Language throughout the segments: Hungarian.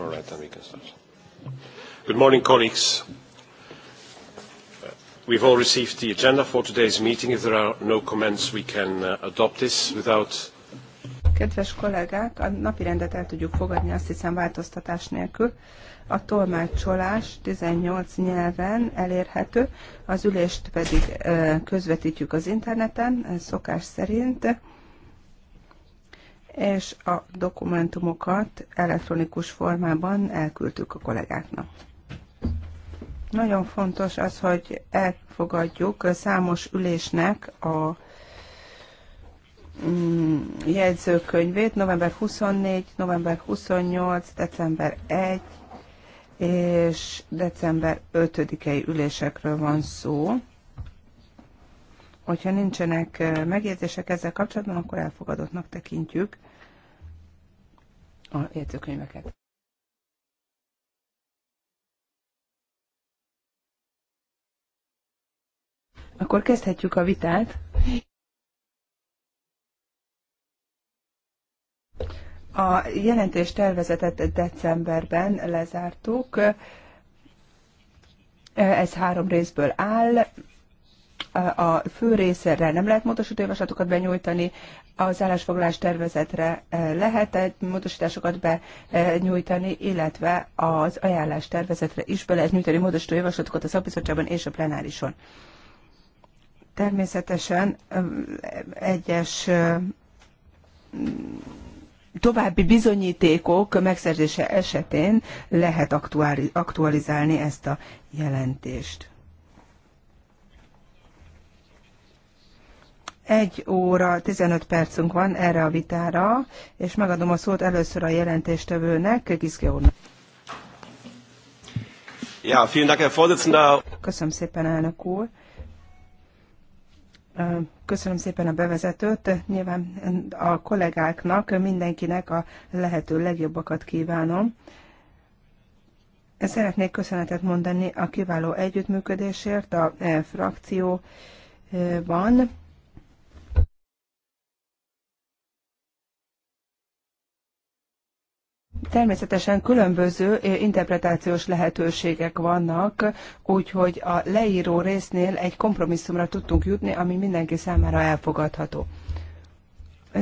All right, then we can Good morning, colleagues. We've all received the agenda for today's meeting. If there are no comments, we can uh, adopt this without... Kedves kollégák, a napi rendet el tudjuk fogadni, azt hiszem változtatás nélkül. A tolmácsolás 18 nyelven elérhető, az ülést pedig közvetítjük az interneten, szokás szerint és a dokumentumokat elektronikus formában elküldtük a kollégáknak. Nagyon fontos az, hogy elfogadjuk számos ülésnek a mm, jegyzőkönyvét, november 24, november 28, december 1 és december 5-i ülésekről van szó. Hogyha nincsenek megjegyzések ezzel kapcsolatban, akkor elfogadottnak tekintjük a jegyzőkönyveket. Akkor kezdhetjük a vitát. A jelentés tervezetet decemberben lezártuk. Ez három részből áll a fő részre nem lehet módosító javaslatokat benyújtani, az állásfoglalás tervezetre e, lehet egy módosításokat benyújtani, illetve az ajánlás tervezetre is be lehet nyújtani módosító javaslatokat a szakbizottságban és a plenárison. Természetesen e, egyes e, további bizonyítékok megszerzése esetén lehet aktualizálni ezt a jelentést. Egy óra, 15 percünk van erre a vitára, és megadom a szót először a jelentéstevőnek, Giszke úrnak. Ja, vielen Dank, Herr Vorsitzender. Köszönöm szépen, elnök úr. Köszönöm szépen a bevezetőt. Nyilván a kollégáknak, mindenkinek a lehető legjobbakat kívánom. Szeretnék köszönetet mondani a kiváló együttműködésért a e, frakcióban. Természetesen különböző eh, interpretációs lehetőségek vannak, úgyhogy a leíró résznél egy kompromisszumra tudtunk jutni, ami mindenki számára elfogadható.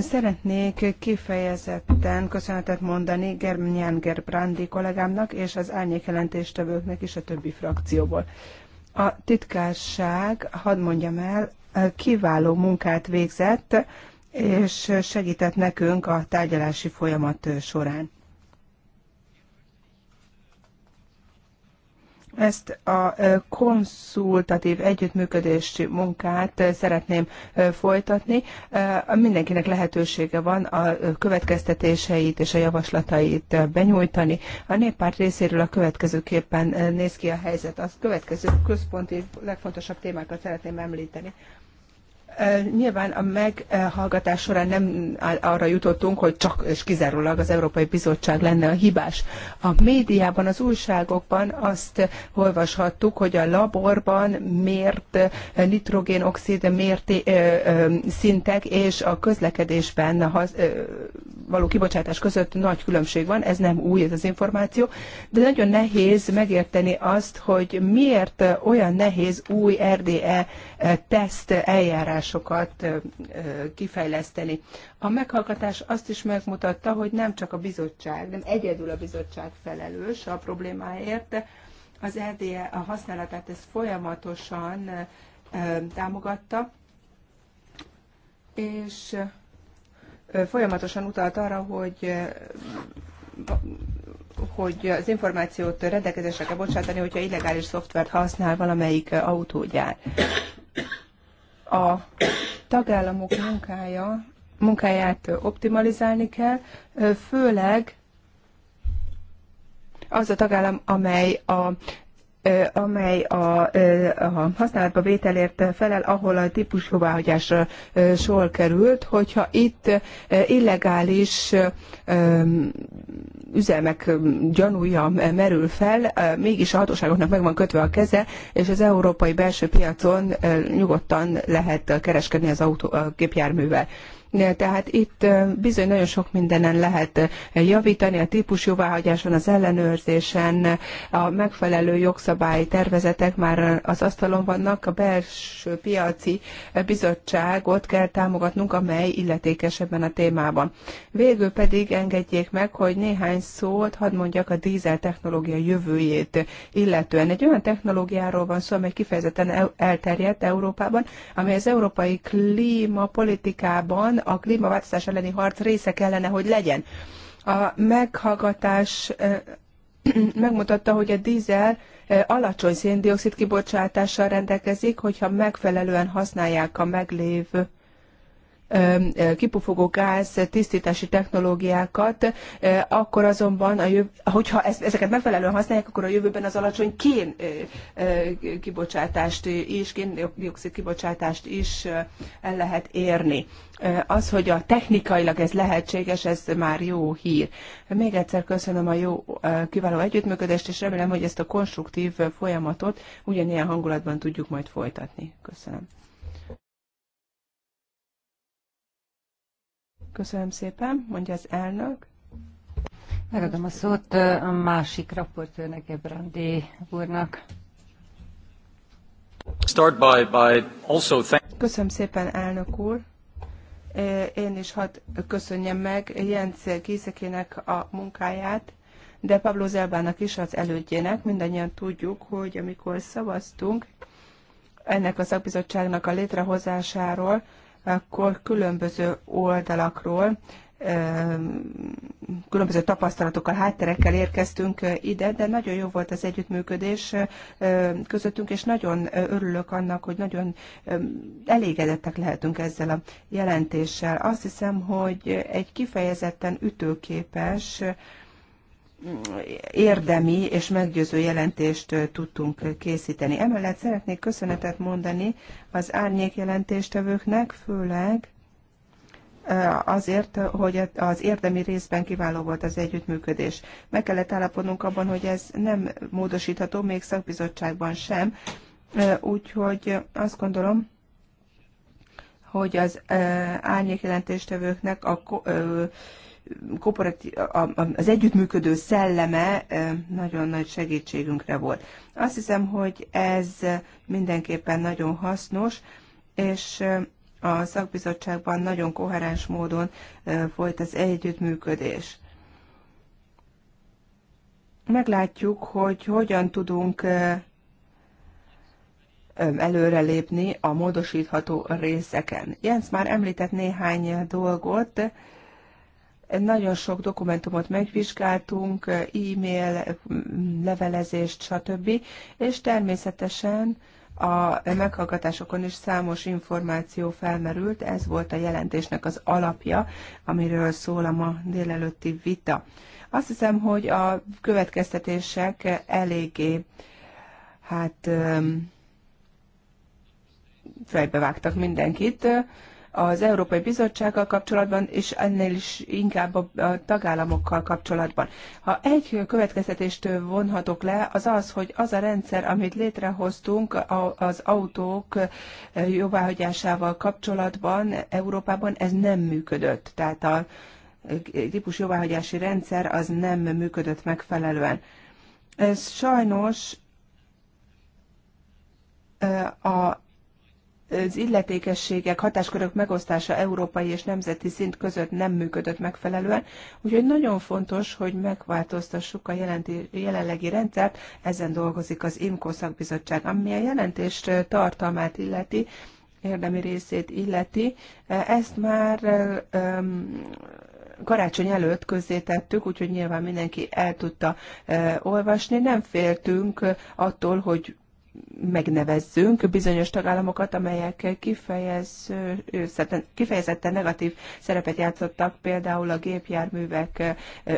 Szeretnék kifejezetten köszönetet mondani Germán Gerbrandi kollégámnak és az árnyékjelentéstevőknek is a többi frakcióból. A titkárság, hadd mondjam el, kiváló munkát végzett, és segített nekünk a tárgyalási folyamat során. Ezt a konszultatív együttműködési munkát szeretném folytatni. Mindenkinek lehetősége van a következtetéseit és a javaslatait benyújtani. A néppárt részéről a következőképpen néz ki a helyzet. A következő központi legfontosabb témákat szeretném említeni. Nyilván a meghallgatás során nem arra jutottunk, hogy csak és kizárólag az Európai Bizottság lenne a hibás. A médiában, az újságokban azt olvashattuk, hogy a laborban mért nitrogénoxid mérti, szintek és a közlekedésben való kibocsátás között nagy különbség van, ez nem új ez az információ, de nagyon nehéz megérteni azt, hogy miért olyan nehéz új RDE teszt eljárás megoldásokat kifejleszteni. A meghallgatás azt is megmutatta, hogy nem csak a bizottság, nem egyedül a bizottság felelős a problémáért, az EDE e a használatát ezt folyamatosan támogatta, és folyamatosan utalt arra, hogy hogy az információt rendelkezésre kell bocsátani, hogyha illegális szoftvert használ valamelyik autógyár. A tagállamok munkája, munkáját optimalizálni kell, főleg az a tagállam, amely a amely a, a használatba vételért felel, ahol a típus sor került, hogyha itt illegális üzemek gyanúja merül fel, mégis a hatóságoknak meg van kötve a keze, és az európai belső piacon nyugodtan lehet kereskedni az autó, a gépjárművel. Tehát itt bizony nagyon sok mindenen lehet javítani, a típus jóváhagyáson, az ellenőrzésen, a megfelelő jogszabályi tervezetek már az asztalon vannak, a belső piaci bizottságot kell támogatnunk, amely illetékes ebben a témában. Végül pedig engedjék meg, hogy néhány szót hadd mondjak a dízel technológia jövőjét illetően. Egy olyan technológiáról van szó, amely kifejezetten elterjedt Európában, amely az európai klímapolitikában a klímaváltozás elleni harc része kellene, hogy legyen. A meghallgatás megmutatta, hogy a dízel alacsony széndiokszid kibocsátással rendelkezik, hogyha megfelelően használják a meglévő kipufogó gáz tisztítási technológiákat, akkor azonban, a jöv... hogyha ezeket megfelelően használják, akkor a jövőben az alacsony kén kibocsátást is, kén-dioxid kibocsátást is el lehet érni. Az, hogy a technikailag ez lehetséges, ez már jó hír. Még egyszer köszönöm a jó, kiváló együttműködést, és remélem, hogy ezt a konstruktív folyamatot ugyanilyen hangulatban tudjuk majd folytatni. Köszönöm. Köszönöm szépen, mondja az elnök. Megadom a szót a másik raportőrnek, Ebrandi úrnak. Start by, by also thank Köszönöm szépen, elnök úr. Én is hadd köszönjem meg Jens Gízekének a munkáját, de Pablo Zelbának is, az elődjének. Mindannyian tudjuk, hogy amikor szavaztunk ennek a szakbizottságnak a létrehozásáról, akkor különböző oldalakról, különböző tapasztalatokkal, hátterekkel érkeztünk eh, ide, de nagyon jó volt az együttműködés eh, közöttünk, és nagyon eh, örülök annak, hogy nagyon elégedettek lehetünk ezzel a jelentéssel. Azt hiszem, hogy egy kifejezetten ütőképes, érdemi és meggyőző jelentést tudtunk készíteni. Emellett szeretnék köszönetet mondani az árnyék jelentéstevőknek, főleg azért, hogy az érdemi részben kiváló volt az együttműködés. Meg kellett állapodnunk abban, hogy ez nem módosítható, még szakbizottságban sem, úgyhogy azt gondolom, hogy az árnyék jelentéstevőknek a az együttműködő szelleme nagyon nagy segítségünkre volt. Azt hiszem, hogy ez mindenképpen nagyon hasznos, és a szakbizottságban nagyon koherens módon folyt az együttműködés. Meglátjuk, hogy hogyan tudunk előrelépni a módosítható részeken. Jens már említett néhány dolgot, nagyon sok dokumentumot megvizsgáltunk, e-mail, levelezést, stb. És természetesen a meghallgatásokon is számos információ felmerült, ez volt a jelentésnek az alapja, amiről szól a ma délelőtti vita. Azt hiszem, hogy a következtetések eléggé, hát fejbevágtak mindenkit az Európai Bizottsággal kapcsolatban, és ennél is inkább a, tagállamokkal kapcsolatban. Ha egy következtetést vonhatok le, az az, hogy az a rendszer, amit létrehoztunk az autók jóváhagyásával kapcsolatban Európában, ez nem működött. Tehát a típus jóváhagyási rendszer az nem működött megfelelően. Ez sajnos a az illetékességek, hatáskörök megosztása európai és nemzeti szint között nem működött megfelelően, úgyhogy nagyon fontos, hogy megváltoztassuk a jelenti, jelenlegi rendszert, ezen dolgozik az IMCO szakbizottság, ami a jelentést tartalmát illeti, érdemi részét illeti. Ezt már um, karácsony előtt közzétettük, úgyhogy nyilván mindenki el tudta uh, olvasni. Nem féltünk attól, hogy megnevezzünk bizonyos tagállamokat, amelyek kifejezetten, kifejezetten negatív szerepet játszottak, például a gépjárművek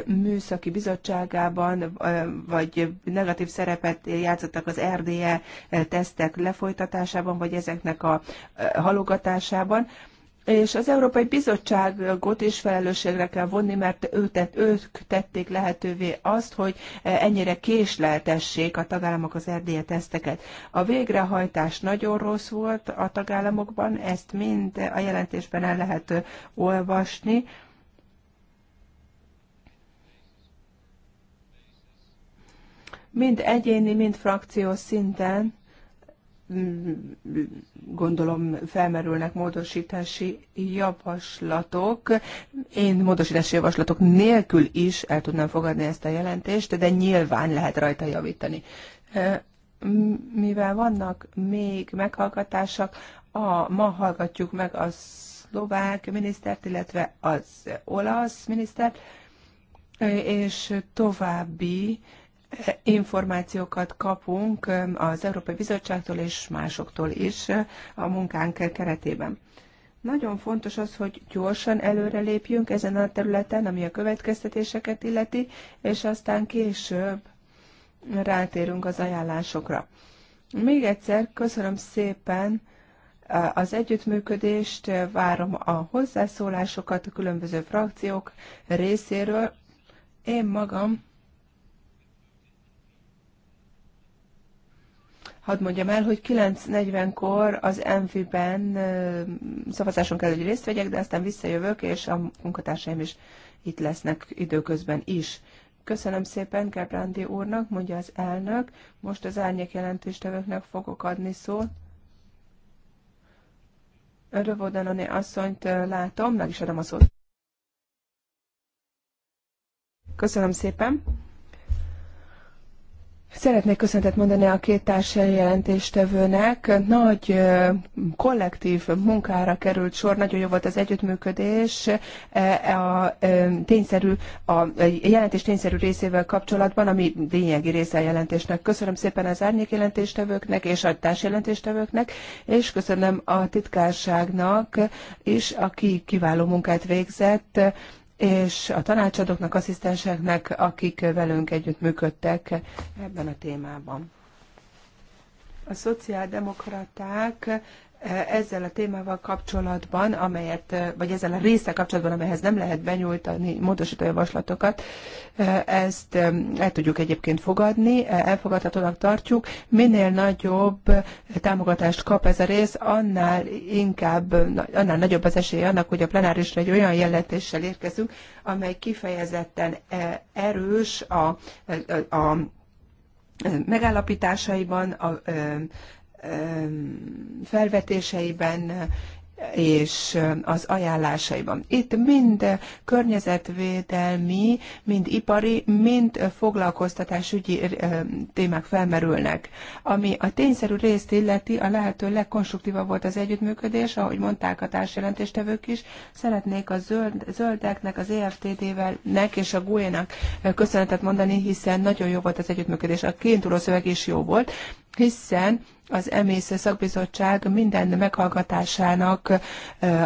műszaki bizottságában, vagy negatív szerepet játszottak az RDE tesztek lefolytatásában, vagy ezeknek a halogatásában és az Európai Bizottságot is felelősségre kell vonni, mert ő tett, ők tették lehetővé azt, hogy ennyire késleltessék a tagállamok az erdélye teszteket. A végrehajtás nagyon rossz volt a tagállamokban, ezt mind a jelentésben el lehet olvasni. Mind egyéni, mind frakciós szinten gondolom felmerülnek módosítási javaslatok. Én módosítási javaslatok nélkül is el tudnám fogadni ezt a jelentést, de nyilván lehet rajta javítani. Mivel vannak még meghallgatások, a, ma hallgatjuk meg a szlovák minisztert, illetve az olasz minisztert, és további információkat kapunk az Európai Bizottságtól és másoktól is a munkánk keretében. Nagyon fontos az, hogy gyorsan előrelépjünk ezen a területen, ami a következtetéseket illeti, és aztán később rátérünk az ajánlásokra. Még egyszer köszönöm szépen az együttműködést, várom a hozzászólásokat a különböző frakciók részéről. Én magam hadd mondjam el, hogy 9.40-kor az MV-ben szavazáson kell, hogy részt vegyek, de aztán visszajövök, és a munkatársaim is itt lesznek időközben is. Köszönöm szépen Kebrándi úrnak, mondja az elnök. Most az árnyék jelentéstevőknek fogok adni szót. Rövodanoni asszonyt látom, meg is adom a szót. Köszönöm szépen. Szeretnék köszöntet mondani a két társai jelentéstevőnek. Nagy kollektív munkára került sor, nagyon jó volt az együttműködés e, a, tényszerű, a jelentés tényszerű részével kapcsolatban, ami lényegi része a jelentésnek. Köszönöm szépen az árnyék jelentéstevőknek és a jelentéstevőknek, és köszönöm a titkárságnak is, aki kiváló munkát végzett és a tanácsadóknak, asszisztenseknek, akik velünk együtt működtek ebben a témában. A szociáldemokraták ezzel a témával kapcsolatban, amelyet, vagy ezzel a része kapcsolatban, amelyhez nem lehet benyújtani módosító javaslatokat, ezt el tudjuk egyébként fogadni, elfogadhatónak tartjuk. Minél nagyobb támogatást kap ez a rész, annál inkább, annál nagyobb az esélye annak, hogy a plenárisra egy olyan jelentéssel érkezünk, amely kifejezetten e, erős a, a, e, a megállapításaiban, a, e, felvetéseiben és az ajánlásaiban. Itt mind környezetvédelmi, mind ipari, mind foglalkoztatásügyi témák felmerülnek. Ami a tényszerű részt illeti, a lehető legkonstruktívabb volt az együttműködés, ahogy mondták a társjelentéstevők is. Szeretnék a zöld, zöldeknek, az EFTD-vel, nek és a GUE-nak köszönetet mondani, hiszen nagyon jó volt az együttműködés. A kéntúró szöveg is jó volt, hiszen az emésze szakbizottság minden meghallgatásának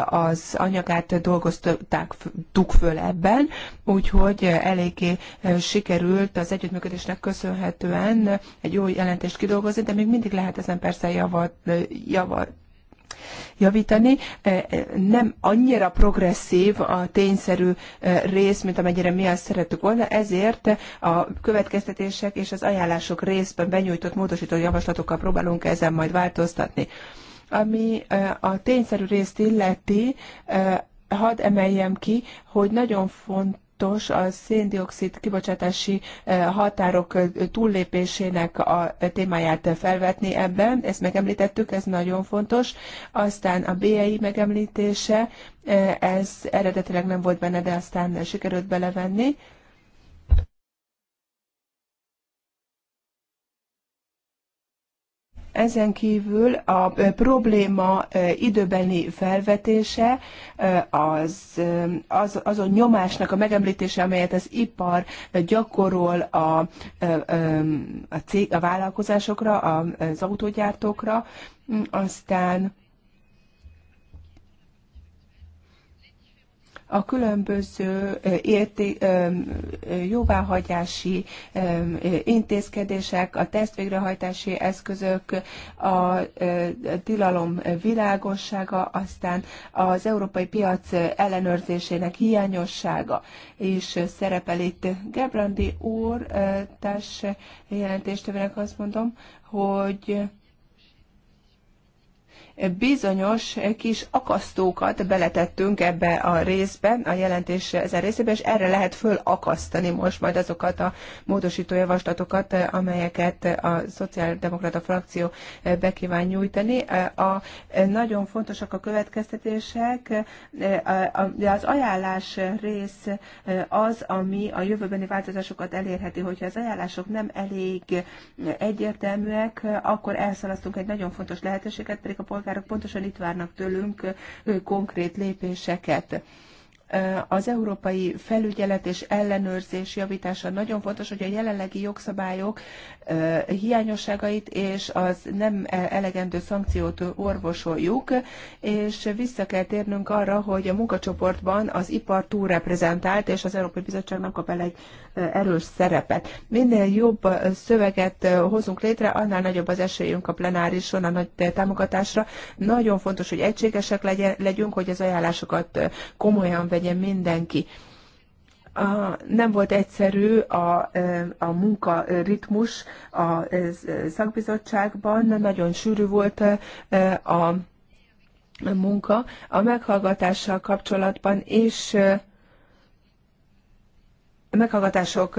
az anyagát dolgoztuk föl ebben, úgyhogy eléggé sikerült az együttműködésnek köszönhetően egy jó jelentést kidolgozni, de még mindig lehet ezen persze javat, javat javítani. E, e, nem annyira progresszív a tényszerű e, rész, mint amennyire mi azt szerettük volna, ezért a következtetések és az ajánlások részben benyújtott módosító javaslatokkal próbálunk ezen majd változtatni. Ami a tényszerű részt illeti, hadd emeljem ki, hogy nagyon fontos, fontos a széndiokszid kibocsátási eh, határok eh, túllépésének a eh, témáját felvetni ebben, ezt megemlítettük, ez nagyon fontos. Aztán a BEI megemlítése, ez eredetileg nem volt benne, de aztán sikerült belevenni. Ezen kívül a probléma időbeni felvetése, az, az, a nyomásnak a megemlítése, amelyet az ipar gyakorol a, a, cég, a vállalkozásokra, az autógyártókra, aztán a különböző érté, jóváhagyási intézkedések, a tesztvégrehajtási eszközök, a tilalom világossága, aztán az európai piac ellenőrzésének hiányossága is szerepel itt. Gebrandi úr, társ jelentéstevőnek azt mondom, hogy bizonyos kis akasztókat beletettünk ebbe a részbe, a jelentés ezen részébe, és erre lehet fölakasztani most majd azokat a módosító javaslatokat, amelyeket a Szociáldemokrata frakció bekíván nyújtani. A, nagyon fontosak a következtetések. Az ajánlás rész az, ami a jövőbeni változásokat elérheti. Hogyha az ajánlások nem elég egyértelműek, akkor elszalasztunk egy nagyon fontos lehetőséget, pedig a polgár állampolgárok pontosan itt várnak tőlünk konkrét lépéseket az európai felügyelet és ellenőrzés javítása nagyon fontos, hogy a jelenlegi jogszabályok hiányosságait és az nem e, elegendő szankciót orvosoljuk, és vissza kell térnünk arra, hogy a munkacsoportban az ipar túlreprezentált, és az Európai Bizottság nem kap egy erős szerepet. Minél jobb szöveget hozunk létre, annál nagyobb az esélyünk a plenárison, a nagy támogatásra. Nagyon fontos, hogy egységesek legyen, legyünk, hogy az ajánlásokat komolyan vegye mindenki a, nem volt egyszerű a, a munka ritmus a szakbizottságban, nagyon sűrű volt a munka. A meghallgatással kapcsolatban is meghallgatások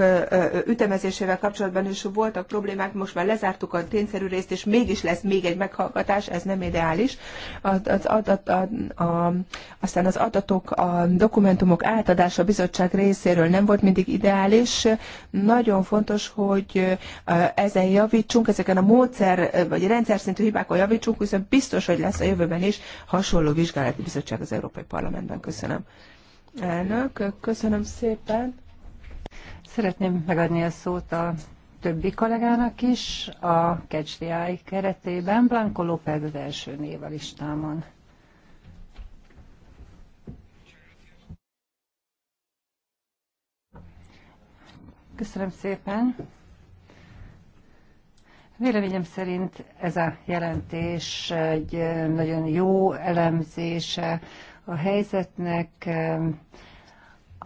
ütemezésével kapcsolatban is voltak problémák, most már lezártuk a tényszerű részt, és mégis lesz még egy meghallgatás, ez nem ideális. Az adat, a, a, aztán az adatok, a dokumentumok átadása a bizottság részéről nem volt mindig ideális. Nagyon fontos, hogy ezen javítsunk, ezeken a módszer vagy rendszer szintű hibákon javítsunk, hiszen biztos, hogy lesz a jövőben is hasonló vizsgálati bizottság az Európai Parlamentben. Köszönöm. Elnök, köszönöm szépen. Szeretném megadni a szót a többi kollégának is a KCDI keretében. Blanco López az első név a listámon. Köszönöm szépen. Véleményem szerint ez a jelentés egy nagyon jó elemzése a helyzetnek,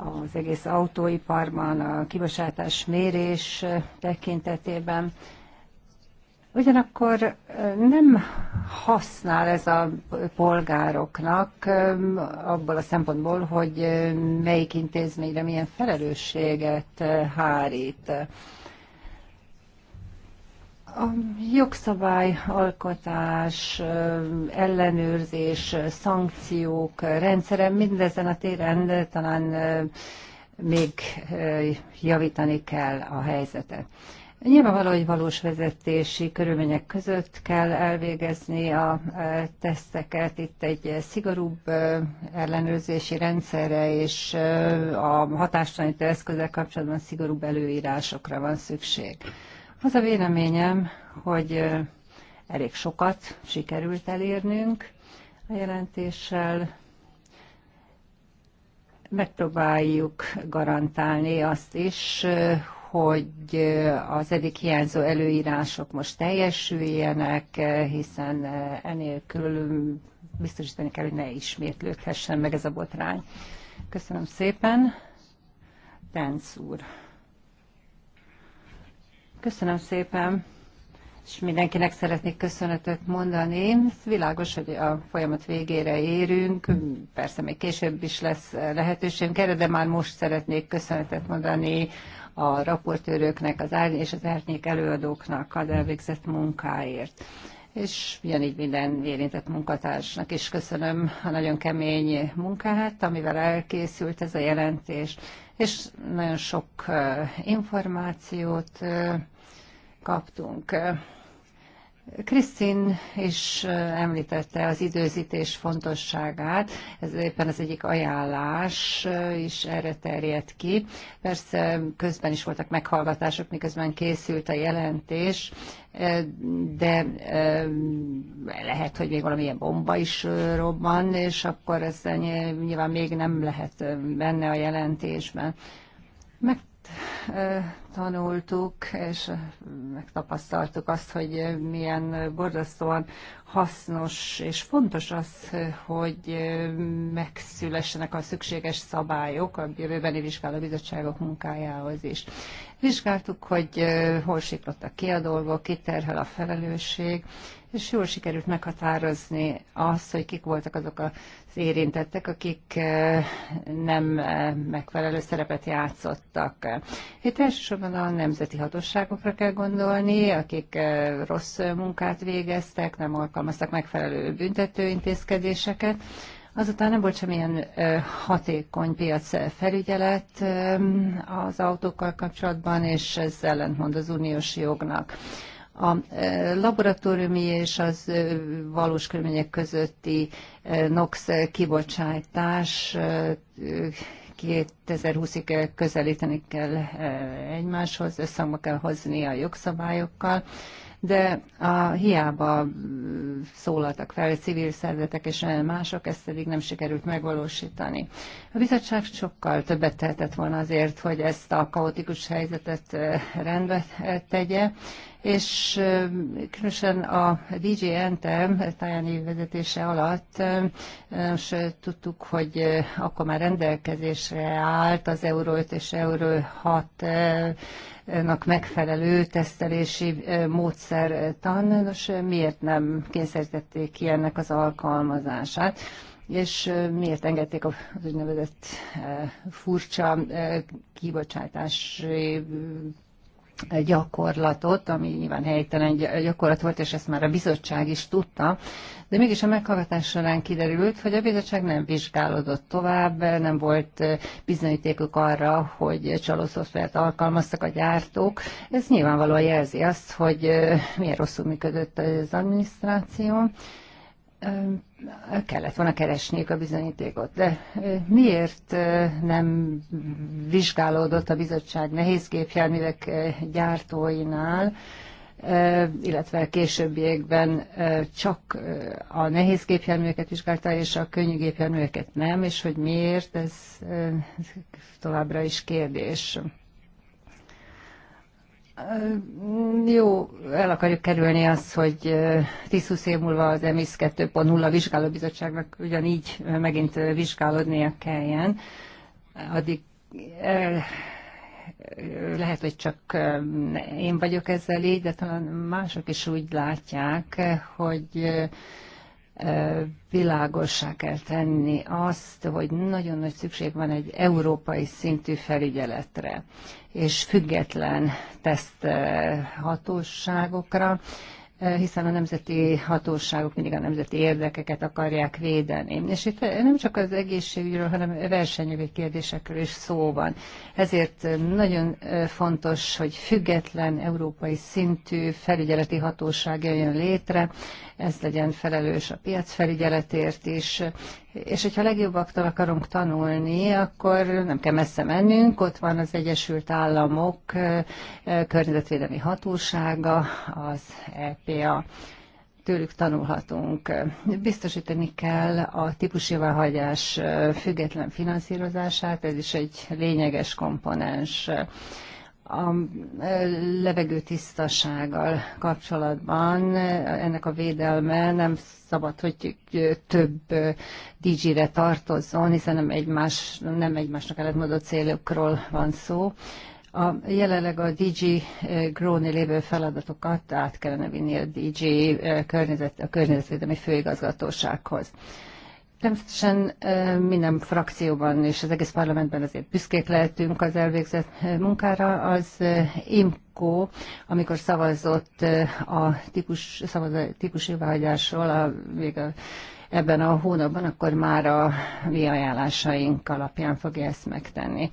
az egész autóiparban, a kibocsátás mérés tekintetében. Ugyanakkor nem használ ez a polgároknak abból a szempontból, hogy melyik intézményre milyen felelősséget hárít. A jogszabályalkotás, ellenőrzés, szankciók rendszere mindezen a téren talán még javítani kell a helyzetet. Nyilvánvaló, hogy valós vezetési körülmények között kell elvégezni a teszteket. Itt egy szigorúbb ellenőrzési rendszerre és a hatástalanító eszközzel kapcsolatban szigorúbb előírásokra van szükség. Az a véleményem, hogy elég sokat sikerült elérnünk a jelentéssel. Megpróbáljuk garantálni azt is, hogy az eddig hiányzó előírások most teljesüljenek, hiszen enélkül biztosítani kell, hogy ne ismétlődhessen meg ez a botrány. Köszönöm szépen. Tánc úr. Köszönöm szépen, és mindenkinek szeretnék köszönetet mondani. Ez világos, hogy a folyamat végére érünk, persze még később is lesz lehetőségünk erre, de már most szeretnék köszönetet mondani a raportőröknek az árny és az árnyék előadóknak az elvégzett munkáért és ugyanígy minden érintett munkatársnak is köszönöm a nagyon kemény munkát, amivel elkészült ez a jelentés, és nagyon sok információt kaptunk. Krisztin is említette az időzítés fontosságát, ez éppen az egyik ajánlás is erre terjedt ki. Persze közben is voltak meghallgatások, miközben készült a jelentés, de lehet, hogy még valamilyen bomba is robban, és akkor ez nyilván még nem lehet benne a jelentésben. Meg tanultuk és megtapasztaltuk azt, hogy milyen borzasztóan hasznos és fontos az, hogy megszülessenek a szükséges szabályok a jövőbeni vizsgálóbizottságok munkájához is. Vizsgáltuk, hogy hol siklottak ki a dolgok, ki terhel a felelősség, és jól sikerült meghatározni azt, hogy kik voltak azok az érintettek, akik eh, nem eh, megfelelő szerepet játszottak. Itt elsősorban a nemzeti hatóságokra kell gondolni, akik eh, rossz munkát végeztek, nem alkalmaztak megfelelő büntetőintézkedéseket, Azután nem volt semmilyen hatékony piac felügyelet az autókkal kapcsolatban, és ez ellentmond az uniós jognak. A e, laboratóriumi és az e, valós körülmények közötti e, NOx kibocsátás 2020-ig közelíteni kell egymáshoz, összhangba kell hozni a jogszabályokkal, de a hiába szólaltak fel civil szervezetek és mások, ezt pedig nem sikerült megvalósítani. A bizottság sokkal többet tehetett volna azért, hogy ezt a kaotikus helyzetet rendbe tegye, és különösen a DJ Entem Tajani vezetése alatt most tudtuk, hogy akkor már rendelkezésre állt az Euró 5 és Euró 6 nak megfelelő tesztelési módszer nos, miért nem kényszerítették ki ennek az alkalmazását? és miért engedték az úgynevezett furcsa kibocsátási gyakorlatot, ami nyilván helytelen gyakorlat volt, és ezt már a bizottság is tudta, de mégis a meghallgatás során kiderült, hogy a bizottság nem vizsgálódott tovább, nem volt bizonyítékok arra, hogy csaló szoftvert alkalmaztak a gyártók. Ez nyilvánvalóan jelzi azt, hogy milyen rosszul működött az adminisztráció kellett volna keresniük a bizonyítékot. De miért nem vizsgálódott a bizottság nehézgépjárművek gyártóinál, illetve későbbiekben csak a nehéz gépjárműveket vizsgálta, és a könnyű gépjárműveket nem, és hogy miért, ez továbbra is kérdés. Jó, el akarjuk kerülni azt, hogy 10-20 év múlva az EMIS 2.0 vizsgálóbizottságnak ugyanígy megint vizsgálódnia kelljen. Addig lehet, hogy csak én vagyok ezzel így, de talán mások is úgy látják, hogy világossá kell tenni azt, hogy nagyon nagy szükség van egy európai szintű felügyeletre és független teszthatóságokra hiszen a nemzeti hatóságok mindig a nemzeti érdekeket akarják védeni. És itt nem csak az egészségügyről, hanem versenyjogi kérdésekről is szó van. Ezért nagyon fontos, hogy független európai szintű felügyeleti hatóság jöjjön létre, ez legyen felelős a piac felügyeletért is, és hogyha legjobbaktól akarunk tanulni, akkor nem kell messze mennünk, ott van az Egyesült Államok környezetvédelmi hatósága, az EPA. Tőlük tanulhatunk. Biztosítani kell a típusjóváhagyás független finanszírozását, ez is egy lényeges komponens a levegő tisztasággal kapcsolatban ennek a védelme nem szabad, hogy több dj re tartozzon, hiszen nem, egymás, nem egymásnak ellentmondó célokról van szó. A, jelenleg a DG eh, Gróni lévő feladatokat át kellene vinni a DG eh, környezet, a környezetvédelmi főigazgatósághoz. Természetesen minden frakcióban és az egész parlamentben azért büszkék lehetünk az elvégzett munkára. Az IMCO, amikor szavazott a típus, szavaz, típus jóváhagyásról a, még a, ebben a hónapban, akkor már a mi ajánlásaink alapján fogja ezt megtenni.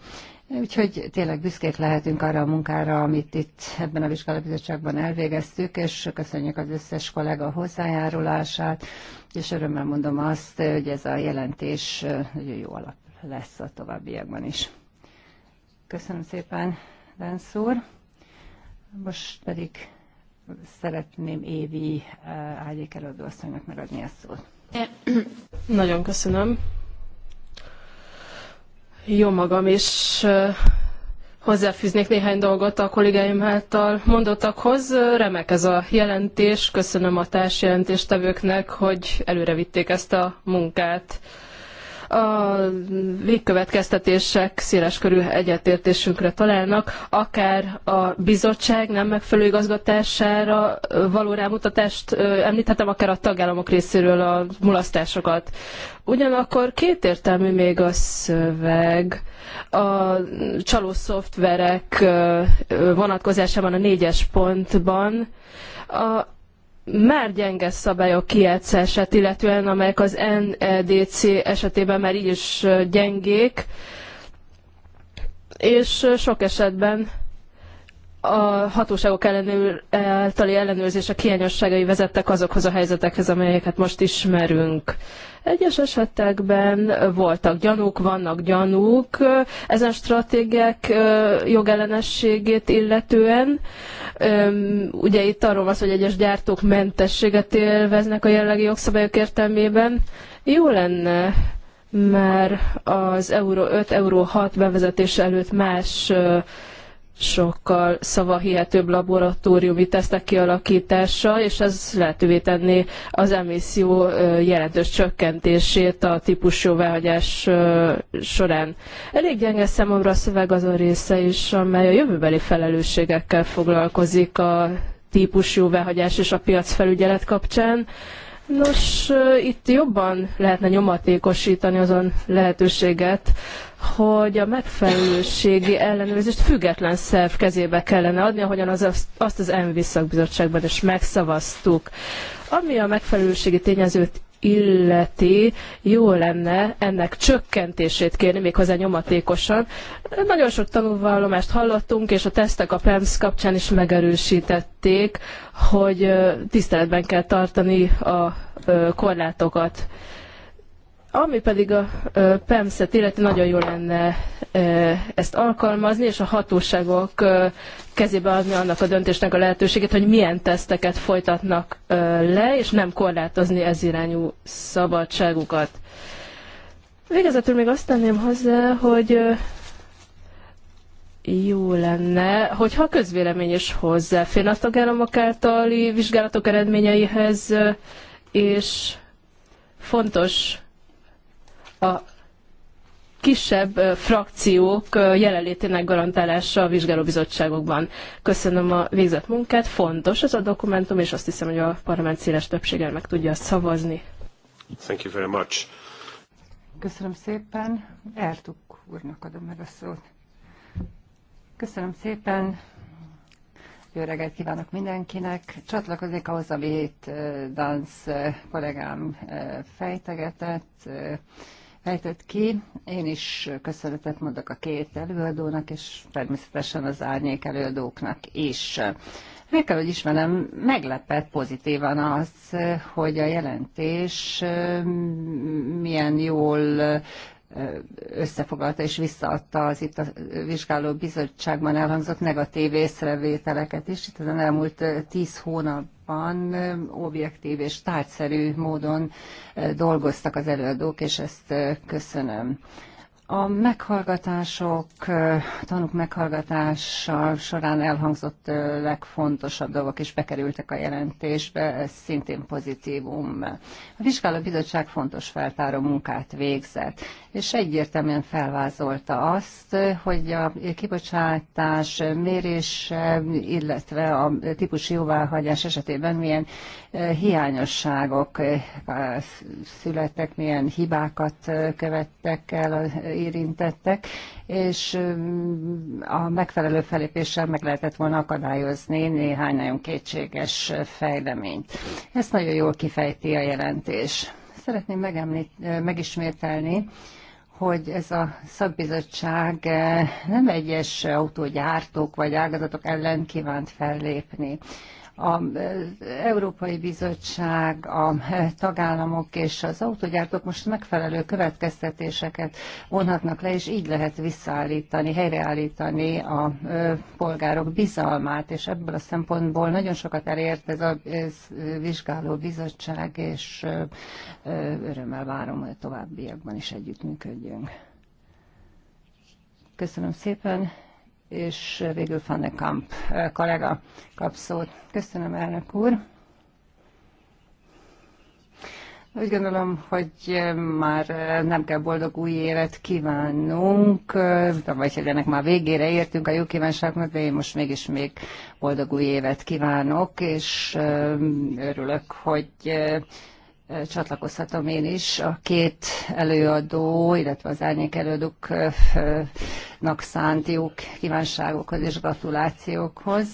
Úgyhogy tényleg büszkék lehetünk arra a munkára, amit itt ebben a vizsgálatbizottságban elvégeztük, és köszönjük az összes kollega hozzájárulását, és örömmel mondom azt, hogy ez a jelentés nagyon jó alap lesz a továbbiakban is. Köszönöm szépen, Lenz úr. Most pedig szeretném Évi eh, Ágyék asszonynak megadni a szót. Nagyon köszönöm. Jó magam is hozzáfűznék néhány dolgot a kollégáim által mondottakhoz. Remek ez a jelentés. Köszönöm a társjelentéstevőknek, hogy vitték ezt a munkát a végkövetkeztetések széles körű egyetértésünkre találnak, akár a bizottság nem megfelelő igazgatására való rámutatást említhetem, akár a tagállamok részéről a mulasztásokat. Ugyanakkor kétértelmű még a szöveg. A csaló szoftverek vonatkozásában a négyes pontban a már gyenge szabályok kijátszását, illetően amelyek az NDC e esetében már így is gyengék, és sok esetben a hatóságok ellenőr, ellenőrzés a hiányosságai vezettek azokhoz a helyzetekhez, amelyeket most ismerünk. Egyes esetekben voltak gyanúk, vannak gyanúk ezen stratégiák jogellenességét illetően. Ugye itt arról van hogy egyes gyártók mentességet élveznek a jelenlegi jogszabályok értelmében. Jó lenne már az Euró 5, Euró 6 bevezetés előtt más sokkal szavahihetőbb laboratóriumi tesztek kialakítása, és ez lehetővé tenni az emisszió jelentős csökkentését a típus jóváhagyás során. Elég gyenge számomra a szöveg az a része is, amely a jövőbeli felelősségekkel foglalkozik a típus jóváhagyás és a piacfelügyelet kapcsán. Nos, itt jobban lehetne nyomatékosítani azon lehetőséget, hogy a megfelelőségi ellenőrzést független szerv kezébe kellene adni, ahogyan az, azt az MV szakbizottságban is megszavaztuk. Ami a megfelelőségi tényezőt illeti, jó lenne ennek csökkentését kérni, méghozzá nyomatékosan. Nagyon sok tanulvallomást hallottunk, és a tesztek a PEMS kapcsán is megerősítették, hogy tiszteletben kell tartani a korlátokat. Ami pedig a PEMSZ-et illeti, nagyon jó lenne ezt alkalmazni, és a hatóságok kezébe adni annak a döntésnek a lehetőséget, hogy milyen teszteket folytatnak le, és nem korlátozni ez irányú szabadságukat. Végezetül még azt tenném hozzá, hogy jó lenne, hogyha a közvélemény is hozzáférne a tagállamok általi vizsgálatok eredményeihez, és fontos a kisebb frakciók jelenlétének garantálása a vizsgálóbizottságokban. Köszönöm a végzett munkát, fontos ez a dokumentum, és azt hiszem, hogy a parlament széles többséggel meg tudja azt szavazni. Thank you very much. Köszönöm szépen. Ertuk úrnak adom meg a szót. Köszönöm szépen. Jó reggelt kívánok mindenkinek. Csatlakozik ahhoz, amit Dansz kollégám fejtegetett fejtett ki. Én is köszönetet mondok a két előadónak, és természetesen az árnyék előadóknak is. Meg kell, hogy ismerem, meglepett pozitívan az, hogy a jelentés milyen jól összefoglalta és visszaadta az itt a vizsgáló bizottságban elhangzott negatív észrevételeket is. Itt az elmúlt tíz hónapban objektív és tárgyszerű módon dolgoztak az előadók, és ezt köszönöm. A meghallgatások, tanúk meghallgatása során elhangzott legfontosabb dolgok is bekerültek a jelentésbe, ez szintén pozitívum. A vizsgálóbizottság fontos feltáró munkát végzett, és egyértelműen felvázolta azt, hogy a kibocsátás mérés illetve a típusi jóváhagyás esetében milyen hiányosságok születtek, milyen hibákat követtek el az érintettek, és um, a megfelelő felépéssel meg lehetett volna akadályozni néhány nagyon kétséges fejleményt. Ezt nagyon jól kifejti a jelentés. Szeretném megemlít, megismételni, hogy ez a szakbizottság eh, nem egyes autógyártók vagy ágazatok ellen kívánt fellépni az Európai Bizottság, a tagállamok és az autogyártók most megfelelő következtetéseket vonhatnak le, és így lehet visszaállítani, helyreállítani a polgárok bizalmát, és ebből a szempontból nagyon sokat elért ez a vizsgáló bizottság, és örömmel várom, hogy továbbiakban is együttműködjünk. Köszönöm szépen! és végül Kamp kollega kap szót. Köszönöm, elnök úr! Úgy gondolom, hogy már nem kell boldog új évet kívánnunk, vagy hogy ennek már végére értünk a jó kívánságnak, de én most mégis még boldog új évet kívánok, és örülök, hogy csatlakozhatom én is. A két előadó, illetve az árnyék előadóknak szánt jók kívánságokhoz és gratulációkhoz.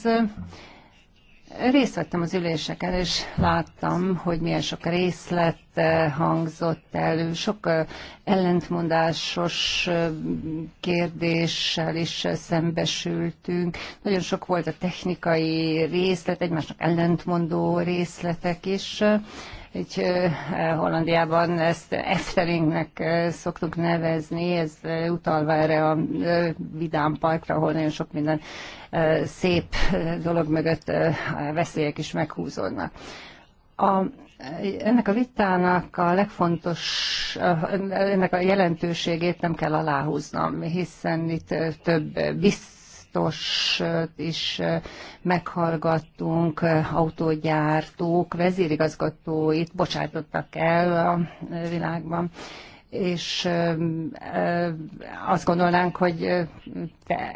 Részt vettem az üléseken, és láttam, hogy milyen sok részlet eh, hangzott el, sok eh, ellentmondásos eh, kérdéssel is szembesültünk. Nagyon sok volt a technikai részlet, egymásnak ellentmondó részletek is. Így Hollandiában ezt eftelingnek szoktuk nevezni, ez utalva erre a vidám parkra, ahol nagyon sok minden szép dolog mögött veszélyek is meghúzódnak. A, ennek a vitának a legfontos, ennek a jelentőségét nem kell aláhúznom, hiszen itt több biztos, biztos is meghallgattunk, autógyártók, vezérigazgatóit bocsátottak el a világban és azt gondolnánk, hogy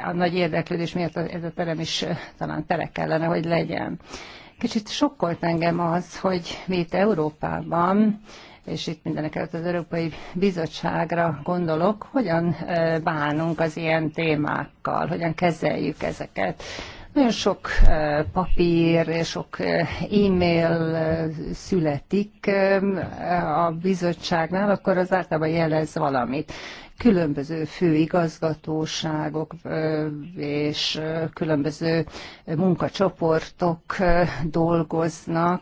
a nagy érdeklődés miatt ez a terem is talán tele kellene, hogy legyen. Kicsit sokkolt engem az, hogy mi itt Európában és itt mindenek előtt az Európai Bizottságra gondolok, hogyan e, bánunk az ilyen témákkal, hogyan kezeljük ezeket. Nagyon sok e, papír, és sok e, e-mail születik a bizottságnál, akkor az általában jelez valamit különböző főigazgatóságok és különböző munkacsoportok dolgoznak,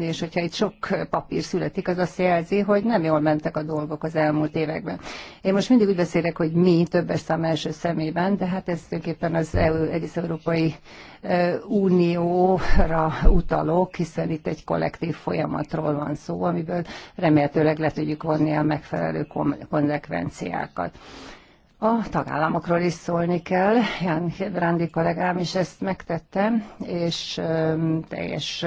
és hogyha itt sok papír születik, az azt jelzi, hogy nem jól mentek a dolgok az elmúlt években. Én most mindig úgy beszélek, hogy mi többes szám első szemében, de hát ez tulajdonképpen az EU, egész európai unióra utalok, hiszen itt egy kollektív folyamatról van szó, amiből remélhetőleg le tudjuk vonni a megfelelő konzekvenciákat. A tagállamokról is szólni kell. Ján Rándi kollégám is ezt megtette, és teljes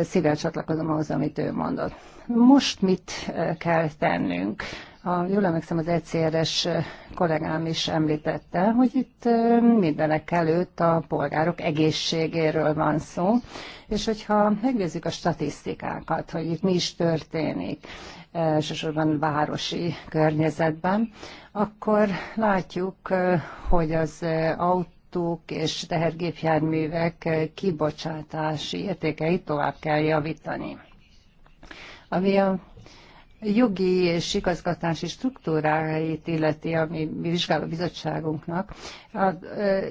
szívvel csatlakozom ahhoz, amit ő mondott. Most mit kell tennünk? A, jól emlékszem, az ECRS kollégám is említette, hogy itt mindenek előtt a polgárok egészségéről van szó, és hogyha megnézzük a statisztikákat, hogy itt mi is történik, elsősorban városi környezetben, akkor látjuk, hogy az autó autók és tehergépjárművek kibocsátási értékeit tovább kell javítani. Ami a jogi és igazgatási struktúráit illeti, ami vizsgáló bizottságunknak.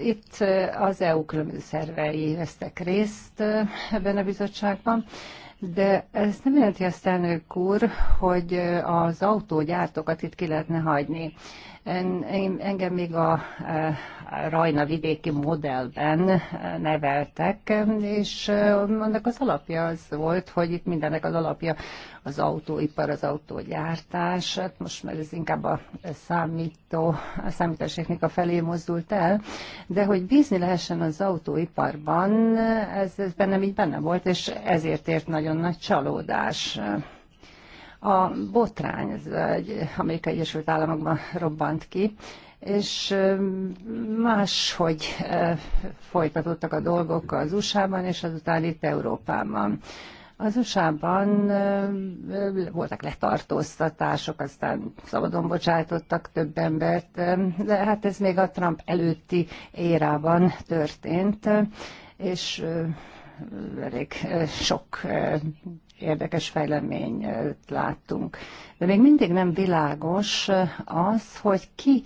Itt az EU különböző szervei vesztek részt ebben a bizottságban, de ez nem jelenti azt, elnök úr, hogy az autógyártókat itt ki lehetne hagyni. En, engem még a, a Rajna vidéki modellben neveltek, és annak az alapja az volt, hogy itt mindennek az alapja az autóipar, az autógyártás, hát most már ez inkább a, számító, a számítástechnika felé mozdult el, de hogy bízni lehessen az autóiparban, ez, ez bennem így benne volt, és ezért ért nagyon nagy csalódás. A botrány, ez egy Amerikai Egyesült Államokban robbant ki, és máshogy folytatottak a dolgok az USA-ban, és azután itt Európában. Az USA-ban voltak letartóztatások, aztán szabadon bocsátottak több embert, de hát ez még a Trump előtti érában történt, és elég sok érdekes fejleményt láttunk. De még mindig nem világos az, hogy ki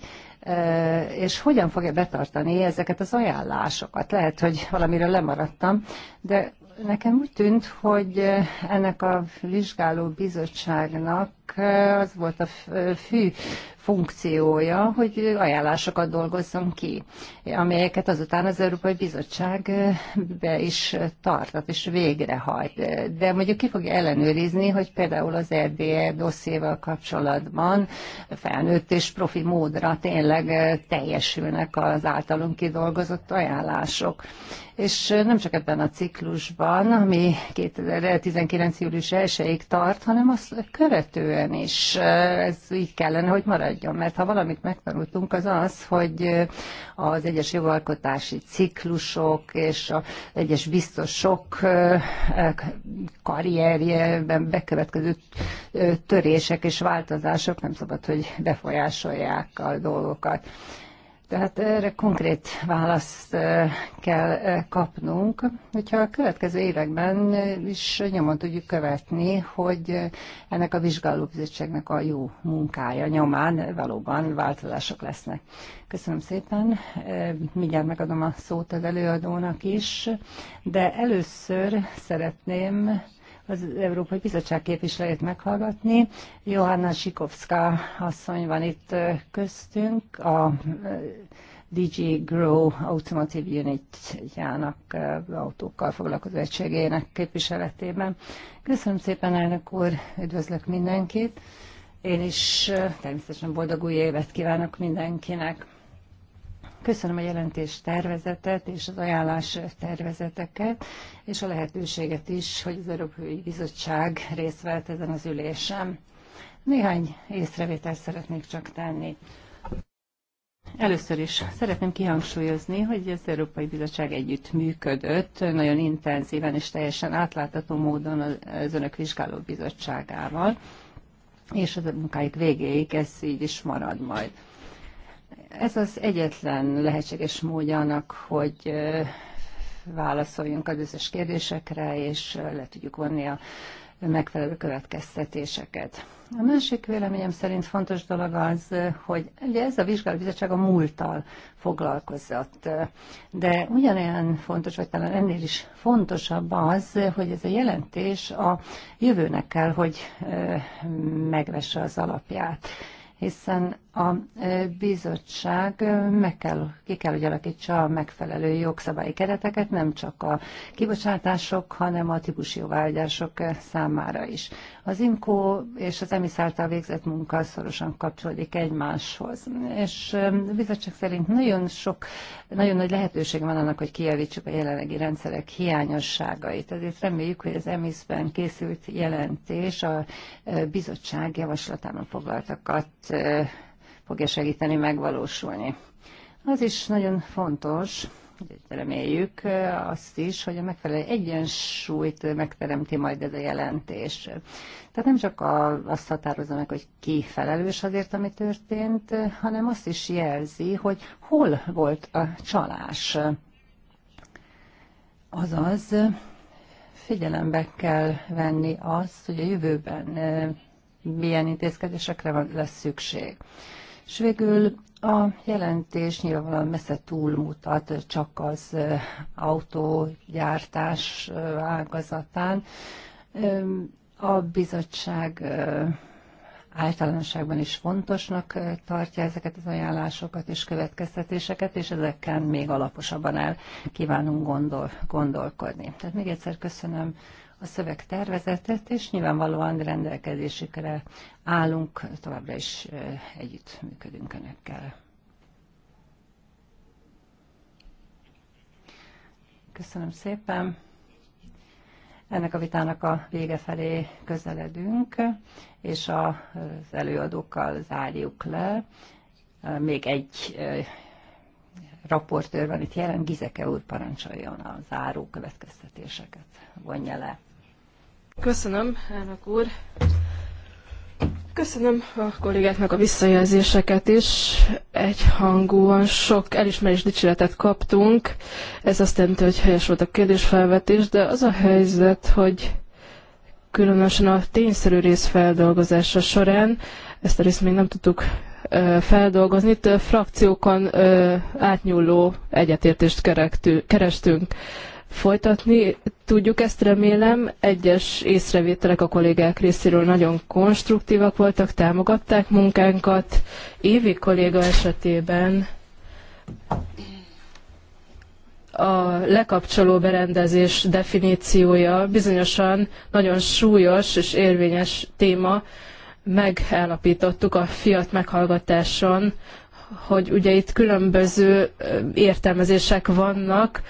és hogyan fogja betartani ezeket az ajánlásokat. Lehet, hogy valamiről lemaradtam, de Nekem úgy tűnt, hogy ennek a vizsgáló bizottságnak az volt a fő funkciója, hogy ajánlásokat dolgozzon ki, amelyeket azután az Európai Bizottság be is tartat és végrehajt. De mondjuk ki fogja ellenőrizni, hogy például az RDE dosszéval kapcsolatban felnőtt és profi módra tényleg teljesülnek az általunk kidolgozott ajánlások és nem csak ebben a ciklusban, ami 2019. július 1-ig tart, hanem azt követően is. Ez így kellene, hogy maradjon, mert ha valamit megtanultunk, az az, hogy az egyes jogalkotási ciklusok és az egyes biztosok karrierjében bekövetkező törések és változások nem szabad, hogy befolyásolják a dolgokat. Tehát erre konkrét választ kell kapnunk, hogyha a következő években is nyomon tudjuk követni, hogy ennek a vizsgálóbizottságnak a jó munkája nyomán valóban változások lesznek. Köszönöm szépen, mindjárt megadom a szót az előadónak is, de először szeretném az Európai Bizottság képviselőjét meghallgatni. Johanna Sikovska asszony van itt köztünk, a DG Grow Automotive jának autókkal foglalkozó egységének képviseletében. Köszönöm szépen, elnök úr, üdvözlök mindenkit. Én is természetesen boldog új évet kívánok mindenkinek. Köszönöm a jelentés tervezetet és az ajánlás tervezeteket, és a lehetőséget is, hogy az Európai Bizottság részt vett ezen az ülésen. Néhány észrevételt szeretnék csak tenni. Először is szeretném kihangsúlyozni, hogy az Európai Bizottság együtt működött, nagyon intenzíven és teljesen átlátható módon az Önök Vizsgáló Bizottságával, és az a munkáik végéig ez így is marad majd. Ez az egyetlen lehetséges módja annak, hogy válaszoljunk az összes kérdésekre, és le tudjuk vonni a megfelelő következtetéseket. A másik véleményem szerint fontos dolog az, hogy ugye ez a vizsgálóbizottság a múlttal foglalkozott, de ugyanolyan fontos, vagy talán ennél is fontosabb az, hogy ez a jelentés a jövőnek kell, hogy megvesse az alapját, hiszen a e, bizottság e, meg kell, ki kell, hogy alakítsa a megfelelő jogszabályi kereteket, nem csak a kibocsátások, hanem a típusi jóvágyások e, számára is. Az IMCO és az EMISZ által végzett munka szorosan kapcsolódik egymáshoz. És a bizottság szerint nagyon sok, nagyon nagy lehetőség van annak, hogy kijavítsuk a jelenlegi rendszerek hiányosságait. Ezért reméljük, hogy az EMISZ-ben készült jelentés a bizottság javaslatában foglaltakat fogja segíteni megvalósulni. Az is nagyon fontos, reméljük azt is, hogy a megfelelő egyensúlyt megteremti majd ez a jelentés. Tehát nem csak azt határozza meg, hogy ki felelős azért, ami történt, hanem azt is jelzi, hogy hol volt a csalás. Azaz figyelembe kell venni azt, hogy a jövőben milyen intézkedésekre van, lesz szükség. És végül a jelentés nyilván messze túlmutat csak az autógyártás ágazatán. A bizottság általánosságban is fontosnak tartja ezeket az ajánlásokat és következtetéseket, és ezeken még alaposabban el kívánunk gondol, gondolkodni. Tehát még egyszer köszönöm a szöveg tervezetet, és nyilvánvalóan rendelkezésükre állunk, továbbra is együtt működünk Önökkel. Köszönöm szépen. Ennek a vitának a vége felé közeledünk, és az előadókkal zárjuk le. Még egy raportőr van itt jelen, Gizeke úr parancsoljon a záró következtetéseket, vonja le. Köszönöm, elnök úr. Köszönöm a kollégáknak a visszajelzéseket is. Egyhangúan sok elismerés dicséretet kaptunk. Ez azt jelenti, hogy helyes volt a kérdésfelvetés, de az a helyzet, hogy különösen a tényszerű rész feldolgozása során, ezt a részt még nem tudtuk feldolgozni, itt frakciókon átnyúló egyetértést kerestünk folytatni. Tudjuk ezt remélem, egyes észrevételek a kollégák részéről nagyon konstruktívak voltak, támogatták munkánkat. Évi kolléga esetében a lekapcsoló berendezés definíciója bizonyosan nagyon súlyos és érvényes téma. Megállapítottuk a fiat meghallgatáson, hogy ugye itt különböző értelmezések vannak,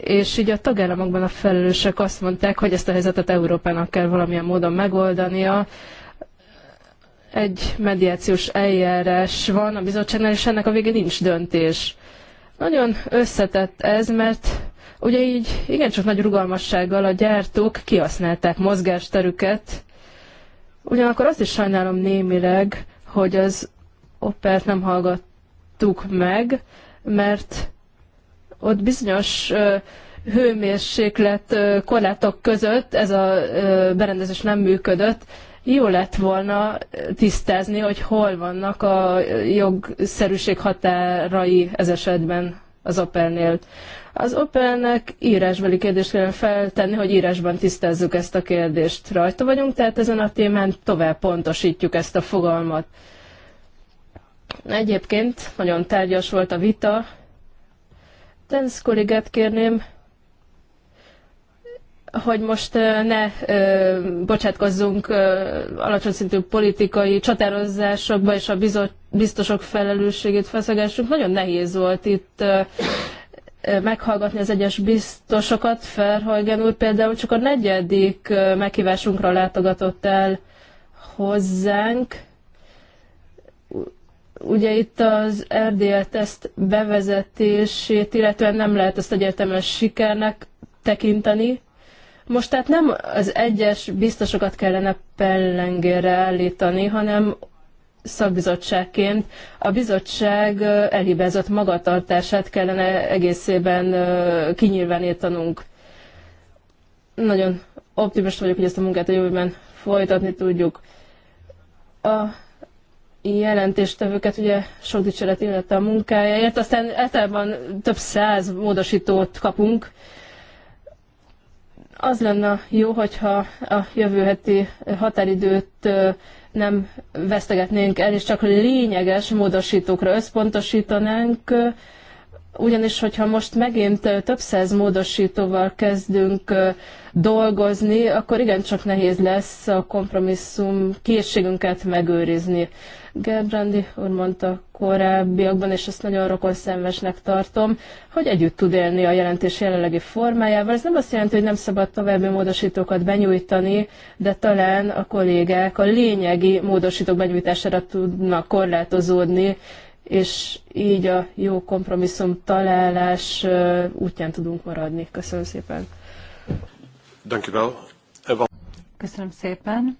és így a tagállamokban a felelősek azt mondták, hogy ezt a helyzetet Európának kell valamilyen módon megoldania. Egy mediációs eljárás van a bizottságnál, és ennek a végén nincs döntés. Nagyon összetett ez, mert ugye így igencsak nagy rugalmassággal a gyártók kihasználták mozgásterüket. Ugyanakkor azt is sajnálom némileg, hogy az opert nem hallgattuk meg, mert ott bizonyos hőmérséklet korlátok között ez a berendezés nem működött, jó lett volna tisztázni, hogy hol vannak a jogszerűség határai ez esetben az Opelnél. Az Opelnek írásbeli kérdést kellene feltenni, hogy írásban tisztázzuk ezt a kérdést. Rajta vagyunk, tehát ezen a témán tovább pontosítjuk ezt a fogalmat. Egyébként nagyon tárgyas volt a vita, Tensz kollégát kérném, hogy most ne ö, bocsátkozzunk ö, alacsony szintű politikai csatározásokba és a bizot, biztosok felelősségét feszegessünk. Nagyon nehéz volt itt ö, meghallgatni az egyes biztosokat. Ferhajgen úr például csak a negyedik meghívásunkra látogatott el hozzánk, Ugye itt az RDL teszt bevezetését, illetve nem lehet ezt egyértelműen sikernek tekinteni. Most tehát nem az egyes biztosokat kellene pellengére állítani, hanem szakbizottságként a bizottság elhibázott magatartását kellene egészében kinyilvánítanunk. Nagyon optimista vagyok, hogy ezt a munkát a jövőben folytatni tudjuk. A jelentéstevőket ugye sok dicséret illette a munkájáért, aztán általában több száz módosítót kapunk. Az lenne jó, hogyha a jövő heti határidőt nem vesztegetnénk el, és csak lényeges módosítókra összpontosítanánk, ugyanis hogyha most megint több száz módosítóval kezdünk dolgozni, akkor igencsak nehéz lesz a kompromisszum készségünket megőrizni. Gerbrandi úr mondta korábbiakban, és ezt nagyon szemvesnek tartom, hogy együtt tud élni a jelentés jelenlegi formájával. Ez nem azt jelenti, hogy nem szabad további módosítókat benyújtani, de talán a kollégák a lényegi módosítók benyújtására tudnak korlátozódni, és így a jó kompromisszum találás útján tudunk maradni. Köszönöm szépen. Köszönöm szépen.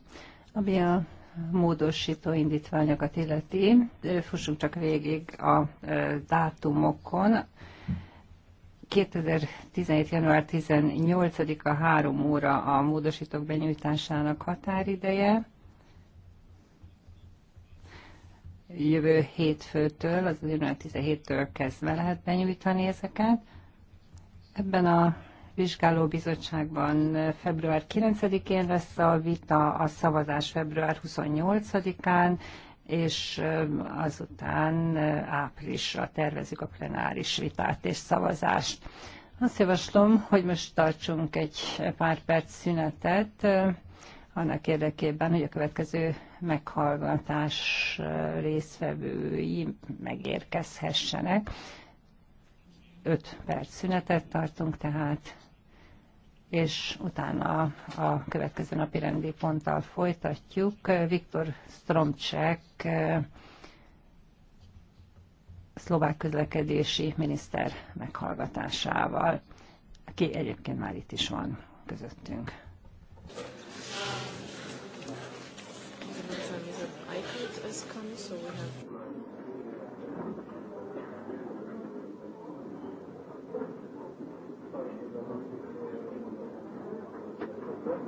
Ami a módosító indítványokat illeti, fussunk csak végig a dátumokon. 2017. január 18-a 3 óra a módosítók benyújtásának határideje. jövő hétfőtől, az január 17-től kezdve lehet benyújtani ezeket. Ebben a vizsgálóbizottságban február 9-én lesz a vita, a szavazás február 28-án, és azután áprilisra tervezik a plenáris vitát és szavazást. Azt javaslom, hogy most tartsunk egy pár perc szünetet annak érdekében, hogy a következő meghallgatás részvevői megérkezhessenek. Öt perc szünetet tartunk tehát, és utána a következő napi rendi ponttal folytatjuk. Viktor Stromcsek, szlovák közlekedési miniszter meghallgatásával, aki egyébként már itt is van közöttünk.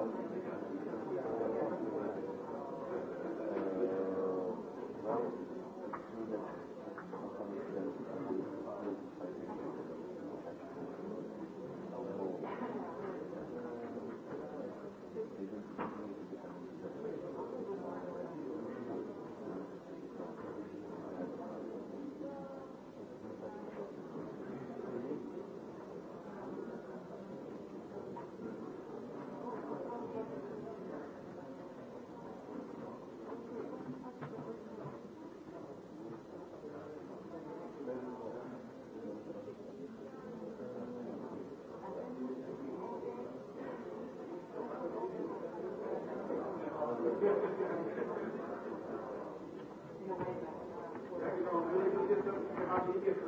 Köszönöm. Thank you.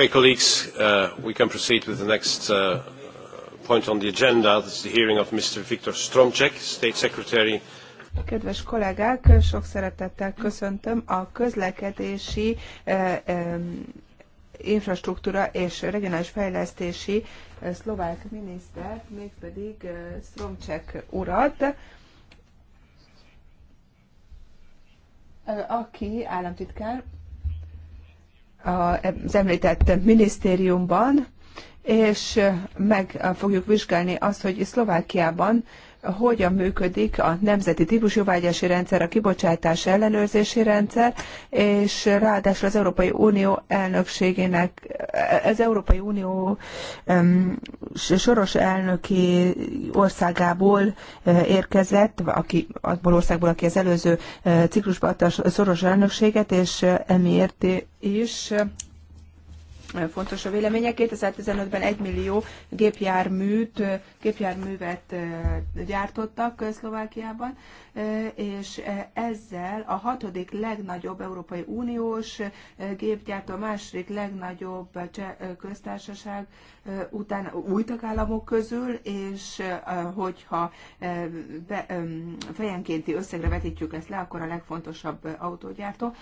Okay, colleagues, uh, we can proceed with the next uh, point on the agenda. This is the hearing of Mr. Viktor Stromczek, State Secretary. Kedves kollégák, sok szeretettel köszöntöm a közlekedési uh, um, infrastruktúra és regionális fejlesztési eh, szlovák miniszter, mégpedig eh, Stromczek urat, aki államtitkár az említett minisztériumban, és meg fogjuk vizsgálni azt, hogy Szlovákiában hogyan működik a nemzeti típusjóvágyási rendszer, a kibocsátás ellenőrzési rendszer, és ráadásul az Európai Unió elnökségének, az Európai Unió um, soros elnöki országából érkezett, aki, abból országból, aki az előző ciklusban adta a soros elnökséget, és emiért is fontos a véleménye. 2015-ben 1 millió gépjárműt, gépjárművet gyártottak Szlovákiában és ezzel a hatodik legnagyobb Európai Uniós gépgyártó, a második legnagyobb köztársaság után új tagállamok közül, és hogyha be, fejenkénti összegre vetítjük ezt le, akkor a legfontosabb autógyártó.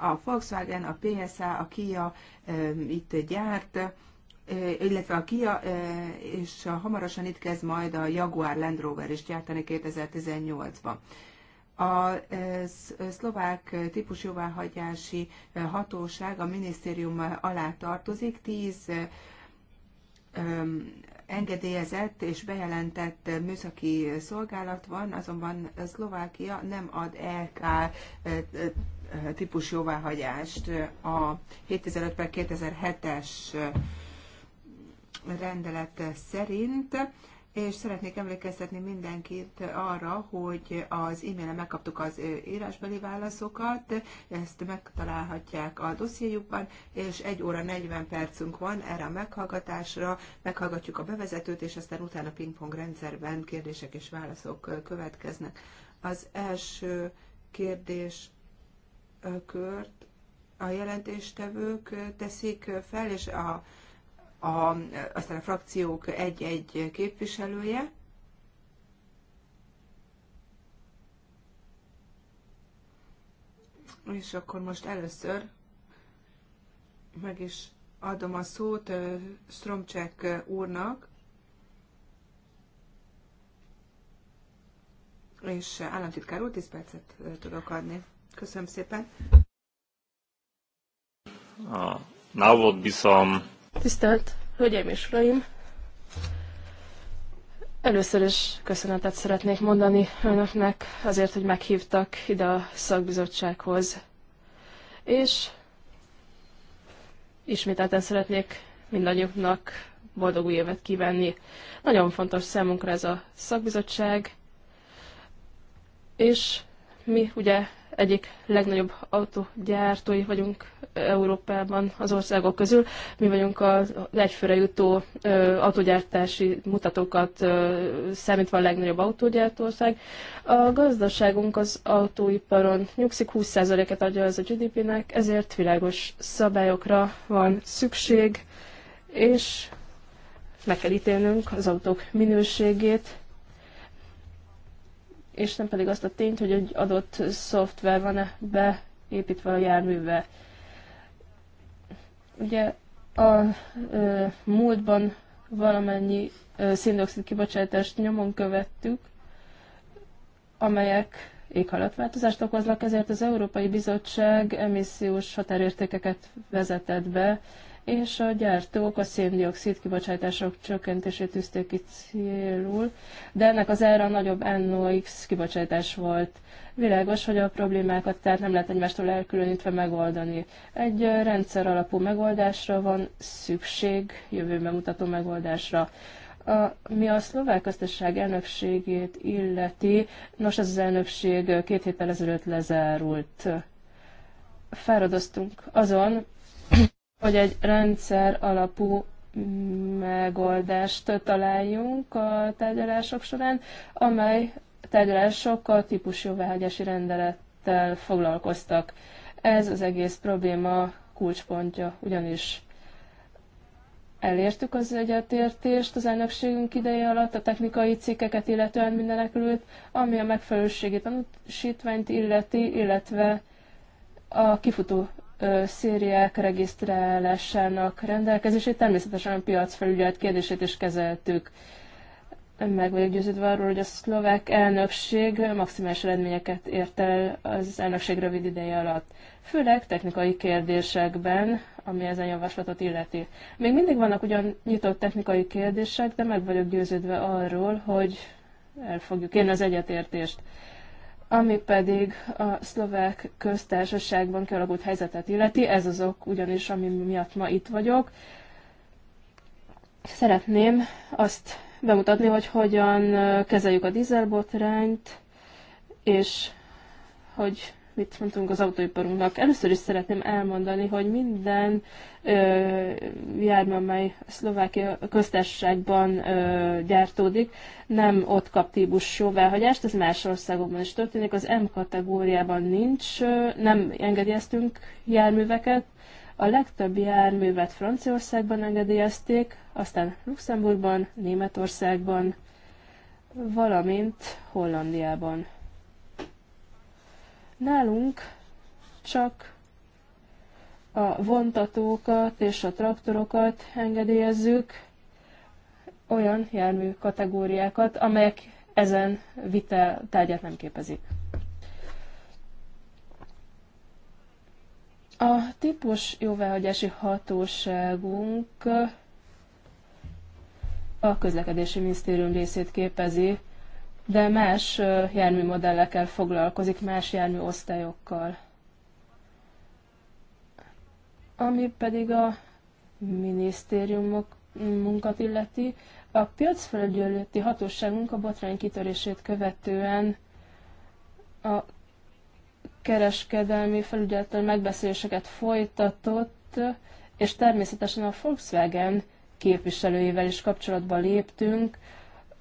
A Volkswagen, a PSA, a Kia itt gyárt, Eh, illetve a Kia, eh, és hamarosan itt kezd majd a Jaguar Land Rover is gyártani 2018-ban. A eh, szlovák típusjóváhagyási hatóság a minisztérium alá tartozik, 10 engedélyezett és bejelentett műszaki szolgálat van, azonban Szlovákia nem ad LK típus jóváhagyást a 7005 2007-es rendelet szerint, és szeretnék emlékeztetni mindenkit arra, hogy az e-mailen megkaptuk az írásbeli válaszokat, ezt megtalálhatják a dossziéjukban, és 1 óra 40 percünk van erre a meghallgatásra, meghallgatjuk a bevezetőt, és aztán utána pingpong rendszerben kérdések és válaszok következnek. Az első kérdés kört a jelentéstevők teszik fel, és a a, aztán a frakciók egy-egy képviselője. És akkor most először meg is adom a szót Stromcsek úrnak, és államtitkár úr 10 percet tudok adni. Köszönöm szépen. Na volt bizom. Tisztelt Hölgyeim és Uraim! Először is köszönetet szeretnék mondani önöknek azért, hogy meghívtak ide a szakbizottsághoz. És ismételten szeretnék mindannyiuknak boldog új évet kívánni. Nagyon fontos számunkra ez a szakbizottság, és mi ugye egyik legnagyobb autógyártói vagyunk Európában az országok közül. Mi vagyunk az egyfőre jutó ö, mutatókat ö, számítva a legnagyobb autógyártóország. A gazdaságunk az autóiparon nyugszik, 20%-et adja ez a GDP-nek, ezért világos szabályokra van szükség, és meg kell ítélnünk az autók minőségét, és nem pedig azt a tényt, hogy egy adott szoftver van-e beépítve a járművel. Ugye a ö, múltban valamennyi széndiokszid kibocsátást nyomon követtük, amelyek éghajlatváltozást okoznak, ezért az Európai Bizottság emissziós határértékeket vezetett be és a gyártók a széndiokszid kibocsátások csökkentését tűzték ki célul, de ennek az erre a nagyobb NOx kibocsátás volt. Világos, hogy a problémákat tehát nem lehet egymástól elkülönítve megoldani. Egy rendszer alapú megoldásra van szükség, jövőben mutató megoldásra. A, mi a szlovák köztesség elnökségét illeti, nos ez az elnökség két héttel ezelőtt lezárult. Fáradoztunk azon, hogy egy rendszer alapú mm, megoldást találjunk a tárgyalások során, amely tárgyalások a típusjóváhagyási rendelettel foglalkoztak. Ez az egész probléma kulcspontja, ugyanis elértük az egyetértést az elnökségünk ideje alatt, a technikai cikkeket illetően mindenekülőt, ami a megfelelősségi tanúsítványt illeti, illetve a kifutó szériák regisztrálásának rendelkezését, természetesen a piacfelügyelet kérdését is kezeltük. Meg vagyok győződve arról, hogy a szlovák elnökség maximális eredményeket ért el az elnökség rövid ideje alatt. Főleg technikai kérdésekben, ami ezen javaslatot illeti. Még mindig vannak ugyan nyitott technikai kérdések, de meg vagyok győződve arról, hogy el fogjuk érni az egyetértést. Ami pedig a szlovák köztársaságban kialakult helyzetet illeti, ez az ok ugyanis, ami miatt ma itt vagyok. Szeretném azt bemutatni, hogy hogyan kezeljük a dízelbotrányt, és hogy mit mondtunk az autóiparunknak. Először is szeretném elmondani, hogy minden ö, jármű, amely Szlovákia köztársaságban ö, gyártódik, nem ott kap típus jóváhagyást, ez más országokban is történik. Az M kategóriában nincs, ö, nem engedélyeztünk járműveket, a legtöbb járművet Franciaországban engedélyezték, aztán Luxemburgban, Németországban, valamint Hollandiában. Nálunk csak a vontatókat és a traktorokat engedélyezzük, olyan jármű kategóriákat, amelyek ezen vitel tárgyát nem képezik. A típus jóváhagyási hatóságunk a közlekedési minisztérium részét képezi, de más járműmodellekkel foglalkozik, más osztályokkal, Ami pedig a minisztériumok munkat illeti, a piacfelügyelőti hatóságunk a botrány kitörését követően a kereskedelmi felügyelettel megbeszéléseket folytatott, és természetesen a Volkswagen képviselőivel is kapcsolatba léptünk,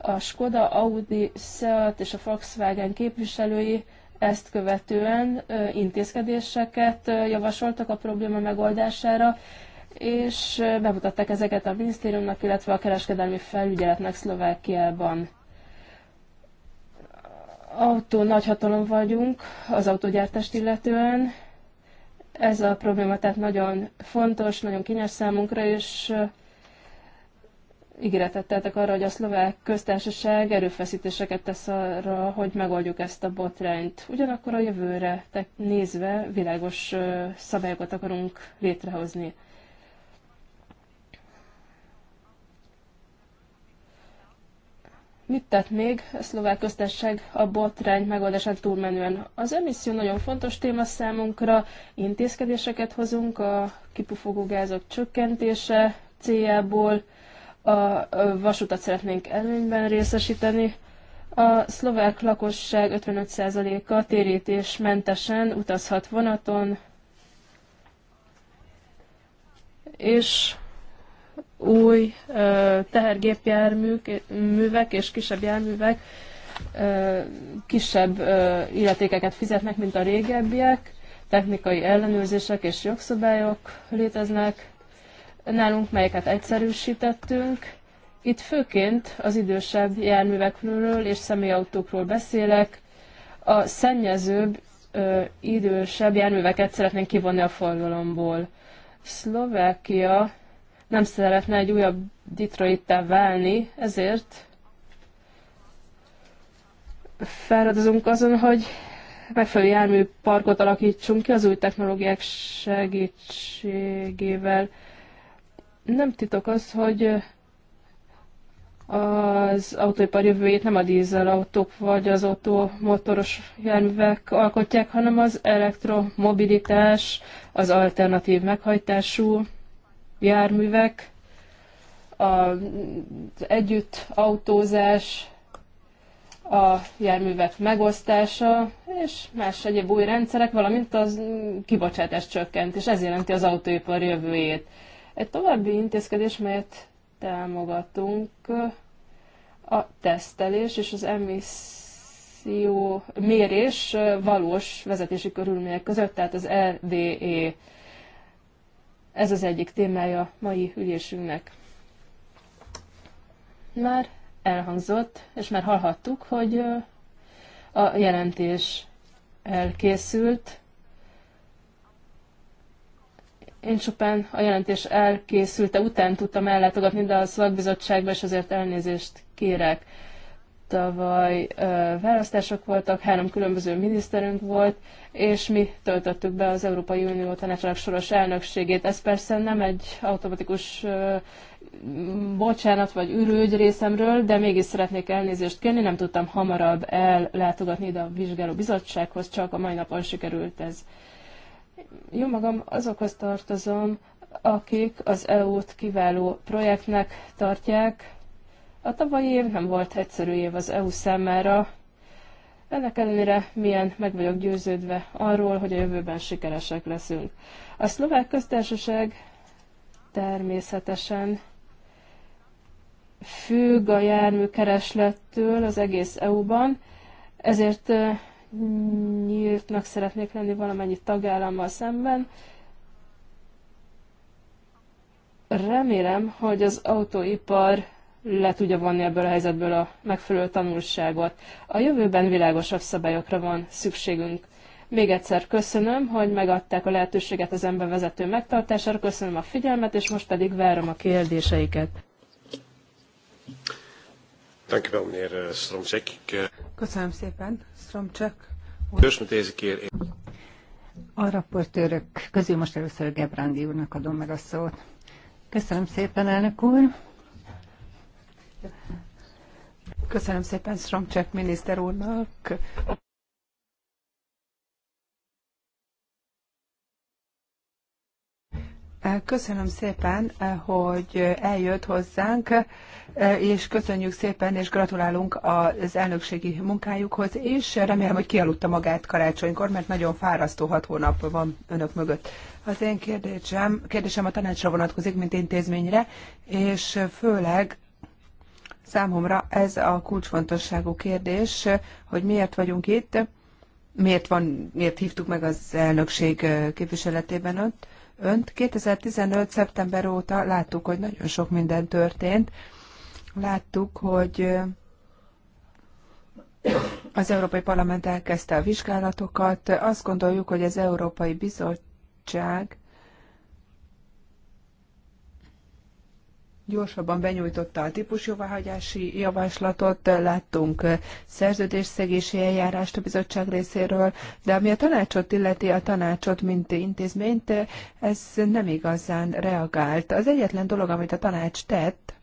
a Skoda, Audi, Seat és a Volkswagen képviselői ezt követően intézkedéseket javasoltak a probléma megoldására, és bemutatták ezeket a minisztériumnak, illetve a kereskedelmi felügyeletnek Szlovákiában. Autó nagyhatalom vagyunk az autógyártást illetően. Ez a probléma tehát nagyon fontos, nagyon kényes számunkra, és ígéretet tettek arra, hogy a szlovák köztársaság erőfeszítéseket tesz arra, hogy megoldjuk ezt a botrányt. Ugyanakkor a jövőre nézve világos szabályokat akarunk létrehozni. Mit tett még a szlovák köztársaság a botrány megoldásán túlmenően? Az emisszió nagyon fontos téma számunkra, intézkedéseket hozunk a kipufogó gázok csökkentése céljából, a vasutat szeretnénk előnyben részesíteni. A szlovák lakosság 55%-a térítésmentesen utazhat vonaton, és új tehergépjárművek és kisebb járművek kisebb illetékeket fizetnek, mint a régebbiek, technikai ellenőrzések és jogszabályok léteznek, nálunk, melyeket egyszerűsítettünk. Itt főként az idősebb járművekről és személyautókról beszélek. A szennyezőbb ö, idősebb járműveket szeretnénk kivonni a forgalomból. Szlovákia nem szeretne egy újabb Detroittá válni, ezért feladozunk azon, hogy megfelelő járműparkot alakítsunk ki az új technológiák segítségével nem titok az, hogy az autóipar jövőjét nem a autók vagy az autó motoros járművek alkotják, hanem az elektromobilitás, az alternatív meghajtású járművek, az együtt autózás, a járművek megosztása és más egyéb új rendszerek, valamint az kibocsátás csökkent, és ez jelenti az autóipar jövőjét. Egy további intézkedés, melyet támogatunk, a tesztelés és az emisszió mérés valós vezetési körülmények között, tehát az RDE. Ez az egyik témája mai ülésünknek. Már elhangzott, és már hallhattuk, hogy a jelentés elkészült, én csupán a jelentés elkészülte után tudtam ellátogatni, de a szakbizottságba is azért elnézést kérek. Tavaly ö, választások voltak, három különböző miniszterünk volt, és mi töltöttük be az Európai Unió tanácsának soros elnökségét. Ez persze nem egy automatikus ö, bocsánat vagy ürügy részemről, de mégis szeretnék elnézést kérni, nem tudtam hamarabb ellátogatni ide a vizsgáló bizottsághoz, csak a mai napon sikerült ez. Jó magam azokhoz tartozom, akik az EU-t kiváló projektnek tartják. A tavalyi év nem volt egyszerű év az EU számára. Ennek ellenére milyen meg vagyok győződve arról, hogy a jövőben sikeresek leszünk. A szlovák köztársaság természetesen függ a járműkereslettől az egész EU-ban, ezért nyíltnak szeretnék lenni valamennyi tagállammal szemben. Remélem, hogy az autóipar le tudja vonni ebből a helyzetből a megfelelő tanulságot. A jövőben világosabb szabályokra van szükségünk. Még egyszer köszönöm, hogy megadták a lehetőséget az embervezető megtartására, köszönöm a figyelmet, és most pedig várom a kérdéseiket. Eh, eh, köszönöm szépen. Köszönöm csak. A raportőrök közül most először Gebrandi úrnak adom meg a szót. Köszönöm szépen, elnök úr. Köszönöm szépen Stromcsek miniszter úrnak. Köszönöm szépen, hogy eljött hozzánk, és köszönjük szépen, és gratulálunk az elnökségi munkájukhoz, és remélem, hogy kialudta magát karácsonykor, mert nagyon fárasztó hat hónap van önök mögött. Az én kérdésem, kérdésem a tanácsra vonatkozik, mint intézményre, és főleg számomra ez a kulcsfontosságú kérdés, hogy miért vagyunk itt, miért, van, miért hívtuk meg az elnökség képviseletében ott, önt. 2015. szeptember óta láttuk, hogy nagyon sok minden történt. Láttuk, hogy az Európai Parlament elkezdte a vizsgálatokat. Azt gondoljuk, hogy az Európai Bizottság gyorsabban benyújtotta a típusjóváhagyási javaslatot, láttunk szerződésszegési eljárást a bizottság részéről, de ami a tanácsot illeti, a tanácsot, mint intézményt, ez nem igazán reagált. Az egyetlen dolog, amit a tanács tett,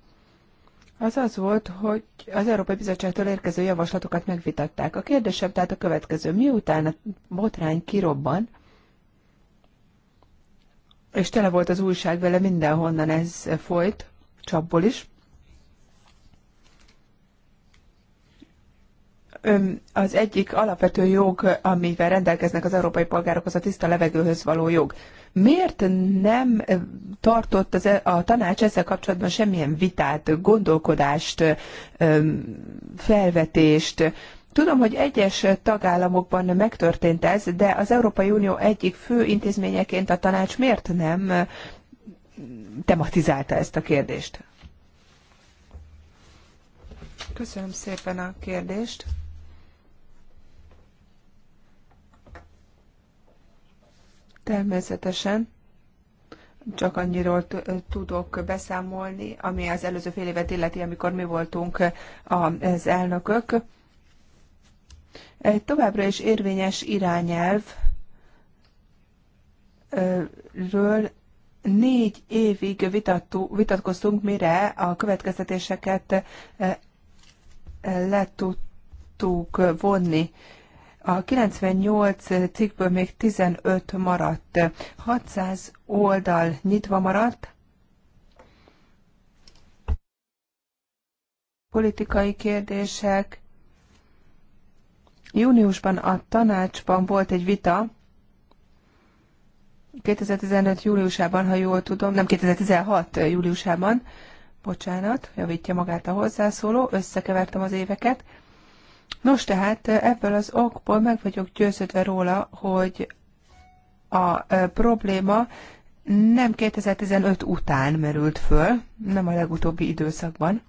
az az volt, hogy az Európai Bizottságtól érkező javaslatokat megvitatták. A kérdésem tehát a következő. Miután a botrány kirobban, és tele volt az újság vele mindenhonnan ez folyt, csapból is. Az egyik alapvető jog, amivel rendelkeznek az európai polgárok, az a tiszta levegőhöz való jog. Miért nem tartott az, e- a tanács ezzel kapcsolatban semmilyen vitát, gondolkodást, felvetést? Tudom, hogy egyes tagállamokban megtörtént ez, de az Európai Unió egyik fő intézményeként a tanács miért nem tematizálta ezt a kérdést. Köszönöm szépen a kérdést. Természetesen csak annyiról tudok beszámolni, ami az előző fél évet illeti, amikor mi voltunk az elnökök. Egy továbbra is érvényes irányelv ről négy évig vitattu, vitatkoztunk, mire a következtetéseket e, e, le tudtuk vonni. A 98 cikkből még 15 maradt. 600 oldal nyitva maradt. Politikai kérdések. Júniusban a tanácsban volt egy vita, 2015. júliusában, ha jól tudom, nem 2016. júliusában, bocsánat, javítja magát a hozzászóló, összekevertem az éveket. Nos, tehát ebből az okból meg vagyok győződve róla, hogy a probléma nem 2015 után merült föl, nem a legutóbbi időszakban,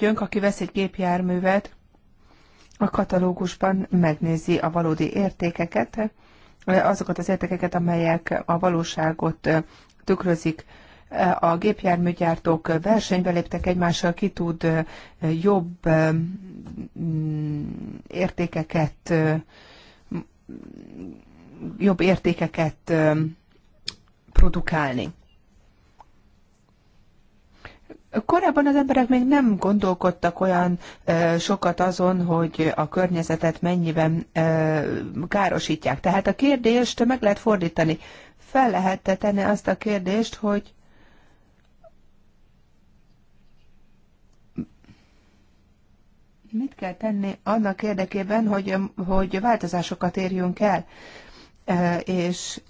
önk, aki vesz egy gépjárművet, a katalógusban megnézi a valódi értékeket, azokat az értékeket, amelyek a valóságot tükrözik. A gépjárműgyártók versenybe léptek egymással, ki tud jobb mm, értékeket, mm, jobb értékeket mm, produkálni. Korábban az emberek még nem gondolkodtak olyan sokat azon, hogy a környezetet mennyiben károsítják. Tehát a kérdést meg lehet fordítani. Fel lehet tenni azt a kérdést, hogy mit kell tenni annak érdekében, hogy, hogy változásokat érjünk el, és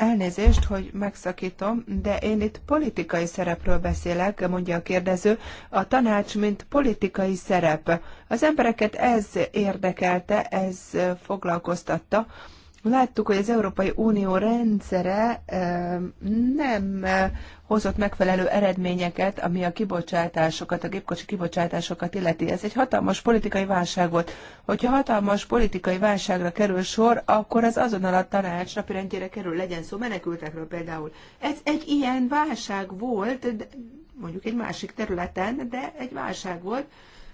Elnézést, hogy megszakítom, de én itt politikai szerepről beszélek, mondja a kérdező. A tanács, mint politikai szerep. Az embereket ez érdekelte, ez foglalkoztatta Láttuk, hogy az Európai Unió rendszere nem hozott megfelelő eredményeket, ami a kibocsátásokat, a gépkocsi kibocsátásokat illeti. Ez egy hatalmas politikai válság volt. Hogyha hatalmas politikai válságra kerül sor, akkor az azonnal a tanács napirendjére kerül, legyen szó menekültekről például. Ez egy ilyen válság volt, mondjuk egy másik területen, de egy válság volt,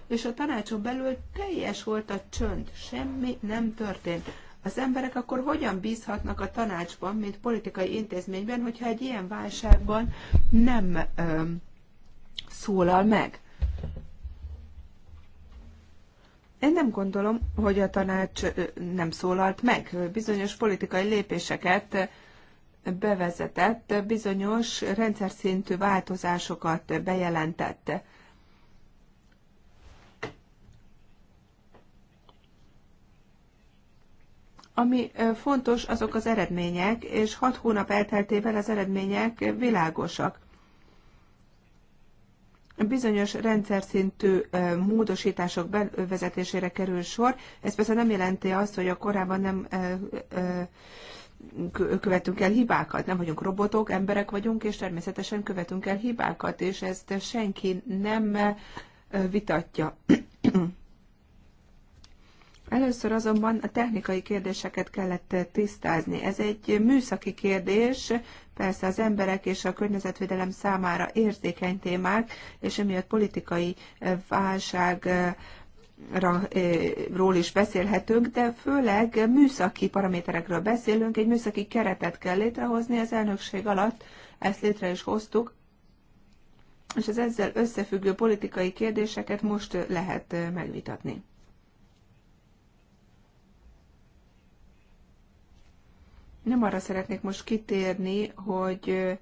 és a tanácson belül teljes volt a csönd, semmi nem történt. Az emberek akkor hogyan bízhatnak a tanácsban, mint politikai intézményben, hogyha egy ilyen válságban nem ö, szólal meg? Én nem gondolom, hogy a tanács nem szólalt meg. Bizonyos politikai lépéseket bevezetett, bizonyos rendszer szintű változásokat bejelentette. Ami fontos, azok az eredmények, és hat hónap elteltével az eredmények világosak. Bizonyos rendszer szintű módosítások bevezetésére kerül sor. Ez persze nem jelenti azt, hogy a korábban nem követünk el hibákat. Nem vagyunk robotok, emberek vagyunk, és természetesen követünk el hibákat, és ezt senki nem vitatja. Először azonban a technikai kérdéseket kellett tisztázni. Ez egy műszaki kérdés, persze az emberek és a környezetvédelem számára érzékeny témák, és emiatt politikai eh, válság eh, ról is beszélhetünk, de főleg műszaki paraméterekről beszélünk, egy műszaki keretet kell létrehozni az elnökség alatt, ezt létre is hoztuk, és az ezzel összefüggő politikai kérdéseket most lehet eh, megvitatni. Nem arra szeretnék most kitérni, hogy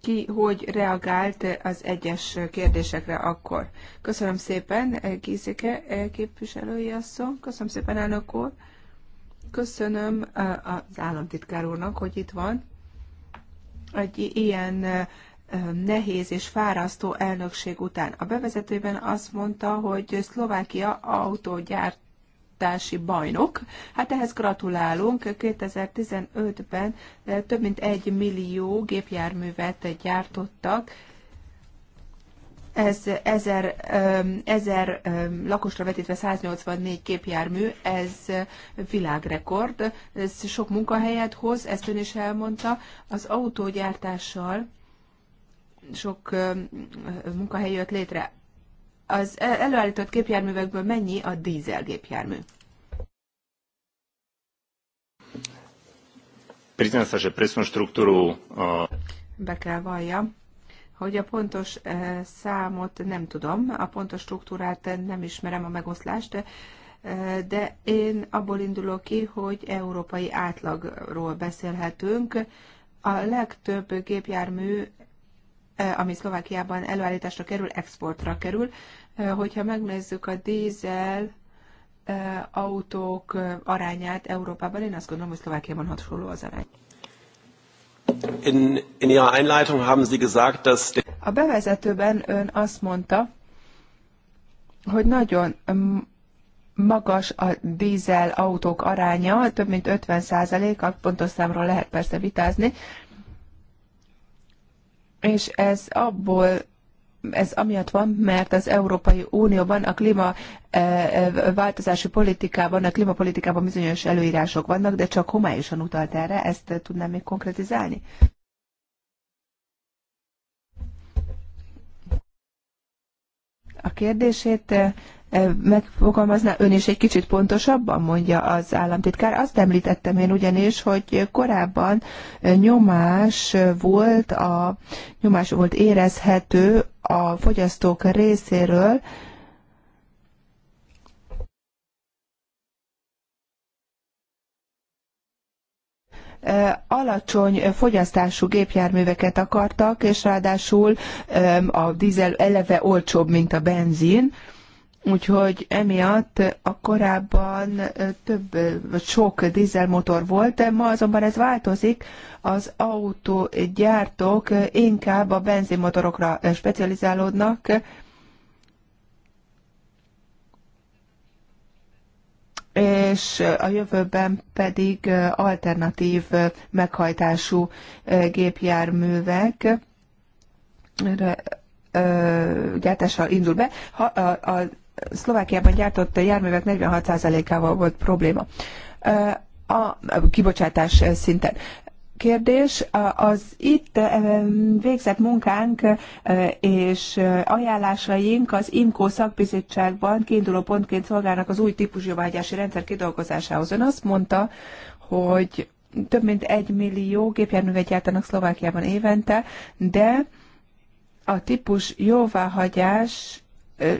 ki hogy reagált az egyes kérdésekre akkor. Köszönöm szépen, Gizike képviselői asszony, köszönöm szépen, elnök úr. Köszönöm az államtitkár úrnak, hogy itt van. Egy ilyen nehéz és fárasztó elnökség után. A bevezetőben azt mondta, hogy Szlovákia autógyárt kutatási bajnok. Hát ehhez gratulálunk. 2015-ben eh, több mint egy millió gépjárművet gyártottak, ez ezer, ezer lakosra vetítve 184 képjármű, ez világrekord, ez sok munkahelyet hoz, ezt ön is elmondta, az autógyártással sok munkahely jött létre az e- előállított gépjárművekből mennyi a dízel gépjármű? Be kell valljam, hogy a pontos e, számot nem tudom, a pontos struktúrát nem ismerem a megoszlást, e, de én abból indulok ki, hogy európai átlagról beszélhetünk. A legtöbb gépjármű Eh, ami Szlovákiában előállításra kerül, exportra kerül. Eh, hogyha megnézzük a dízel eh, autók arányát Európában, én azt gondolom, hogy Szlovákiában hasonló az arány. In, in Ihrer Einleitung haben Sie gesagt, dass a bevezetőben ön azt mondta, hogy nagyon magas a dízel autók aránya, több mint 50 százalék, a pontos számról lehet persze vitázni, és ez abból ez amiatt van, mert az Európai Unióban a klíma eh, eh, változási politikában, a klímapolitikában bizonyos előírások vannak, de csak homályosan utalt erre, ezt tudnám még konkretizálni? A kérdését eh, megfogalmazná ön is egy kicsit pontosabban, mondja az államtitkár. Azt említettem én ugyanis, hogy korábban nyomás volt, a, nyomás volt érezhető a fogyasztók részéről, alacsony fogyasztású gépjárműveket akartak, és ráadásul a dízel eleve olcsóbb, mint a benzin. Úgyhogy emiatt a korábban több, vagy sok dízelmotor volt, de ma azonban ez változik. Az autógyártók inkább a benzinmotorokra specializálódnak, és a jövőben pedig alternatív meghajtású gépjárművek gyártással indul be. Ha, a, a Szlovákiában gyártott járművek 46%-ával volt probléma a kibocsátás szinten. Kérdés, az itt végzett munkánk és ajánlásaink az IMCO szakbizottságban kiinduló pontként szolgálnak az új típusjóvágyási rendszer kidolgozásához. Ön azt mondta, hogy több mint egy millió gépjárművet gyártanak Szlovákiában évente, de a típus jóváhagyás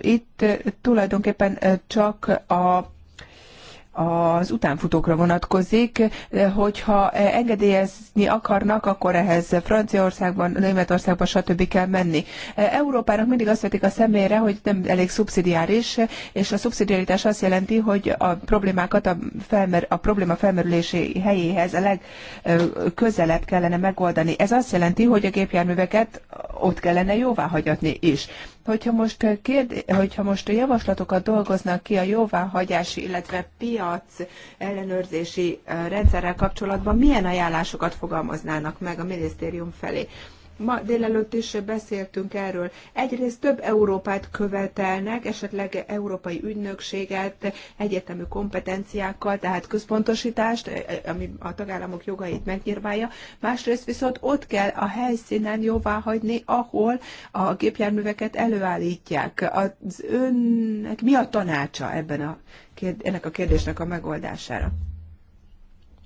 itt eh, tulajdonképpen eh, csak a az utánfutókra vonatkozik, eh, hogyha engedélyezni akarnak, akkor ehhez Franciaországban, Németországban, stb. kell menni. Európának mindig azt vetik a szemére, hogy nem elég szubszidiáris, és a szubszidiaritás azt jelenti, hogy a problémákat a, felmer, a probléma felmerülési helyéhez a legközelebb kellene megoldani. Ez azt jelenti, hogy a gépjárműveket ott kellene jóvá hagyatni is. Hogyha most, eh, kérdé, hogyha most javaslatokat dolgoznak ki a jóváhagyási, illetve piac ellenőrzési eh, rendszerrel kapcsolatban, milyen ajánlásokat fogalmaznának meg a minisztérium felé? Ma délelőtt is beszéltünk erről. Egyrészt több Európát követelnek, esetleg európai ügynökséget, egyetemű kompetenciákkal, tehát központosítást, e, e, ami a tagállamok jogait megnyírválja. Másrészt viszont ott kell a helyszínen jóvá hagyni, ahol a gépjárműveket előállítják. Az önnek mi a tanácsa ebben a, ennek a kérdésnek a megoldására?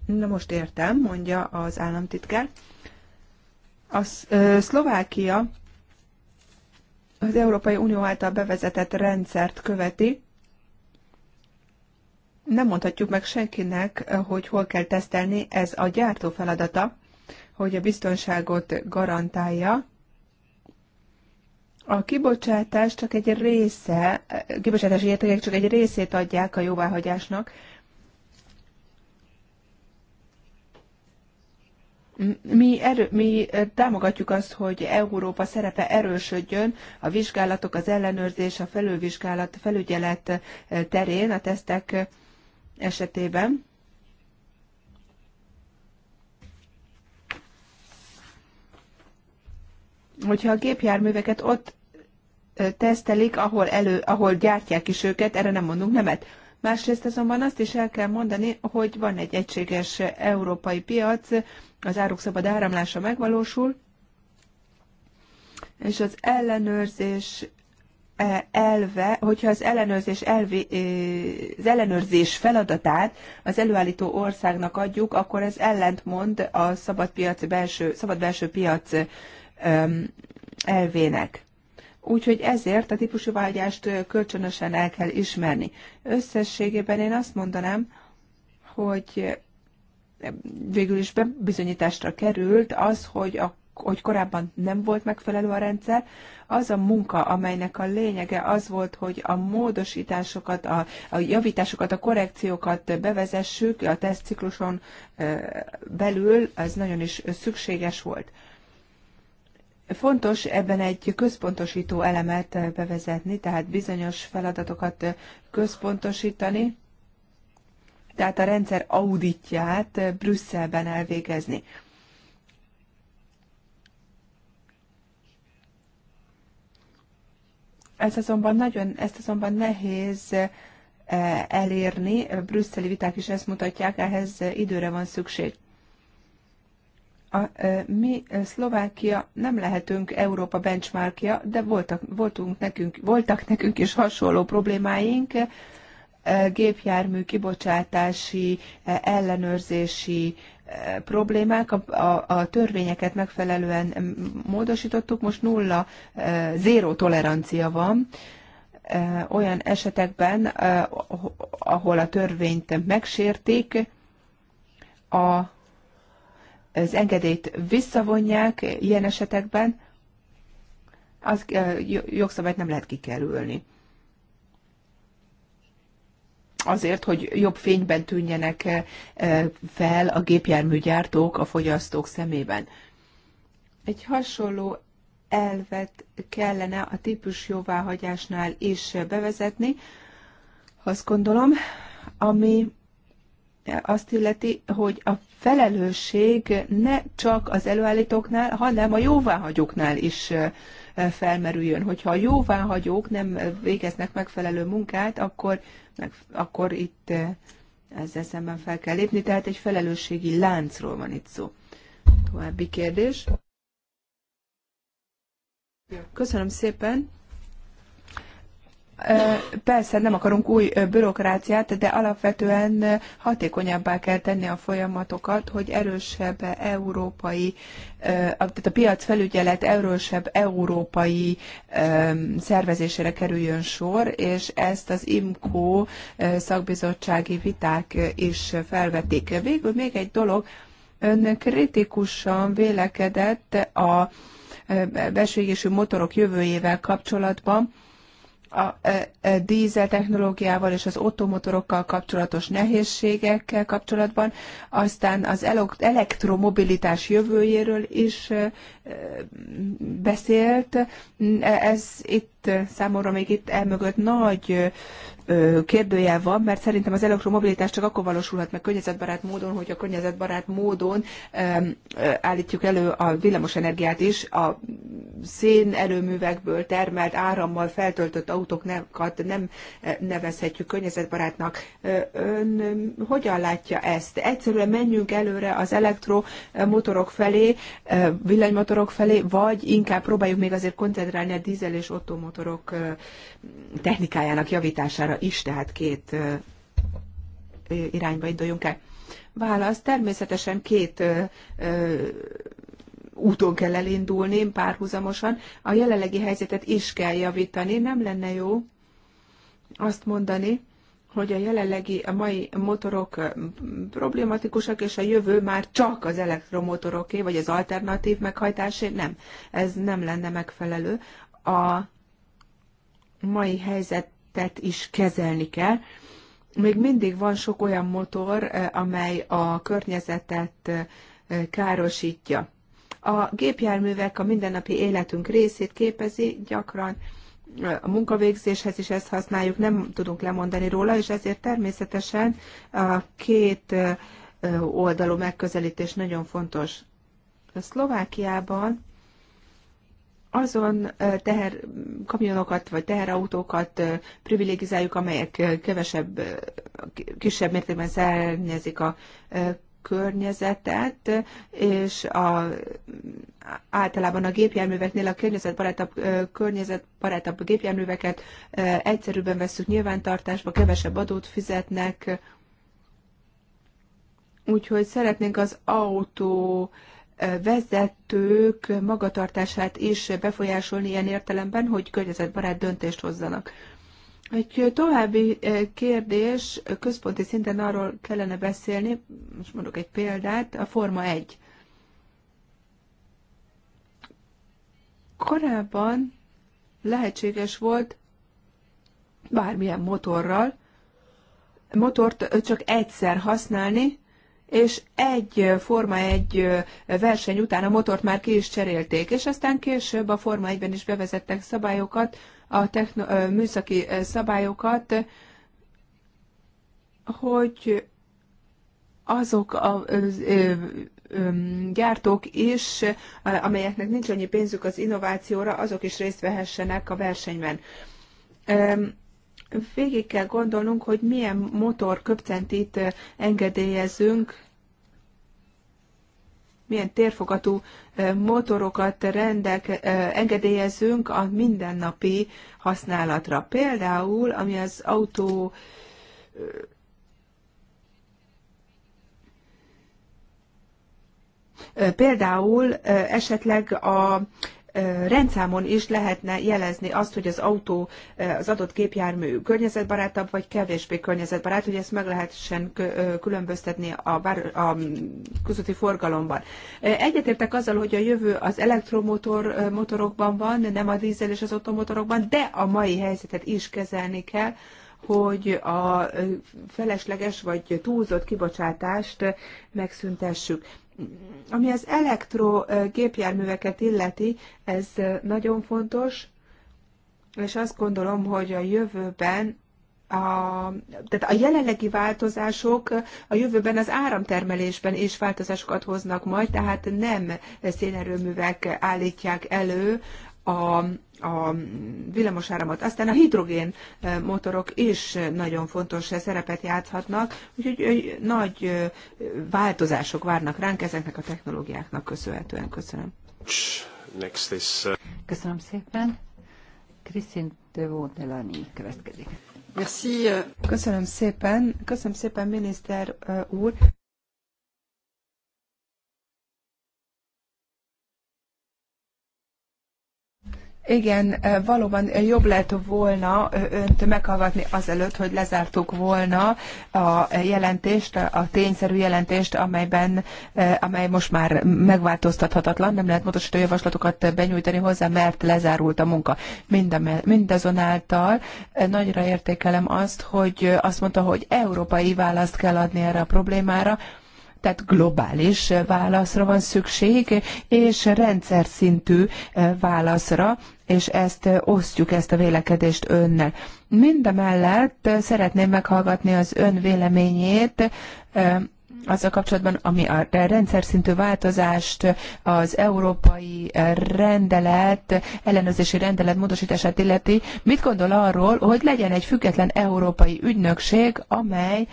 Na most értem, mondja az államtitkár. A Szlovákia az Európai Unió által bevezetett rendszert követi. Nem mondhatjuk meg senkinek, hogy hol kell tesztelni, ez a gyártó feladata, hogy a biztonságot garantálja. A kibocsátás csak egy része, kibocsátási értékek csak egy részét adják a jóváhagyásnak, mi, erő, mi eh, támogatjuk azt, hogy Európa szerepe erősödjön a vizsgálatok, az ellenőrzés, a felülvizsgálat, felügyelet eh, terén, a tesztek eh, esetében. Hogyha a gépjárműveket ott tesztelik, ahol, elő, ahol gyártják is őket, erre nem mondunk nemet. Másrészt azonban azt is el kell mondani, hogy van egy egységes európai piac, az áruk szabad áramlása megvalósul, és az ellenőrzés e elve, hogyha az ellenőrzés, elvi, e, az ellenőrzés feladatát az előállító országnak adjuk, akkor ez ellentmond a szabad, piac belső, szabad belső piac elvének. Úgyhogy ezért a típusú vágyást kölcsönösen el kell ismerni. Összességében én azt mondanám, hogy végül is bebizonyításra került az, hogy a hogy korábban nem volt megfelelő a rendszer, az a munka, amelynek a lényege az volt, hogy a módosításokat, a, a javításokat, a korrekciókat bevezessük a tesztcikluson belül, ez nagyon is szükséges volt. Fontos ebben egy központosító elemet bevezetni, tehát bizonyos feladatokat központosítani, tehát a rendszer auditját Brüsszelben elvégezni. Ez azonban nagyon, ezt azonban nehéz eh, elérni, a brüsszeli viták is ezt mutatják, ehhez időre van szükség. A, mi Szlovákia nem lehetünk Európa benchmarkja, de voltak, voltunk nekünk, voltak nekünk is hasonló problémáink, gépjármű kibocsátási, ellenőrzési problémák, a, a, a törvényeket megfelelően módosítottuk, most nulla, zéró tolerancia van olyan esetekben, ahol a törvényt megsértik, a az engedélyt visszavonják ilyen esetekben, az jogszabályt nem lehet kikerülni. Azért, hogy jobb fényben tűnjenek fel a gépjárműgyártók a fogyasztók szemében. Egy hasonló elvet kellene a típus jóváhagyásnál is bevezetni, azt gondolom, ami azt illeti, hogy a felelősség ne csak az előállítóknál, hanem a jóváhagyóknál is felmerüljön. Hogyha a jóváhagyók nem végeznek megfelelő munkát, akkor, akkor itt ezzel szemben fel kell lépni, tehát egy felelősségi láncról van itt szó. További kérdés. Köszönöm szépen. Persze nem akarunk új bürokráciát, de alapvetően hatékonyabbá kell tenni a folyamatokat, hogy erősebb európai, tehát a piac felügyelet erősebb európai szervezésére kerüljön sor, és ezt az IMCO szakbizottsági viták is felvetik. Végül még egy dolog, ön kritikusan vélekedett a belső motorok jövőjével kapcsolatban, a e, e, dízel technológiával és az ottomotorokkal kapcsolatos nehézségekkel kapcsolatban, aztán az elektromobilitás jövőjéről is e, beszélt. Ez itt számomra még itt elmögött nagy kérdője van, mert szerintem az elektromobilitás csak akkor valósulhat meg környezetbarát módon, hogy a környezetbarát módon állítjuk elő a villamosenergiát is, a erőművekből termelt árammal feltöltött autókat nem nevezhetjük környezetbarátnak. Ön hogyan látja ezt? Egyszerűen menjünk előre az elektromotorok felé, villanymotorok felé, vagy inkább próbáljuk még azért koncentrálni a dízel és ottomotorok technikájának javítására is, tehát két irányba induljunk el. Válasz, természetesen két úton kell elindulni párhuzamosan. A jelenlegi helyzetet is kell javítani. Nem lenne jó azt mondani, hogy a jelenlegi, a mai motorok problématikusak, és a jövő már csak az elektromotoroké, vagy az alternatív meghajtásé. Nem, ez nem lenne megfelelő. A mai helyzetet is kezelni kell. Még mindig van sok olyan motor, eh, amely a környezetet eh, károsítja. A gépjárművek a mindennapi életünk részét képezi, gyakran eh, a munkavégzéshez is ezt használjuk, nem tudunk lemondani róla, és ezért természetesen a két oldalú megközelítés nagyon fontos. A Szlovákiában azon teher kamionokat vagy teherautókat privilegizáljuk, amelyek kevesebb, kisebb mértékben szennyezik a környezetet, és a, általában a gépjárműveknél a környezetbarátabb, környezetbarátabb gépjárműveket egyszerűbben veszük nyilvántartásba, kevesebb adót fizetnek, úgyhogy szeretnénk az autó vezetők magatartását is befolyásolni ilyen értelemben, hogy környezetbarát döntést hozzanak. Egy további eh, kérdés, központi szinten arról kellene beszélni, most mondok egy példát, a Forma 1. Korábban lehetséges volt bármilyen motorral, motort csak egyszer használni, és egy Forma egy verseny után a motort már ki is cserélték, és aztán később a Forma egyben is bevezettek szabályokat, a techno- műszaki szabályokat, hogy azok a gyártók is, amelyeknek nincs annyi pénzük az innovációra, azok is részt vehessenek a versenyben végig kell gondolnunk, hogy milyen motor köpcentit eh, engedélyezünk, milyen térfogatú eh, motorokat rendek, eh, engedélyezünk a mindennapi használatra. Például, ami az autó Például esetleg a rendszámon is lehetne jelezni azt, hogy az autó, az adott gépjármű környezetbarátabb, vagy kevésbé környezetbarát, hogy ezt meg lehessen különböztetni a, bár, a közúti forgalomban. Egyetértek azzal, hogy a jövő az elektromotor motorokban van, nem a dízel és az ottomotorokban, de a mai helyzetet is kezelni kell, hogy a felesleges vagy túlzott kibocsátást megszüntessük. Ami az gépjárműveket illeti, ez nagyon fontos, és azt gondolom, hogy a jövőben a, tehát a jelenlegi változások a jövőben az áramtermelésben is változásokat hoznak majd, tehát nem szénerőművek állítják elő a a villamosáramot. Aztán a hidrogén eh, motorok is nagyon fontos eh, szerepet játszhatnak, úgyhogy eh, nagy változások várnak ránk ezeknek a technológiáknak köszönhetően. Köszönöm. Next is, uh... Köszönöm szépen. Krisztin Devódelani következik. Merci. Euh. Köszönöm szépen. Köszönöm szépen, miniszter euh, úr. Igen, valóban jobb lett volna önt meghallgatni azelőtt, hogy lezártuk volna a jelentést, a tényszerű jelentést, amelyben, amely most már megváltoztathatatlan, nem lehet módosító javaslatokat benyújtani hozzá, mert lezárult a munka. Mindazonáltal nagyra értékelem azt, hogy azt mondta, hogy európai választ kell adni erre a problémára, tehát globális válaszra van szükség, és rendszer szintű eh, válaszra, és ezt eh, osztjuk ezt a vélekedést önnel. Mindemellett eh, szeretném meghallgatni az ön véleményét azzal kapcsolatban, ami a rendszer szintű változást, az európai rendelet, ellenőrzési rendelet módosítását illeti, mit gondol arról, hogy legyen egy független európai ügynökség, amely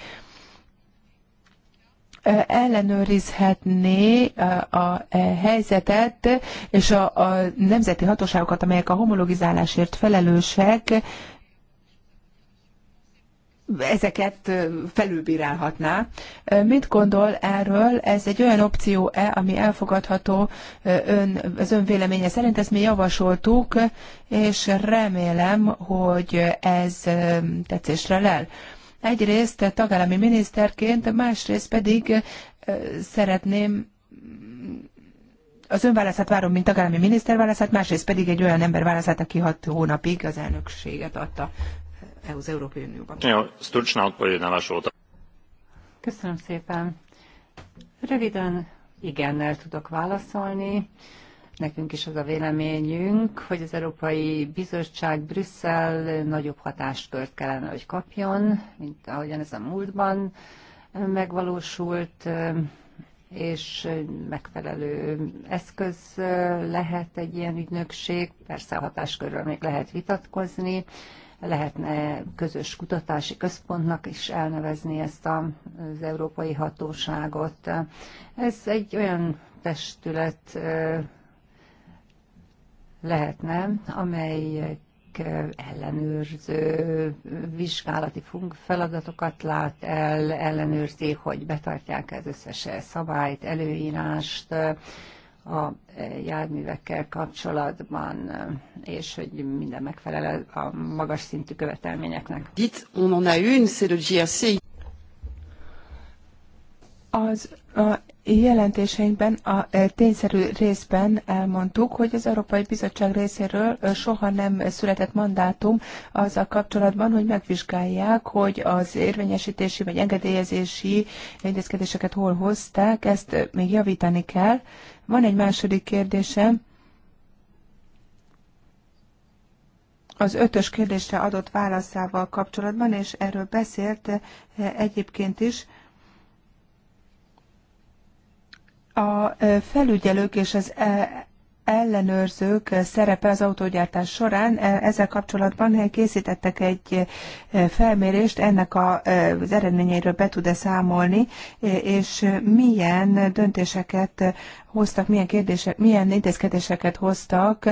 ellenőrizhetné a helyzetet, és a, a nemzeti hatóságokat, amelyek a homologizálásért felelősek, ezeket felülbírálhatná. Mit gondol erről? Ez egy olyan opció-e, ami elfogadható ön, az ön véleménye szerint? Ezt mi javasoltuk, és remélem, hogy ez tetszésre lel. Egyrészt tagállami miniszterként, másrészt pedig szeretném az ön válaszát várom, mint tagállami miniszter válaszát, másrészt pedig egy olyan ember válaszát, aki hat hónapig az elnökséget adta az Európai Unióban. Köszönöm szépen. Röviden igennel tudok válaszolni. Nekünk is az a véleményünk, hogy az Európai Bizottság Brüsszel nagyobb hatáskört kellene, hogy kapjon, mint ahogyan ez a múltban megvalósult, és megfelelő eszköz lehet egy ilyen ügynökség, persze a hatáskörről még lehet vitatkozni, lehetne közös kutatási központnak is elnevezni ezt az európai hatóságot. Ez egy olyan testület lehetne, amelyek ellenőrző vizsgálati feladatokat lát el, ellenőrzi, hogy betartják az összes szabályt, előírást a járművekkel kapcsolatban, és hogy minden megfelel a magas szintű követelményeknek. Itt on en a une, c'est le GRC. Az a jelentéseinkben a e, tényszerű részben elmondtuk, hogy az Európai Bizottság részéről soha nem született mandátum az a kapcsolatban, hogy megvizsgálják, hogy az érvényesítési vagy engedélyezési egyezkedéseket hol hozták, ezt még javítani kell. Van egy második kérdésem. az ötös kérdésre adott válaszával kapcsolatban, és erről beszélt egyébként is, A felügyelők és az ellenőrzők szerepe az autógyártás során. Ezzel kapcsolatban készítettek egy felmérést, ennek az eredményeiről be tud-e számolni, és milyen döntéseket hoztak, milyen, kérdések, milyen intézkedéseket hoztak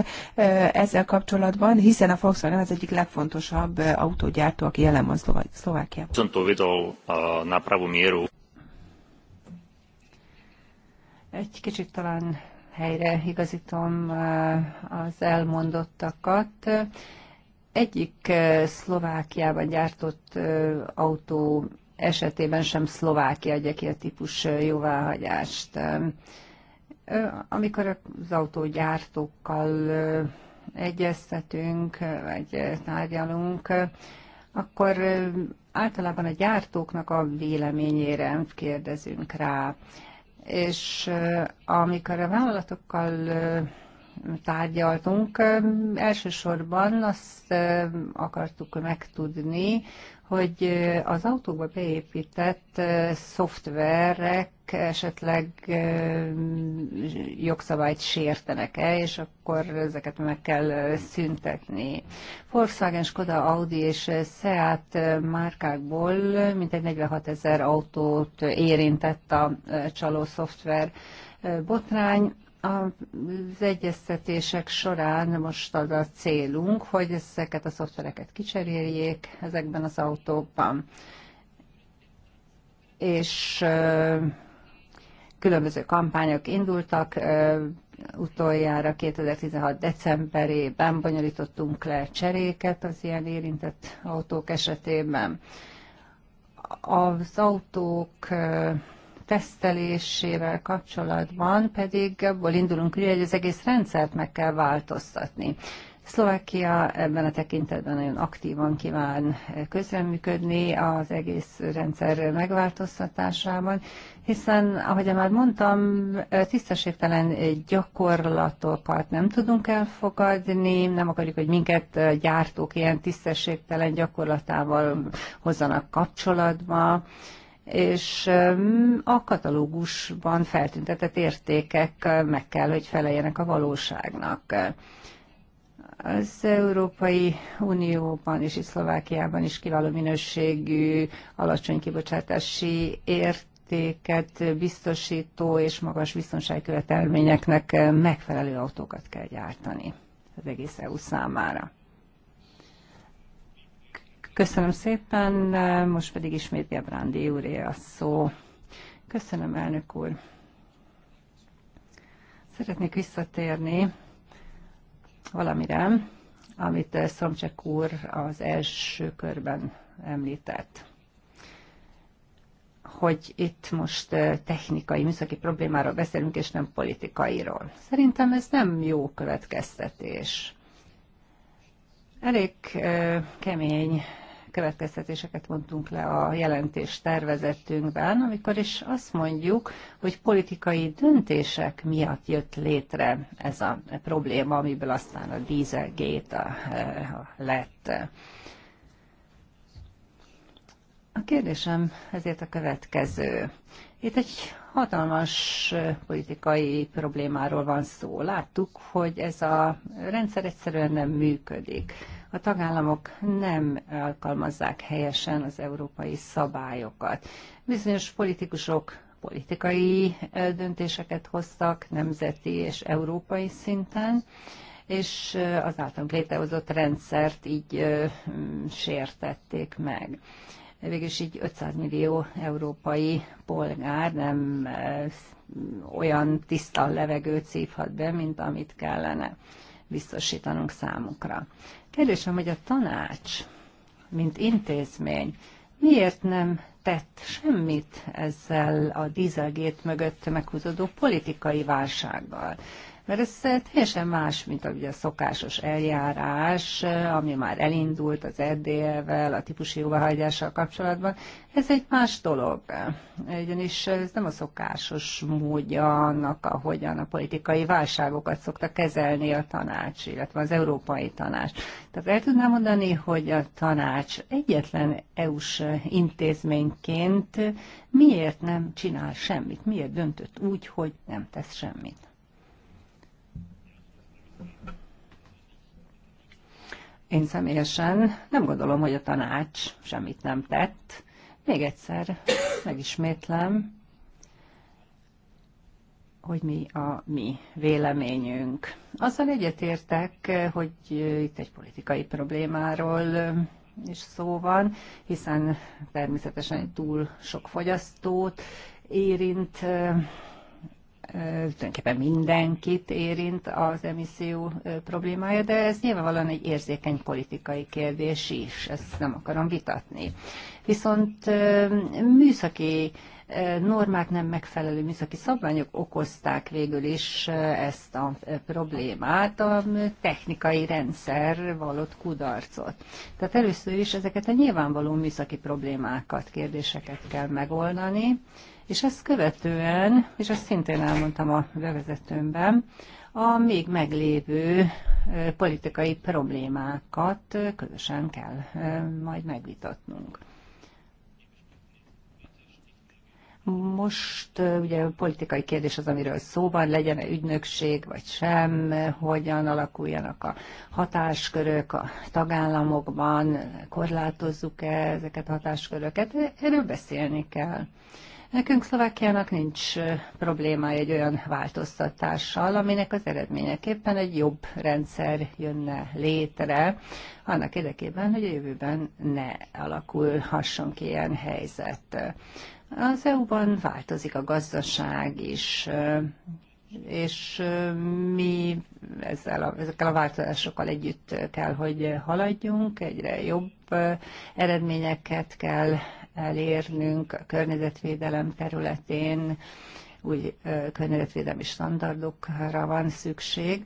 ezzel kapcsolatban, hiszen a Volkswagen az egyik legfontosabb autógyártó, aki jelen van Szlovákiában. Egy kicsit talán helyre igazítom eh, az elmondottakat. Egyik eh, Szlovákiában gyártott eh, autó esetében sem Szlovákia adja ki a típus jóváhagyást. Amikor az autógyártókkal egyeztetünk, vagy tárgyalunk, akkor általában a gyártóknak a véleményére kérdezünk rá és amikor a vállalatokkal tárgyaltunk, elsősorban azt akartuk megtudni, hogy az autókba beépített szoftverek esetleg jogszabályt sértenek-e, és akkor ezeket meg kell szüntetni. Volkswagen, Skoda, Audi és Seat márkákból mintegy 46 ezer autót érintett a csaló szoftver botrány, az egyeztetések során most az a célunk, hogy ezeket a szoftvereket kicseréljék ezekben az autókban. És különböző kampányok indultak, utoljára 2016. decemberében bonyolítottunk le cseréket az ilyen érintett autók esetében. Az autók tesztelésével kapcsolatban pedig abból indulunk ki, hogy az egész rendszert meg kell változtatni. Szlovákia ebben a tekintetben nagyon aktívan kíván közreműködni az egész rendszer megváltoztatásában, hiszen, ahogy már mondtam, tisztességtelen gyakorlatokat nem tudunk elfogadni, nem akarjuk, hogy minket gyártók ilyen tisztességtelen gyakorlatával hozzanak kapcsolatba, és a katalógusban feltüntetett értékek meg kell, hogy feleljenek a valóságnak. Az Európai Unióban és itt Szlovákiában is kiváló minőségű, alacsony kibocsátási értéket biztosító és magas biztonságkövetelményeknek megfelelő autókat kell gyártani az egész EU számára. Köszönöm szépen, most pedig ismét Gebrándi úré a szó. Köszönöm, elnök úr. Szeretnék visszatérni valamire, amit Szomcsek úr az első körben említett hogy itt most technikai, műszaki problémáról beszélünk, és nem politikairól. Szerintem ez nem jó következtetés. Elég kemény következtetéseket mondtunk le a jelentés tervezetünkben, amikor is azt mondjuk, hogy politikai döntések miatt jött létre ez a probléma, amiből aztán a eh, a lett. A kérdésem ezért a következő. Itt egy hatalmas eh, politikai problémáról van szó. Láttuk, hogy ez a rendszer egyszerűen nem működik a tagállamok nem alkalmazzák helyesen az európai szabályokat. Bizonyos politikusok politikai döntéseket hoztak nemzeti és európai szinten, és az általunk létrehozott rendszert így sértették meg. Végülis így 500 millió európai polgár nem olyan tiszta levegőt szívhat be, mint amit kellene biztosítanunk számukra. Kérdésem, hogy a tanács, mint intézmény, miért nem tett semmit ezzel a dízelgét mögött meghúzódó politikai válsággal. Mert ez teljesen más, mint a, ugye, a szokásos eljárás, ami már elindult az edl vel a típusi jóváhagyással kapcsolatban. Ez egy más dolog. Ugyanis ez nem a szokásos módja annak, ahogyan a politikai válságokat szokta kezelni a tanács, illetve az Európai Tanács. Tehát el tudnám mondani, hogy a tanács egyetlen EU-s intézményként miért nem csinál semmit, miért döntött úgy, hogy nem tesz semmit. Én személyesen nem gondolom, hogy a tanács semmit nem tett. Még egyszer megismétlem, hogy mi a mi véleményünk. Azzal egyetértek, hogy itt egy politikai problémáról is szó van, hiszen természetesen túl sok fogyasztót érint tulajdonképpen mindenkit érint az emisszió problémája, de ez nyilvánvalóan egy érzékeny politikai kérdés is, ezt nem akarom vitatni. Viszont műszaki normák nem megfelelő műszaki szabványok okozták végül is ezt a problémát, a technikai rendszer vallott kudarcot. Tehát először is ezeket a nyilvánvaló műszaki problémákat, kérdéseket kell megoldani, és ezt követően, és ezt szintén elmondtam a bevezetőmben, a még meglévő politikai problémákat közösen kell majd megvitatnunk. Most ugye politikai kérdés az, amiről szó van, legyen -e ügynökség vagy sem, hogyan alakuljanak a hatáskörök a tagállamokban, korlátozzuk-e ezeket a hatásköröket, erről beszélni kell. Nekünk Szlovákiának nincs probléma egy olyan változtatással, aminek az eredményeképpen egy jobb rendszer jönne létre, annak érdekében, hogy a jövőben ne alakulhasson ki ilyen helyzet. Az EU-ban változik a gazdaság is, és mi ezzel a, ezekkel a változásokkal együtt kell, hogy haladjunk, egyre jobb eredményeket kell elérnünk a környezetvédelem területén, új környezetvédelmi standardokra van szükség.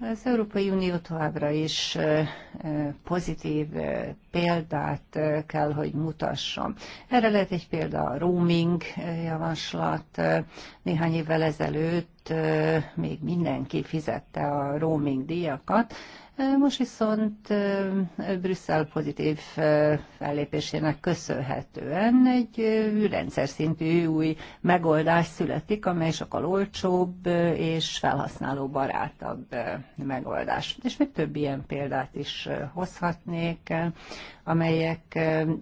Az Európai Unió továbbra is pozitív példát kell, hogy mutasson. Erre lehet egy példa a roaming javaslat. Néhány évvel ezelőtt még mindenki fizette a roaming díjakat, most viszont Brüsszel pozitív fellépésének köszönhetően egy rendszer szintű új megoldás születik, amely sokkal olcsóbb és felhasználó barátabb megoldás. És még több ilyen példát is hozhatnék amelyek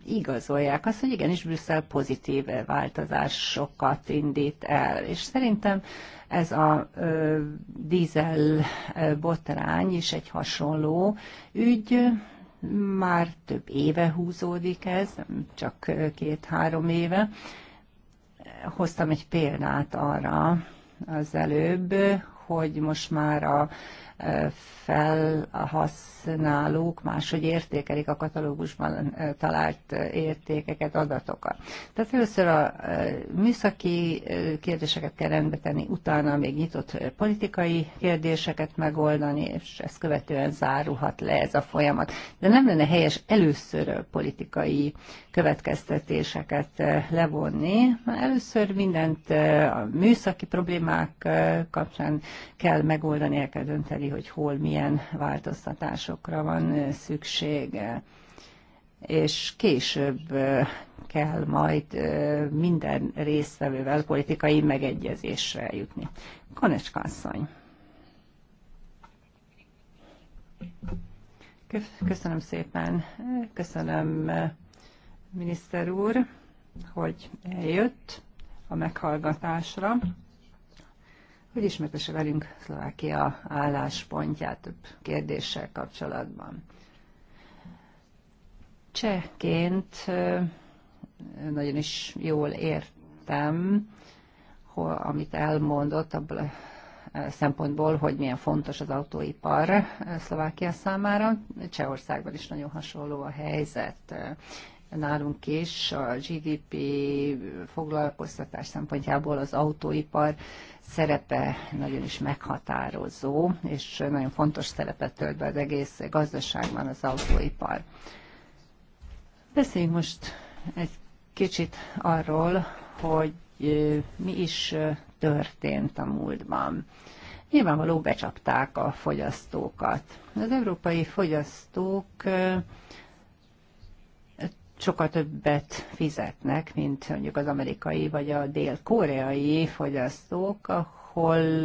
igazolják azt, hogy igenis Brüsszel pozitív változásokat indít el. És szerintem ez a ö, dízel botrány is egy hasonló ügy, már több éve húzódik ez, csak két-három éve. Hoztam egy példát arra az előbb, hogy most már a felhasználók máshogy értékelik a katalógusban talált értékeket, adatokat. Tehát először a műszaki kérdéseket kell rendbe tenni, utána még nyitott politikai kérdéseket megoldani, és ezt követően zárulhat le ez a folyamat. De nem lenne helyes először politikai következtetéseket levonni. Először mindent a műszaki problémák kapcsán kell megoldani, el kell dönteni eldönteni, hogy hol milyen változtatásokra van szükség és később kell majd minden résztvevővel politikai megegyezésre jutni. Konecska asszony. Köszönöm szépen, köszönöm miniszter úr, hogy eljött a meghallgatásra hogy ismertesse velünk Szlovákia álláspontját több kérdéssel kapcsolatban. Csehként nagyon is jól értem, amit elmondott abból a szempontból, hogy milyen fontos az autóipar Szlovákia számára. Csehországban is nagyon hasonló a helyzet nálunk is a GDP foglalkoztatás szempontjából az autóipar szerepe nagyon is meghatározó, és nagyon fontos szerepet tölt be az egész gazdaságban az autóipar. Beszéljünk most egy kicsit arról, hogy mi is történt a múltban. Nyilvánvaló becsapták a fogyasztókat. Az európai fogyasztók sokkal többet fizetnek, mint mondjuk az amerikai vagy a dél-koreai fogyasztók, ahol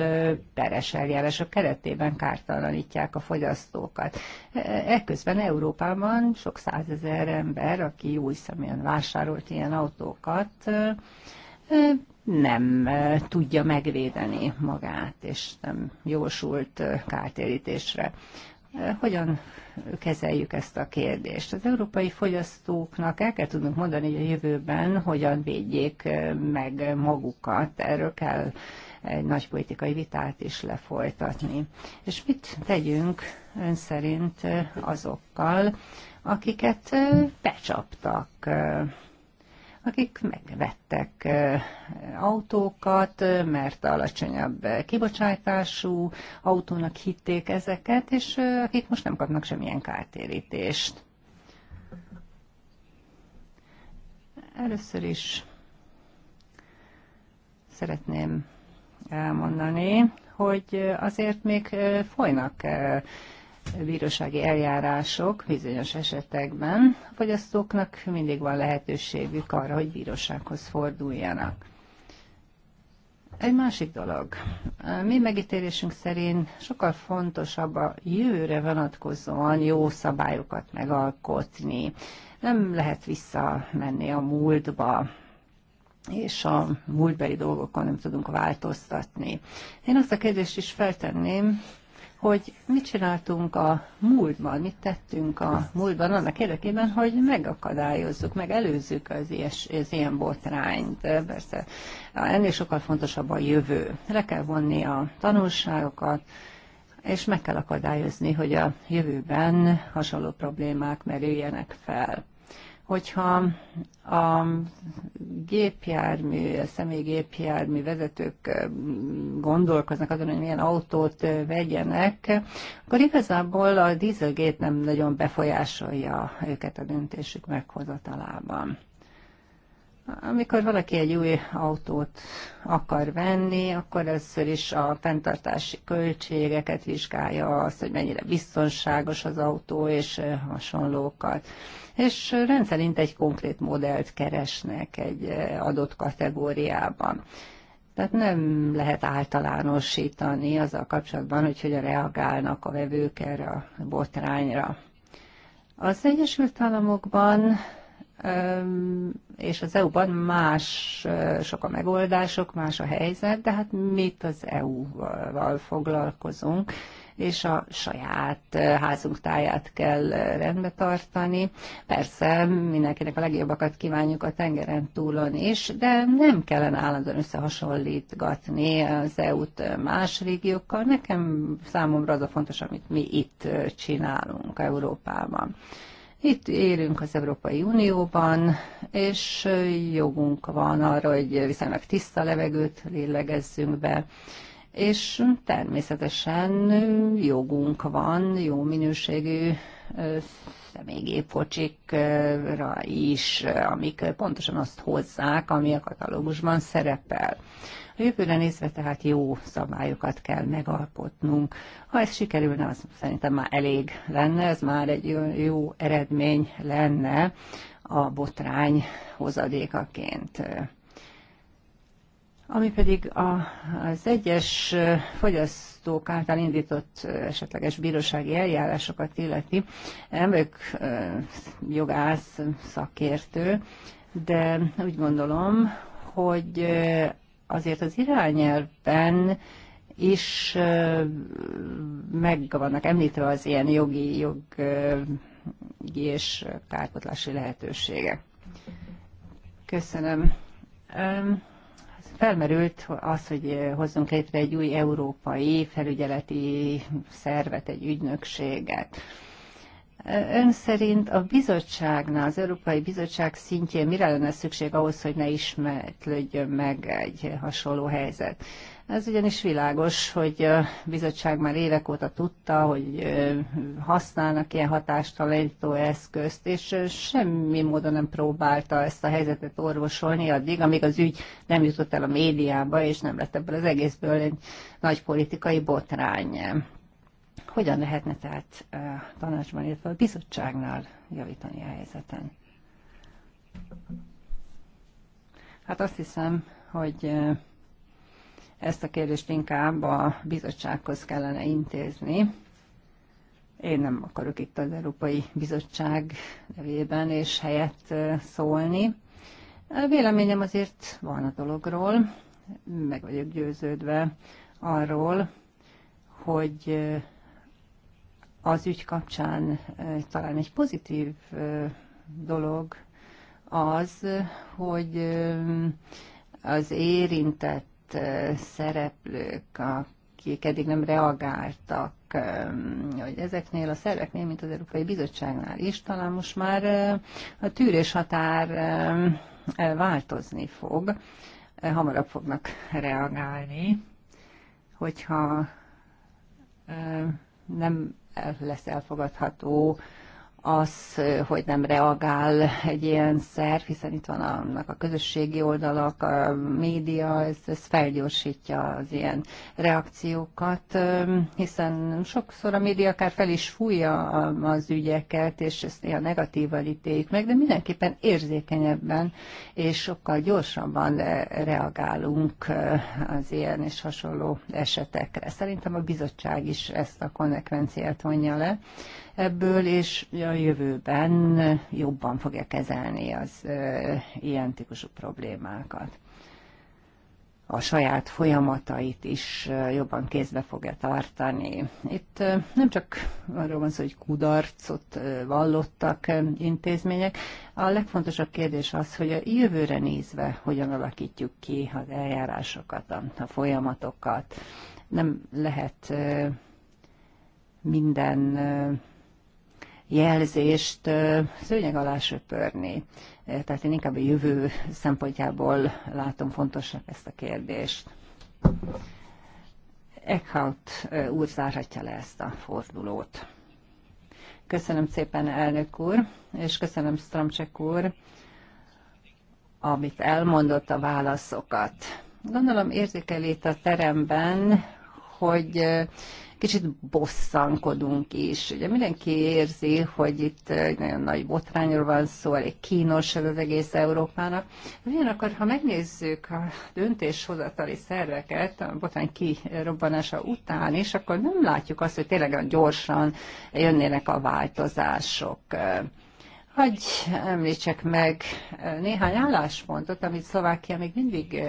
peres eljárások keretében kártalanítják a fogyasztókat. E, ekközben Európában sok százezer ember, aki új személyen vásárolt ilyen autókat, nem tudja megvédeni magát, és nem jósult kártérítésre. Hogyan kezeljük ezt a kérdést? Az európai fogyasztóknak el kell tudnunk mondani, hogy a jövőben hogyan védjék eh, meg magukat. Erről kell egy nagy politikai vitát is lefolytatni. És mit tegyünk ön szerint eh, azokkal, akiket eh, becsaptak akik megvettek autókat, mert alacsonyabb kibocsátású autónak hitték ezeket, és akik most nem kapnak semmilyen kártérítést. Először is szeretném elmondani, hogy azért még folynak bírósági eljárások bizonyos esetekben a fogyasztóknak mindig van lehetőségük arra, hogy bírósághoz forduljanak. Egy másik dolog. Mi megítélésünk szerint sokkal fontosabb a jövőre vonatkozóan jó szabályokat megalkotni. Nem lehet visszamenni a múltba, és a múltbeli dolgokon nem tudunk változtatni. Én azt a kérdést is feltenném, hogy mit csináltunk a múltban, mit tettünk a múltban annak érdekében, hogy megakadályozzuk, meg előzzük az, ilyes, az ilyen botrányt. Persze ennél sokkal fontosabb a jövő. Le kell vonni a tanulságokat, és meg kell akadályozni, hogy a jövőben hasonló problémák merüljenek fel hogyha a gépjármű, a gépjármű vezetők gondolkoznak azon, hogy milyen autót vegyenek, akkor igazából a dízelgét nem nagyon befolyásolja őket a döntésük meghozatalában. Amikor valaki egy új autót akar venni, akkor először is a fenntartási költségeket vizsgálja, azt, hogy mennyire biztonságos az autó, és hasonlókat. És rendszerint egy konkrét modellt keresnek egy adott kategóriában. Tehát nem lehet általánosítani azzal kapcsolatban, hogy hogyan reagálnak a vevők erre a botrányra. Az Egyesült Államokban és az EU-ban más sok a megoldások, más a helyzet, de hát mi itt az EU-val foglalkozunk, és a saját házunk táját kell rendbe tartani. Persze mindenkinek a legjobbakat kívánjuk a tengeren túlon is, de nem kellene állandóan összehasonlítgatni az EU-t más régiókkal. Nekem számomra az a fontos, amit mi itt csinálunk Európában. Itt élünk az Európai Unióban, és jogunk van arra, hogy viszonylag tiszta levegőt lélegezzünk be, és természetesen jogunk van jó minőségű személygépkocsikra is, amik pontosan azt hozzák, ami a katalógusban szerepel. A jövőre nézve tehát jó szabályokat kell megalkotnunk. Ha ez sikerülne, az szerintem már elég lenne, ez már egy jó eredmény lenne a botrány hozadékaként. Ami pedig a, az egyes fogyasztók által indított esetleges bírósági eljárásokat illeti, nem ők jogász szakértő, de úgy gondolom, hogy azért az irányelvben is meg vannak említve az ilyen jogi, jogi és kárpotlási lehetősége. Köszönöm. Felmerült az, hogy hozzunk létre egy új európai felügyeleti szervet, egy ügynökséget. Ön szerint a bizottságnál, az Európai Bizottság szintjén mire lenne szükség ahhoz, hogy ne ismétlődjön meg egy hasonló helyzet? Ez ugyanis világos, hogy a bizottság már évek óta tudta, hogy használnak ilyen hatástalanító eszközt, és semmi módon nem próbálta ezt a helyzetet orvosolni addig, amíg az ügy nem jutott el a médiába, és nem lett ebből az egészből egy nagy politikai botrány. Hogyan lehetne tehát a tanácsban, illetve a bizottságnál javítani a helyzeten? Hát azt hiszem, hogy ezt a kérdést inkább a bizottsághoz kellene intézni. Én nem akarok itt az Európai Bizottság nevében és helyett szólni. A véleményem azért van a dologról, meg vagyok győződve arról, hogy az ügy kapcsán eh, talán egy pozitív eh, dolog az, hogy eh, az érintett szereplők, akik eddig nem reagáltak, hogy ezeknél a szerveknél, mint az Európai Bizottságnál is, talán most már a tűrés határ változni fog, hamarabb fognak reagálni, hogyha nem lesz elfogadható az, hogy nem reagál egy ilyen szerv, hiszen itt van annak a közösségi oldalak, a média, ez, ez felgyorsítja az ilyen reakciókat, hiszen sokszor a média akár fel is fújja az ügyeket, és ezt néha negatívan ítéljük meg, de mindenképpen érzékenyebben és sokkal gyorsabban reagálunk az ilyen és hasonló esetekre. Szerintem a bizottság is ezt a konekvenciát vonja le ebből, és a jövőben jobban fogja kezelni az ilyen típusú problémákat. A saját folyamatait is jobban kézbe fogja tartani. Itt nem csak arról van szó, hogy kudarcot vallottak intézmények, a legfontosabb kérdés az, hogy a jövőre nézve hogyan alakítjuk ki az eljárásokat, a folyamatokat. Nem lehet minden jelzést szőnyeg alá söpörni. Tehát én inkább a jövő szempontjából látom fontosnak ezt a kérdést. Eckhout úr zárhatja le ezt a fordulót. Köszönöm szépen, elnök úr, és köszönöm Stramcsek úr, amit elmondott a válaszokat. Gondolom érzékel itt a teremben, hogy kicsit bosszankodunk is. Ugye mindenki érzi, hogy itt egy nagyon nagy botrányról van szó, elég kínos ez az egész Európának. Ugyanakkor, ha megnézzük a döntéshozatali szerveket a botrány kirobbanása után is, akkor nem látjuk azt, hogy tényleg gyorsan jönnének a változások. Hagy említsek meg néhány álláspontot, amit Szlovákia még mindig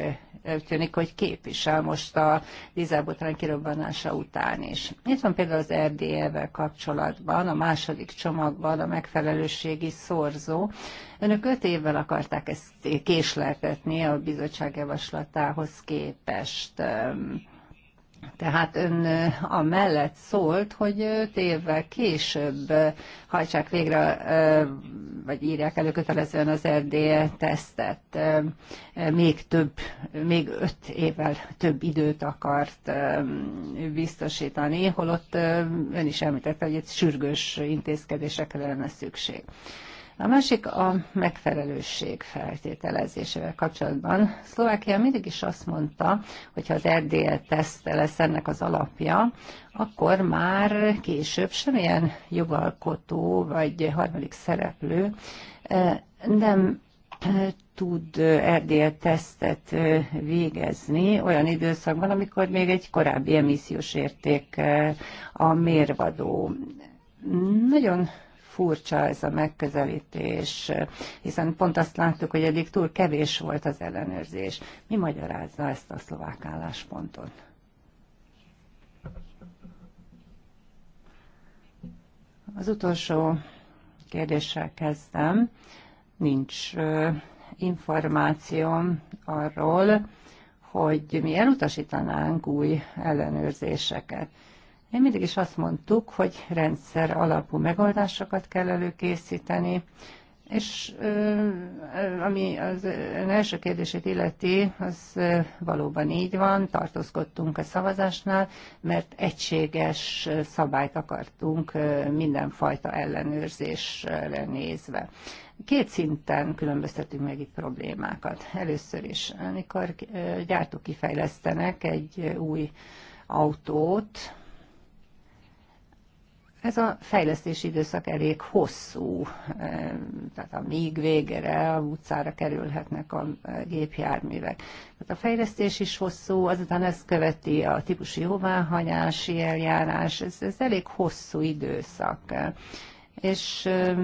tűnik, hogy képvisel most a dízelbotrán kirobbanása után is. Itt van például az RDE-vel kapcsolatban, a második csomagban a megfelelőségi szorzó. Önök öt évvel akarták ezt késleltetni a bizottság javaslatához képest. Tehát ön a mellett szólt, hogy öt évvel később hajtsák végre, vagy írják elő kötelezően az Erdélye tesztet. Még több, még öt évvel több időt akart biztosítani, holott ön is említette, hogy itt sürgős intézkedésekre lenne szükség. A másik a megfelelősség feltételezésével kapcsolatban. Szlovákia mindig is azt mondta, hogy ha az RDL teszt lesz ennek az alapja, akkor már később semmilyen jogalkotó vagy harmadik szereplő eh, nem eh, tud eh, RDL tesztet végezni olyan időszakban, amikor még egy korábbi emissziós érték a mérvadó. Nagyon furcsa ez a megközelítés, hiszen pont azt láttuk, hogy eddig túl kevés volt az ellenőrzés. Mi magyarázza ezt a szlovák álláspontot? Az utolsó kérdéssel kezdem. Nincs információm arról, hogy mi elutasítanánk új ellenőrzéseket. Mi mindig is azt mondtuk, hogy rendszer alapú megoldásokat kell előkészíteni, és ami az első kérdését illeti, az valóban így van, tartózkodtunk a szavazásnál, mert egységes szabályt akartunk mindenfajta ellenőrzésre nézve. Két szinten különböztetünk meg itt problémákat. Először is, amikor gyártók kifejlesztenek egy új autót, ez a fejlesztési időszak elég hosszú, eh, tehát a még végére a utcára kerülhetnek a eh, gépjárművek. Tehát a fejlesztés is hosszú, azután ezt követi a típusi jóváhagyási eljárás, ez, ez elég hosszú időszak. És eh,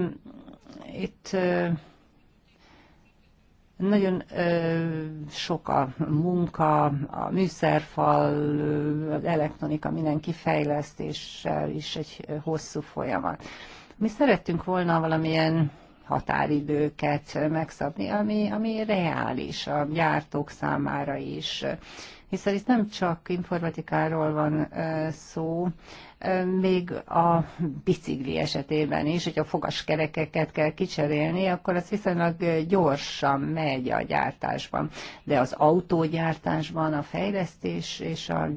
itt nagyon ö, sok a munka, a műszerfal, az elektronika, mindenki fejlesztéssel is egy hosszú folyamat. Mi szerettünk volna valamilyen határidőket megszabni, ami, ami reális a gyártók számára is hiszen itt nem csak informatikáról van szó, még a bicikli esetében is, hogyha fogaskerekeket kell kicserélni, akkor az viszonylag gyorsan megy a gyártásban. De az autógyártásban a fejlesztés és a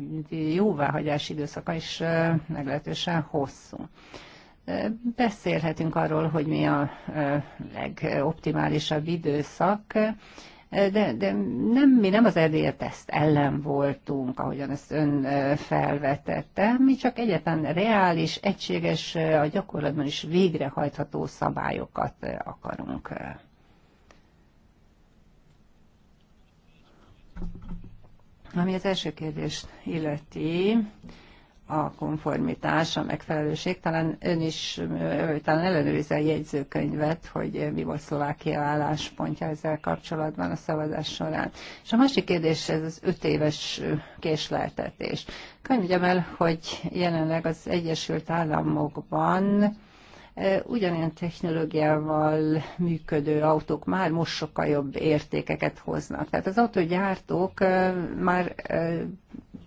jóváhagyás időszaka is meglehetősen hosszú. Beszélhetünk arról, hogy mi a legoptimálisabb időszak, de, de nem, mi nem az erdélyet ezt ellen voltunk, ahogyan ezt ön felvetette, mi csak egyetlen reális, egységes, a gyakorlatban is végrehajtható szabályokat akarunk. Ami az első kérdést illeti, a konformitás, a megfelelőség. Talán ön is, talán ellenőrizze a jegyzőkönyvet, hogy mi volt Szlovákia álláspontja ezzel kapcsolatban a szavazás során. És a másik kérdés, ez az öt éves késleltetés. Könyvgyem el, hogy jelenleg az Egyesült Államokban ugyanilyen technológiával működő autók már most sokkal jobb értékeket hoznak. Tehát az autógyártók már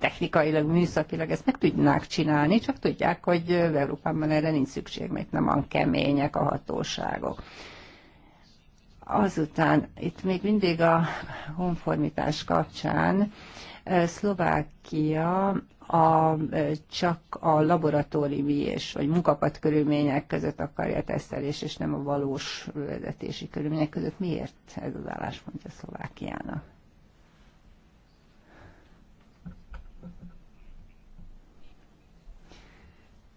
technikailag, műszakilag ezt meg tudnák csinálni, csak tudják, hogy Európában erre nincs szükség, mert nem van kemények a hatóságok. Azután itt még mindig a konformitás kapcsán Szlovákia a, csak a laboratóriumi és vagy munkapat körülmények között akarja tesztelés, és nem a valós vezetési körülmények között. Miért ez az álláspontja Szlovákiának?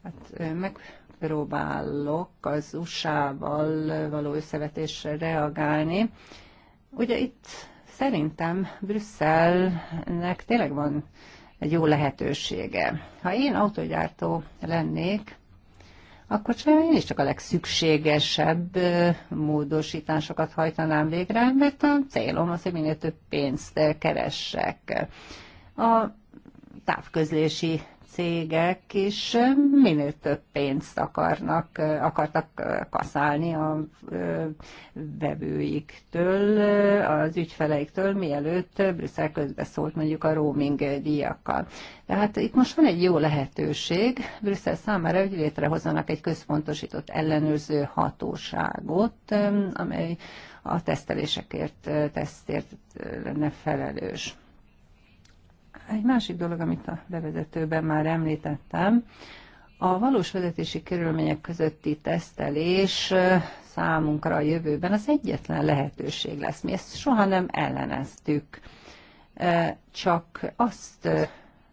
Hát megpróbálok az USA-val való összevetésre reagálni. Ugye itt szerintem Brüsszelnek tényleg van egy jó lehetősége. Ha én autogyártó lennék, akkor csak én is csak a legszükségesebb módosításokat hajtanám végre, mert a célom az, hogy minél több pénzt keressek. A távközlési cégek is minél több pénzt akarnak, akartak kaszálni a vevőiktől, az ügyfeleiktől, mielőtt Brüsszel közbeszólt mondjuk a roaming díjakkal. Tehát itt most van egy jó lehetőség Brüsszel számára, hogy létrehozzanak egy központosított ellenőrző hatóságot, amely a tesztelésekért, tesztért lenne felelős. Egy másik dolog, amit a bevezetőben már említettem, a valós vezetési körülmények közötti tesztelés számunkra a jövőben az egyetlen lehetőség lesz. Mi ezt soha nem elleneztük, csak azt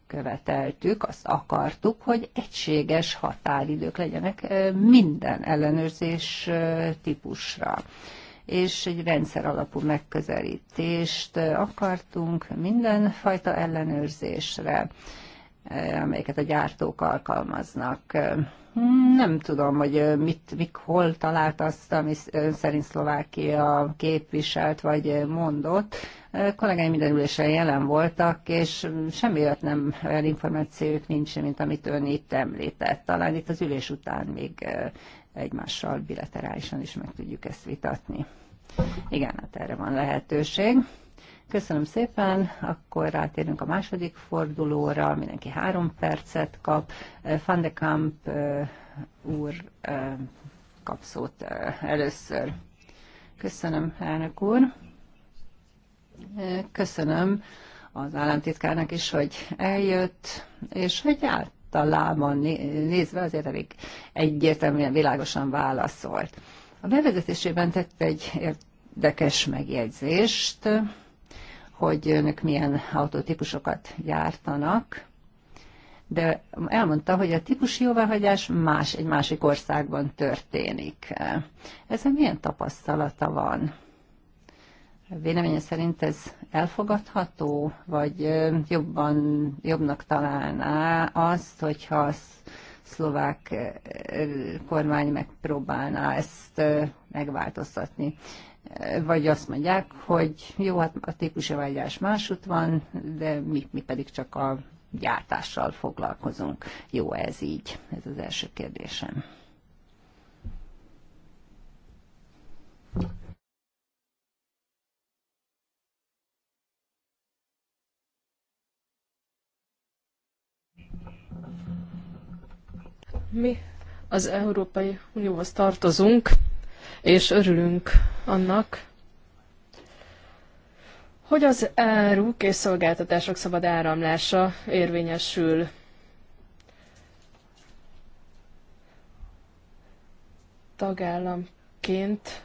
követeltük, azt akartuk, hogy egységes határidők legyenek minden ellenőrzés típusra és egy rendszer alapú megközelítést akartunk mindenfajta ellenőrzésre, eh, amelyeket a gyártók alkalmaznak. Nem tudom, hogy eh, mit, mik, hol talált azt, ami ön szerint Szlovákia képviselt vagy eh, mondott. A kollégáim minden ülésen jelen voltak, és semmi nem, olyan információk nincs, mint amit ön itt említett. Talán itt az ülés után még egymással bilaterálisan is meg tudjuk ezt vitatni. Igen, hát erre van lehetőség. Köszönöm szépen, akkor rátérünk a második fordulóra, mindenki három percet kap. Eh, van de Kamp eh, úr eh, kap szót először. Köszönöm, elnök úr. Köszönöm az államtitkárnak is, hogy eljött, és hogy át lábon nézve azért elég egyértelműen világosan válaszolt. A bevezetésében tett egy érdekes megjegyzést, hogy önök milyen autótípusokat gyártanak, de elmondta, hogy a típusi jóváhagyás más, egy másik országban történik. Ezen milyen tapasztalata van? Véleménye szerint ez elfogadható, vagy jobban, jobbnak találná azt, hogyha a szlovák kormány megpróbálná ezt megváltoztatni? Vagy azt mondják, hogy jó, hát a típusevágyás másút van, de mi, mi pedig csak a gyártással foglalkozunk. Jó ez így? Ez az első kérdésem. Mi az Európai Unióhoz tartozunk, és örülünk annak, hogy az áruk és szolgáltatások szabad áramlása érvényesül. Tagállamként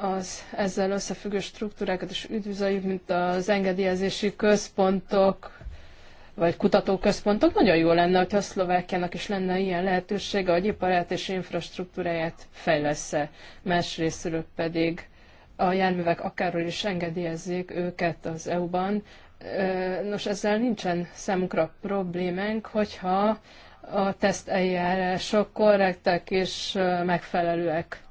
az ezzel összefüggő struktúrákat is üdvözöljük, mint az engedélyezési központok, vagy kutatóközpontok. Nagyon jó lenne, hogyha a Szlovákiának is lenne ilyen lehetősége, hogy iparát és infrastruktúráját fejlesz-e. Másrésztről pedig a járművek akárhol is engedélyezzék őket az EU-ban. Nos, ezzel nincsen számunkra problémánk, hogyha a teszt korrektek és megfelelőek.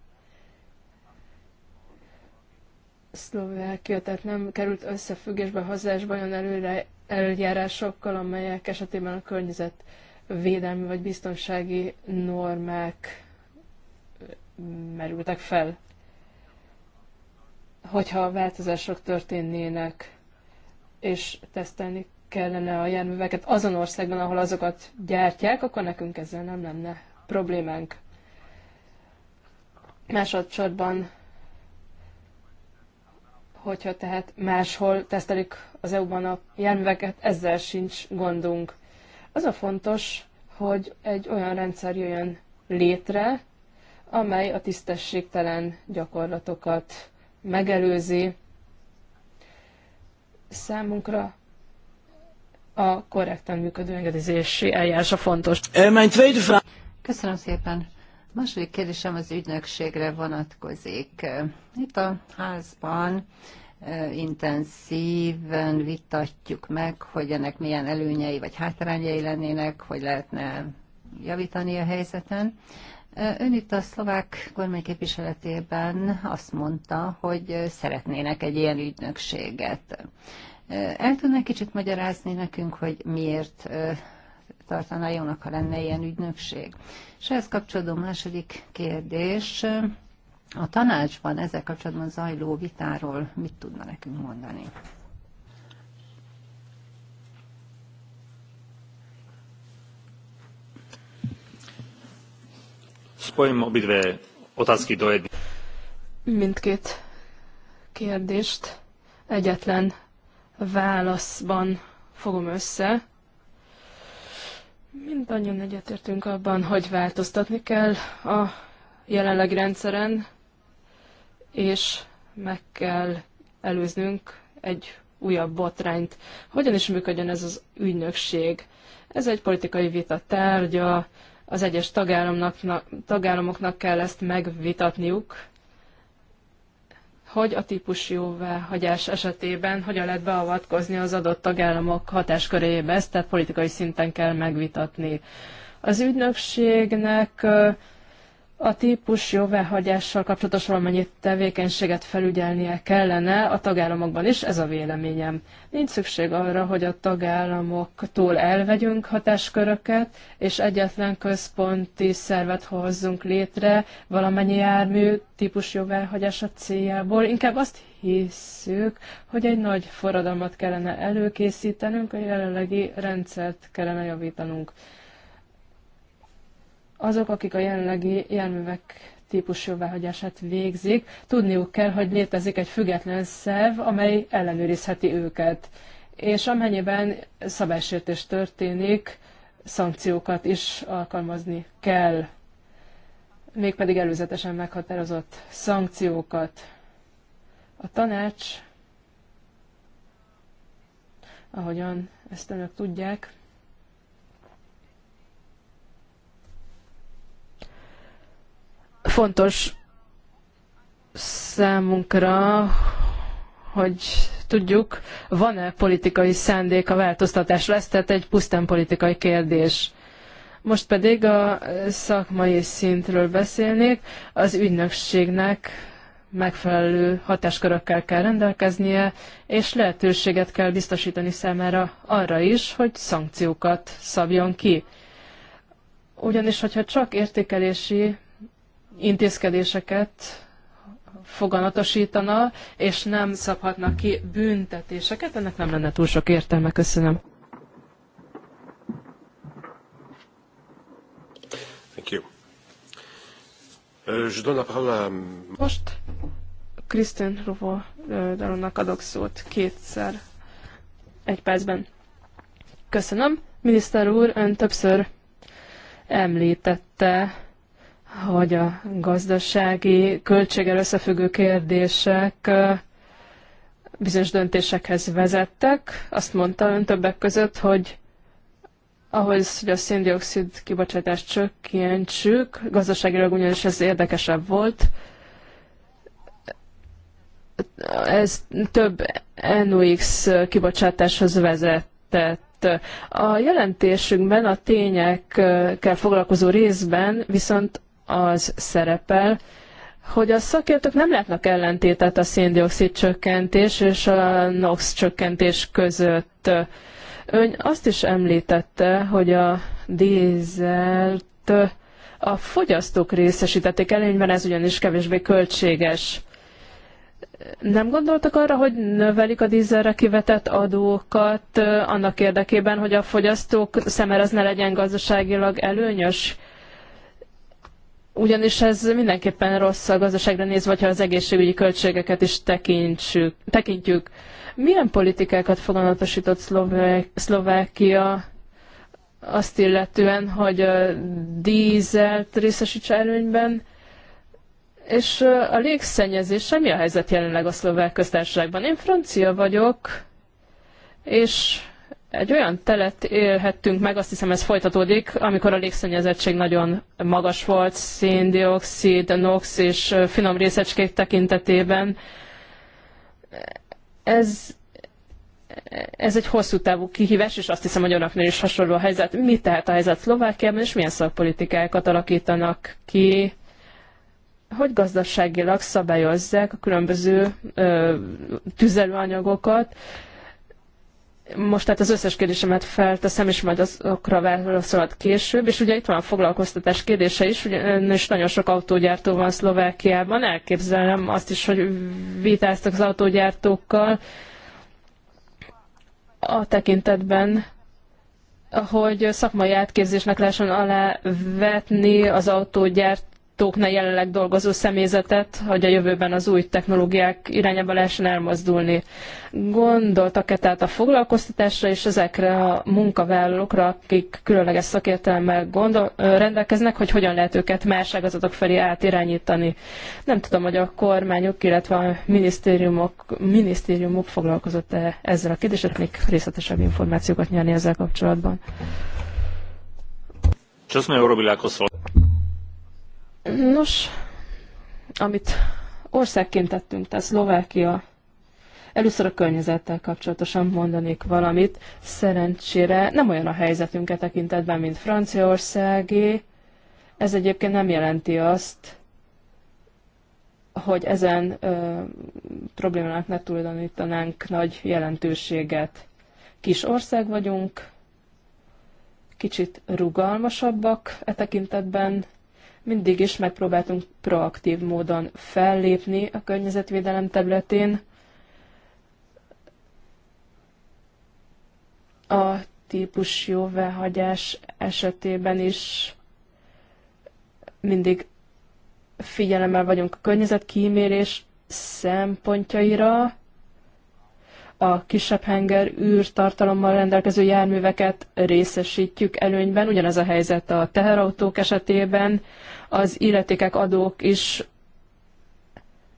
Szlovákia, tehát nem került összefüggésbe hazás olyan előre előjárásokkal, amelyek esetében a környezet védelmi vagy biztonsági normák merültek fel. Hogyha változások történnének, és tesztelni kellene a járműveket azon országban, ahol azokat gyártják, akkor nekünk ezzel nem lenne problémánk. Másodszorban hogyha tehát máshol tesztelik az EU-ban a járműveket, ezzel sincs gondunk. Az a fontos, hogy egy olyan rendszer jöjjön létre, amely a tisztességtelen gyakorlatokat megelőzi. Számunkra a korrektan működő engedélyezési eljárása fontos. Eh, Köszönöm szépen. A második kérdésem az ügynökségre vonatkozik. Itt a házban intenzíven vitatjuk meg, hogy ennek milyen előnyei vagy hátrányai lennének, hogy lehetne javítani a helyzeten. Ön itt a szlovák kormányképviseletében azt mondta, hogy szeretnének egy ilyen ügynökséget. El tudná kicsit magyarázni nekünk, hogy miért tartaná jónak, ha lenne ilyen ügynökség. És ehhez kapcsolódó második kérdés, a tanácsban ezzel kapcsolatban zajló vitáról mit tudna nekünk mondani? Spojím obidve otázky do Mindkét kérdést egyetlen válaszban fogom össze. Mindannyian egyetértünk abban, hogy változtatni kell a jelenlegi rendszeren, és meg kell előznünk egy újabb botrányt. Hogyan is működjön ez az ügynökség? Ez egy politikai vita tárgya, az egyes tagállamoknak kell ezt megvitatniuk, hogy a típus jóváhagyás esetében hogyan lehet beavatkozni az adott tagállamok hatáskörébe, ezt tehát politikai szinten kell megvitatni. Az ügynökségnek a típus jóváhagyással kapcsolatos valamennyi tevékenységet felügyelnie kellene a tagállamokban is, ez a véleményem. Nincs szükség arra, hogy a tagállamoktól elvegyünk hatásköröket, és egyetlen központi szervet hozzunk létre valamennyi jármű típus jóváhagyása céljából. Inkább azt hiszük, hogy egy nagy forradalmat kellene előkészítenünk, a jelenlegi rendszert kellene javítanunk. Azok, akik a jelenlegi járművek típus jóváhagyását végzik, tudniuk kell, hogy létezik egy független szerv, amely ellenőrizheti őket. És amennyiben szabálysértés történik, szankciókat is alkalmazni kell, mégpedig előzetesen meghatározott szankciókat. A tanács, ahogyan ezt önök tudják, Fontos számunkra, hogy tudjuk, van-e politikai szándék a változtatásra. Ez tehát egy pusztán politikai kérdés. Most pedig a szakmai szintről beszélnék. Az ügynökségnek megfelelő hatáskörökkel kell rendelkeznie, és lehetőséget kell biztosítani számára arra is, hogy szankciókat szabjon ki. Ugyanis, hogyha csak értékelési intézkedéseket foganatosítana, és nem szabhatnak ki büntetéseket, ennek nem lenne túl sok értelme. Köszönöm. Thank you. Je donne la parole à... Most Kristen Rovo Daronnak adok szót kétszer egy percben. Köszönöm. Miniszter úr, ön többször említette hogy a gazdasági költséggel összefüggő kérdések bizonyos döntésekhez vezettek. Azt mondta ön többek között, hogy ahhoz, hogy a széndiokszid kibocsátást csökkentsük, gazdaságilag ugyanis ez érdekesebb volt, ez több NOx kibocsátáshoz vezetett. A jelentésünkben a tényekkel foglalkozó részben viszont az szerepel, hogy a szakértők nem látnak ellentétet a széndiokszid csökkentés és a NOx csökkentés között. Ön azt is említette, hogy a dízelt a fogyasztók részesítették előnyben, ez ugyanis kevésbé költséges. Nem gondoltak arra, hogy növelik a dízelre kivetett adókat annak érdekében, hogy a fogyasztók szemere az ne legyen gazdaságilag előnyös? ugyanis ez mindenképpen rossz a gazdaságra nézve, hogyha az egészségügyi költségeket is tekintsük, tekintjük. Milyen politikákat foganatosított Szlovák, Szlovákia azt illetően, hogy a dízelt részesíts előnyben, és a légszennyezés, mi a helyzet jelenleg a szlovák köztársaságban? Én francia vagyok, és egy olyan telet élhettünk meg, azt hiszem ez folytatódik, amikor a légszennyezettség nagyon magas volt, széndiokszid, NOx és finom részecskék tekintetében. Ez ez egy hosszú távú kihívás, és azt hiszem, hogy önöknél is hasonló a helyzet. Mi tehet a helyzet Szlovákiában, és milyen szakpolitikákat alakítanak ki, hogy gazdaságilag szabályozzák a különböző ö, tüzelőanyagokat, most tehát az összes kérdésemet felteszem, és majd azokra válaszolat később. És ugye itt van a foglalkoztatás kérdése is, is nagyon sok autógyártó van Szlovákiában. Elképzelem azt is, hogy vitáztak az autógyártókkal a tekintetben, hogy szakmai átképzésnek lehessen alávetni az autógyárt ne jelenleg dolgozó személyzetet, hogy a jövőben az új technológiák irányába lehessen elmozdulni. Gondoltak-e tehát a foglalkoztatásra és ezekre a munkavállalókra, akik különleges szakértelemmel gondol, rendelkeznek, hogy hogyan lehet őket más ágazatok felé átirányítani? Nem tudom, hogy a kormányok, illetve a minisztériumok, minisztériumok foglalkozott-e ezzel a kérdéssel, még részletesebb információkat nyerni ezzel kapcsolatban. Čo sme urobili Nos, amit országként tettünk, tehát Szlovákia, először a környezettel kapcsolatosan mondanék valamit. Szerencsére nem olyan a helyzetünk e tekintetben, mint Franciaországé. Ez egyébként nem jelenti azt, hogy ezen ö, problémának ne tulajdonítanánk nagy jelentőséget. Kis ország vagyunk, kicsit rugalmasabbak e tekintetben, mindig is megpróbáltunk proaktív módon fellépni a környezetvédelem területén. A típus jóváhagyás esetében is mindig figyelemmel vagyunk a környezetkímérés szempontjaira, a kisebb henger űrtartalommal rendelkező járműveket részesítjük előnyben. Ugyanez a helyzet a teherautók esetében. Az illetékek adók is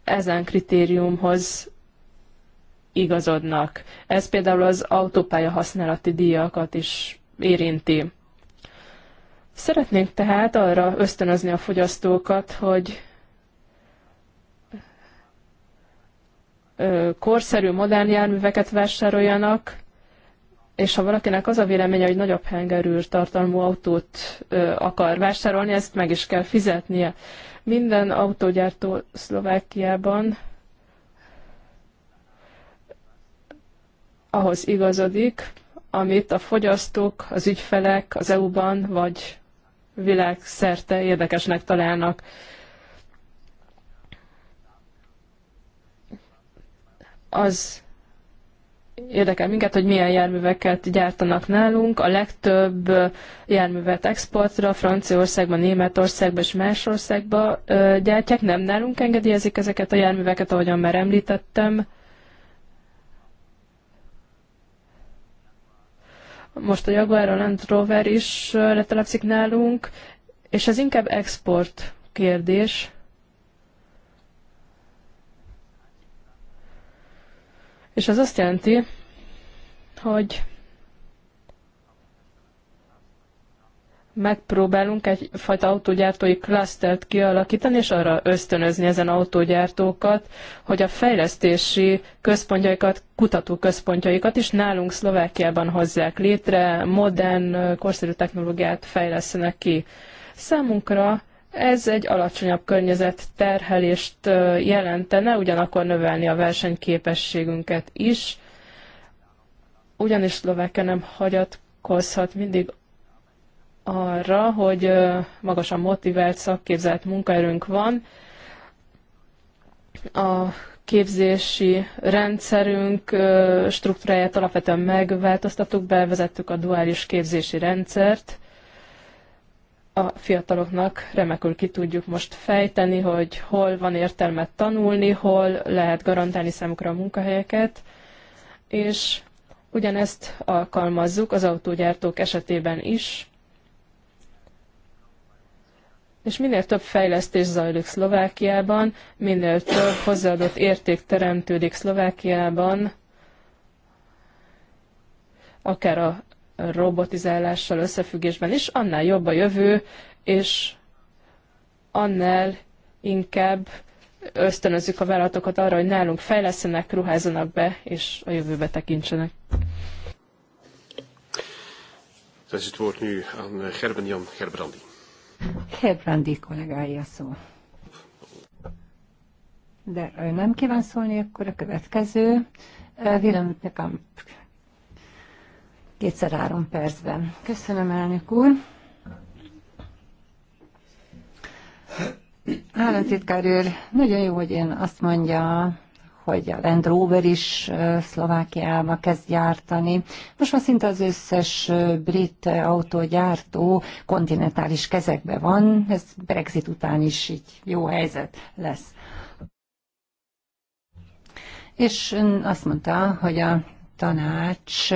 ezen kritériumhoz igazodnak. Ez például az autópálya használati díjakat is érinti. Szeretnénk tehát arra ösztönözni a fogyasztókat, hogy korszerű, modern járműveket vásároljanak, és ha valakinek az a véleménye, hogy nagyobb hengerűr tartalmú autót ö, akar vásárolni, ezt meg is kell fizetnie. Minden autógyártó Szlovákiában ahhoz igazodik, amit a fogyasztók, az ügyfelek az EU-ban vagy világszerte érdekesnek találnak. az érdekel minket, hogy milyen járműveket gyártanak nálunk. A legtöbb járművet exportra franciaországban, németországban, és más országba gyártják. Nem nálunk engedélyezik ezeket a járműveket, ahogyan már említettem. Most a Jaguar, a Land Rover is letelepszik nálunk, és ez inkább export kérdés. És ez azt jelenti, hogy megpróbálunk egyfajta autógyártói klasztert kialakítani, és arra ösztönözni ezen autógyártókat, hogy a fejlesztési központjaikat, kutatóközpontjaikat is nálunk Szlovákiában hozzák létre, modern, korszerű technológiát fejlesztenek ki. Számunkra ez egy alacsonyabb környezet terhelést jelentene, ugyanakkor növelni a versenyképességünket is, ugyanis Szlovákia nem hagyatkozhat mindig arra, hogy magasan motivált, szakképzelt munkaerőnk van. A képzési rendszerünk struktúráját alapvetően megváltoztattuk, bevezettük a duális képzési rendszert, a fiataloknak remekül ki tudjuk most fejteni, hogy hol van értelme tanulni, hol lehet garantálni számukra a munkahelyeket, és ugyanezt alkalmazzuk az autógyártók esetében is. És minél több fejlesztés zajlik Szlovákiában, minél több hozzáadott érték teremtődik Szlovákiában, akár a robotizálással összefüggésben is, annál jobb a jövő, és annál inkább ösztönözzük a vállalatokat arra, hogy nálunk fejlesztenek, ruházanak be, és a jövőbe tekintsenek. Dat is eh, Gerben Jan Gerbrandi. Gerbrandi kollégája szó. De ő nem kíván szólni, akkor a következő. Eh, Willem de kétszer három percben. Köszönöm, elnök úr. Államtitkár úr, nagyon jó, hogy én azt mondja, hogy a Land Rover is Szlovákiába kezd gyártani. Most már szinte az összes brit autógyártó kontinentális kezekbe van, ez Brexit után is így jó helyzet lesz. És azt mondta, hogy a tanács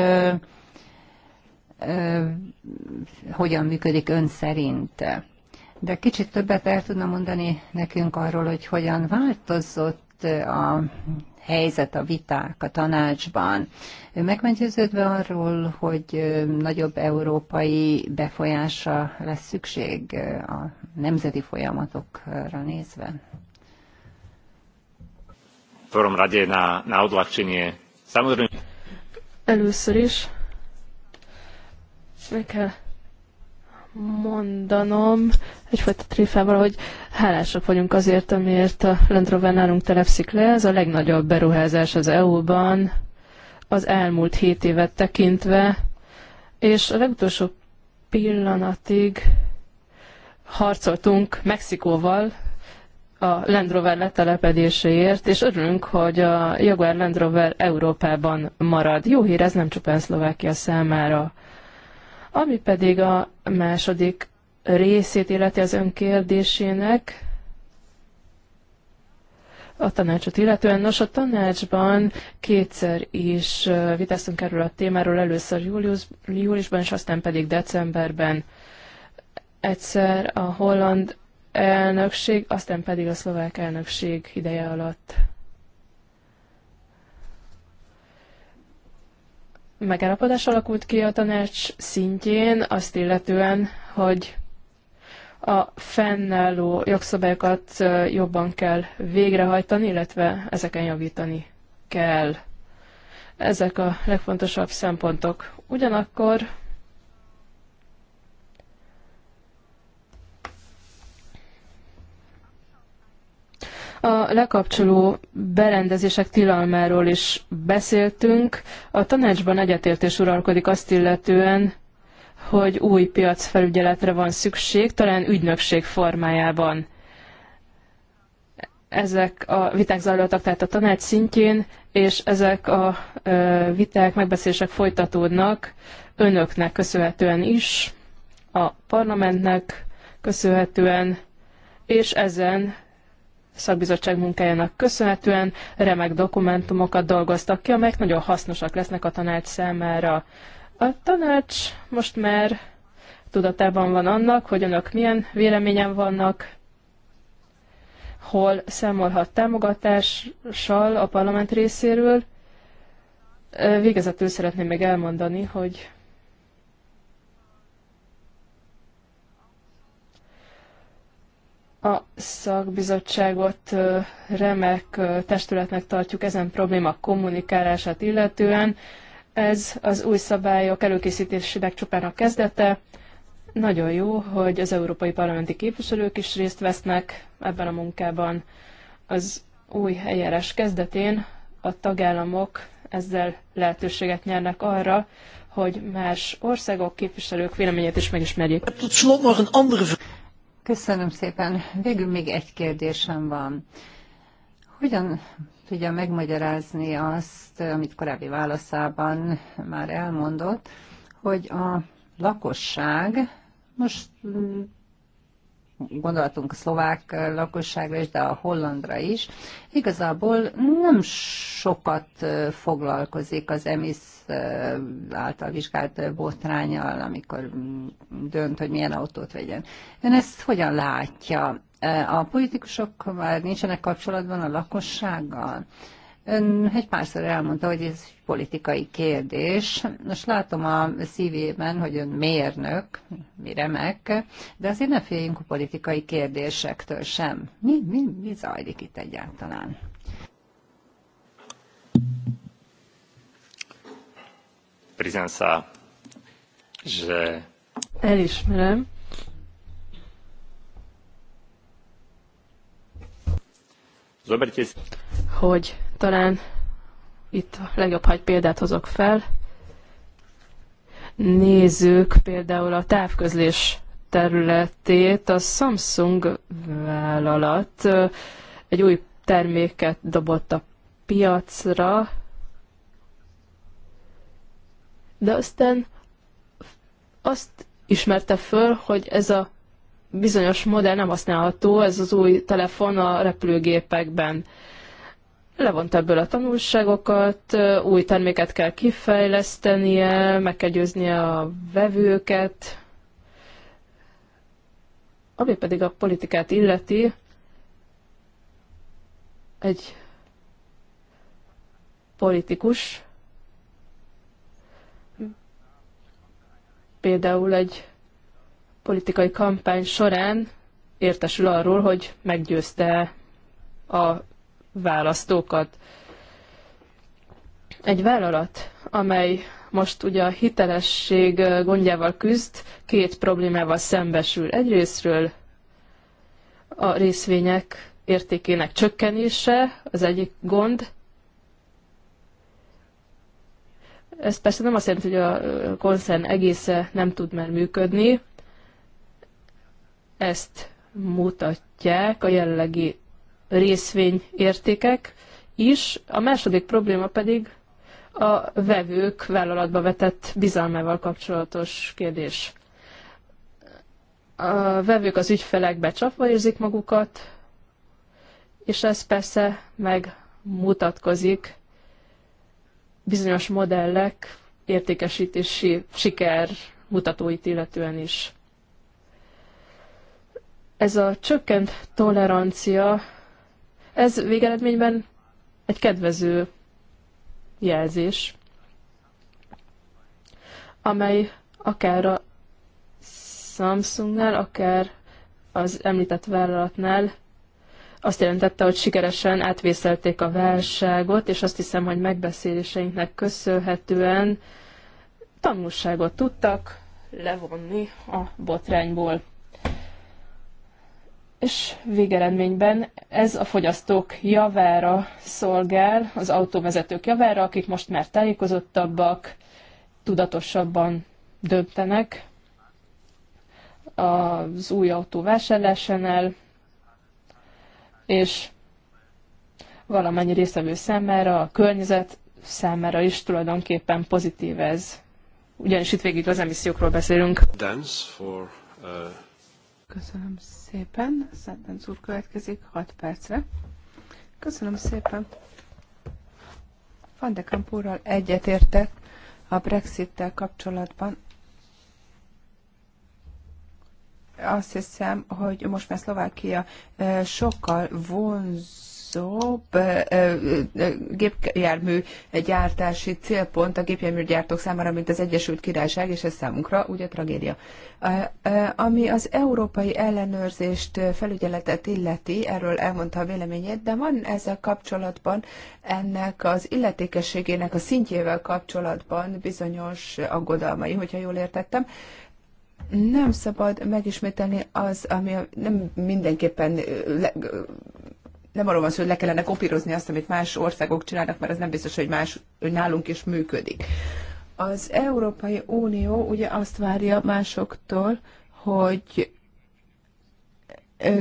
hogyan működik ön szerint. De kicsit többet el tudna mondani nekünk arról, hogy hogyan változott a helyzet, a viták a tanácsban. Ő megmegyőződve arról, hogy nagyobb európai befolyása lesz szükség a nemzeti folyamatokra nézve? prvom rade na, na odľahčenie. Samozrejme... Először is meg kell mondanom egyfajta tréfával, hogy hálásak vagyunk azért, amiért a Land Rover nálunk telepszik le. Ez a legnagyobb beruházás az EU-ban az elmúlt hét évet tekintve, és a legutolsó pillanatig harcoltunk Mexikóval, a Land Rover letelepedéséért, és örülünk, hogy a Jaguar Land Rover Európában marad. Jó hír ez nem csupán Szlovákia számára. Ami pedig a második részét illeti az önkérdésének, a tanácsot illetően. Nos, a tanácsban kétszer is vitáztunk erről a témáról, először július, júliusban, és aztán pedig decemberben. Egyszer a holland elnökség, aztán pedig a szlovák elnökség ideje alatt. megállapodás alakult ki a tanács szintjén azt illetően, hogy a fennálló jogszabályokat jobban kell végrehajtani, illetve ezeken javítani kell. Ezek a legfontosabb szempontok. Ugyanakkor A lekapcsoló berendezések tilalmáról is beszéltünk. A tanácsban egyetértés uralkodik azt illetően, hogy új piacfelügyeletre van szükség, talán ügynökség formájában. Ezek a viták zajlottak tehát a tanács szintjén, és ezek a viták, megbeszélések folytatódnak önöknek köszönhetően is, a parlamentnek köszönhetően, és ezen szakbizottság munkájának köszönhetően remek dokumentumokat dolgoztak ki, amelyek nagyon hasznosak lesznek a tanács számára. A tanács most már tudatában van annak, hogy önök milyen véleményen vannak, hol számolhat támogatással a parlament részéről. Végezetül szeretném még elmondani, hogy A szakbizottságot remek testületnek tartjuk ezen probléma kommunikálását illetően. Ez az új szabályok előkészítésének csupán a kezdete. Nagyon jó, hogy az európai parlamenti képviselők is részt vesznek ebben a munkában. Az új eljárás kezdetén a tagállamok ezzel lehetőséget nyernek arra, hogy más országok képviselők véleményét is megismerjék. Köszönöm szépen. Végül még egy kérdésem van. Hogyan tudja megmagyarázni azt, amit korábbi válaszában már elmondott, hogy a lakosság most gondolatunk a szlovák lakosságra is, de a hollandra is, igazából nem sokat foglalkozik az EMISZ által vizsgált botrányal, amikor mm, dönt, hogy milyen autót vegyen. Ön ezt hogyan látja? A politikusok már nincsenek kapcsolatban a lakossággal? Ön egy párszor elmondta, hogy ez egy politikai kérdés. Most látom a szívében, hogy ön mérnök, mi remek, de azért ne féljünk a politikai kérdésektől sem. Mi, mi, mi zajlik itt egyáltalán? Priznám se, že... Elismerem, hogy talán itt a legjobb, ha egy példát hozok fel. Nézzük például a távközlés területét. A Samsung vállalat egy új terméket dobott a piacra, de aztán azt ismerte föl, hogy ez a bizonyos modell nem használható, ez az új telefon a repülőgépekben levont ebből a tanulságokat, új terméket kell kifejlesztenie, meg kell győznie a vevőket, ami pedig a politikát illeti, egy politikus, például egy politikai kampány során értesül arról, hogy meggyőzte a választókat. Egy vállalat, amely most ugye a hitelesség gondjával küzd, két problémával szembesül. Egyrésztről a részvények értékének csökkenése az egyik gond. Ez persze nem azt jelenti, hogy a koncern egésze nem tud már működni. Ezt mutatják a jelenlegi részvényértékek is, a második probléma pedig a vevők vállalatba vetett bizalmával kapcsolatos kérdés. A vevők az ügyfelek becsapva érzik magukat, és ez persze megmutatkozik bizonyos modellek értékesítési siker mutatóit illetően is. Ez a csökkent tolerancia ez végeredményben egy kedvező jelzés, amely akár a Samsungnál, akár az említett vállalatnál azt jelentette, hogy sikeresen átvészelték a válságot, és azt hiszem, hogy megbeszéléseinknek köszönhetően tanulságot tudtak levonni a botrányból és végeredményben ez a fogyasztók javára szolgál, az autóvezetők javára, akik most már tájékozottabbak, tudatosabban döntenek az új autó vásárlásánál, és valamennyi résztvevő számára, a környezet számára is tulajdonképpen pozitív ez. Ugyanis itt végig az emissziókról beszélünk. Dance for, uh... Köszönöm szépen. Szentbenc úr következik 6 percre. Köszönöm szépen. Van de Kampúrral egyetértek a Brexit-tel kapcsolatban. Azt hiszem, hogy most már Szlovákia eh, sokkal vonz legnagyobb gépjármű gyártási célpont a gépjárműgyártók számára, mint az Egyesült Királyság, és ez számunkra ugye tragédia. Ami az európai ellenőrzést, felügyeletet illeti, erről elmondta a véleményét, de van ezzel kapcsolatban ennek az illetékességének a szintjével kapcsolatban bizonyos aggodalmai, hogyha jól értettem nem szabad megismételni az, ami nem mindenképpen nem arról van szó, hogy le kellene kopírozni azt, amit más országok csinálnak, mert az nem biztos, hogy, más, hogy nálunk is működik. Az Európai Unió ugye azt várja másoktól, hogy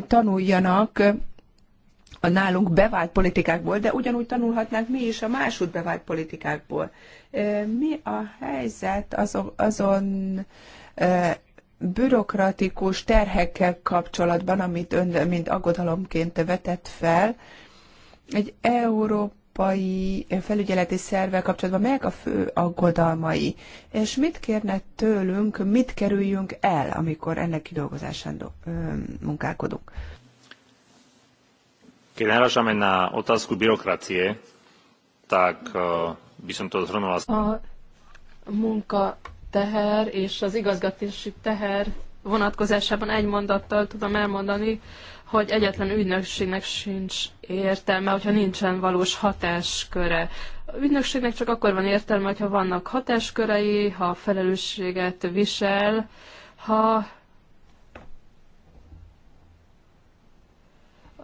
tanuljanak a nálunk bevált politikákból, de ugyanúgy tanulhatnánk mi is a máshogy bevált politikákból. Mi a helyzet azon, azon bürokratikus terhekkel kapcsolatban, amit ön mind aggodalomként vetett fel, egy európai felügyeleti szervvel kapcsolatban melyek a fő aggodalmai, és mit kérne tőlünk, mit kerüljünk el, amikor ennek kidolgozásán do- munkálkodunk? Keď narážame na otázku byrokracie, tak uh, by som to zhrnula. A munka teher és az igazgatási teher vonatkozásában egy mondattal tudom elmondani, hogy egyetlen ügynökségnek sincs értelme, hogyha nincsen valós hatásköre. A ügynökségnek csak akkor van értelme, hogyha vannak hatáskörei, ha felelősséget visel, ha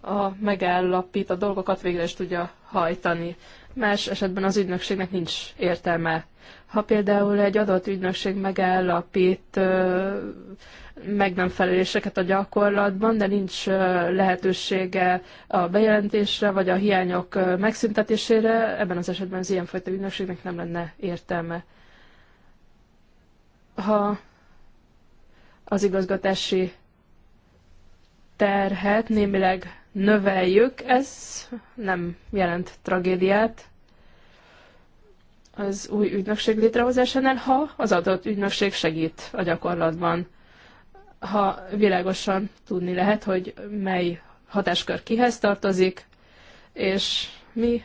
a megállapít a dolgokat végre is tudja hajtani. Más esetben az ügynökségnek nincs értelme. Ha például egy adott ügynökség megállapít meg nem feleléseket a gyakorlatban, de nincs lehetősége a bejelentésre vagy a hiányok megszüntetésére, ebben az esetben az ilyenfajta ügynökségnek nem lenne értelme. Ha az igazgatási terhet némileg növeljük, ez nem jelent tragédiát az új ügynökség létrehozásánál, ha az adott ügynökség segít a gyakorlatban. Ha világosan tudni lehet, hogy mely hatáskör kihez tartozik, és mi,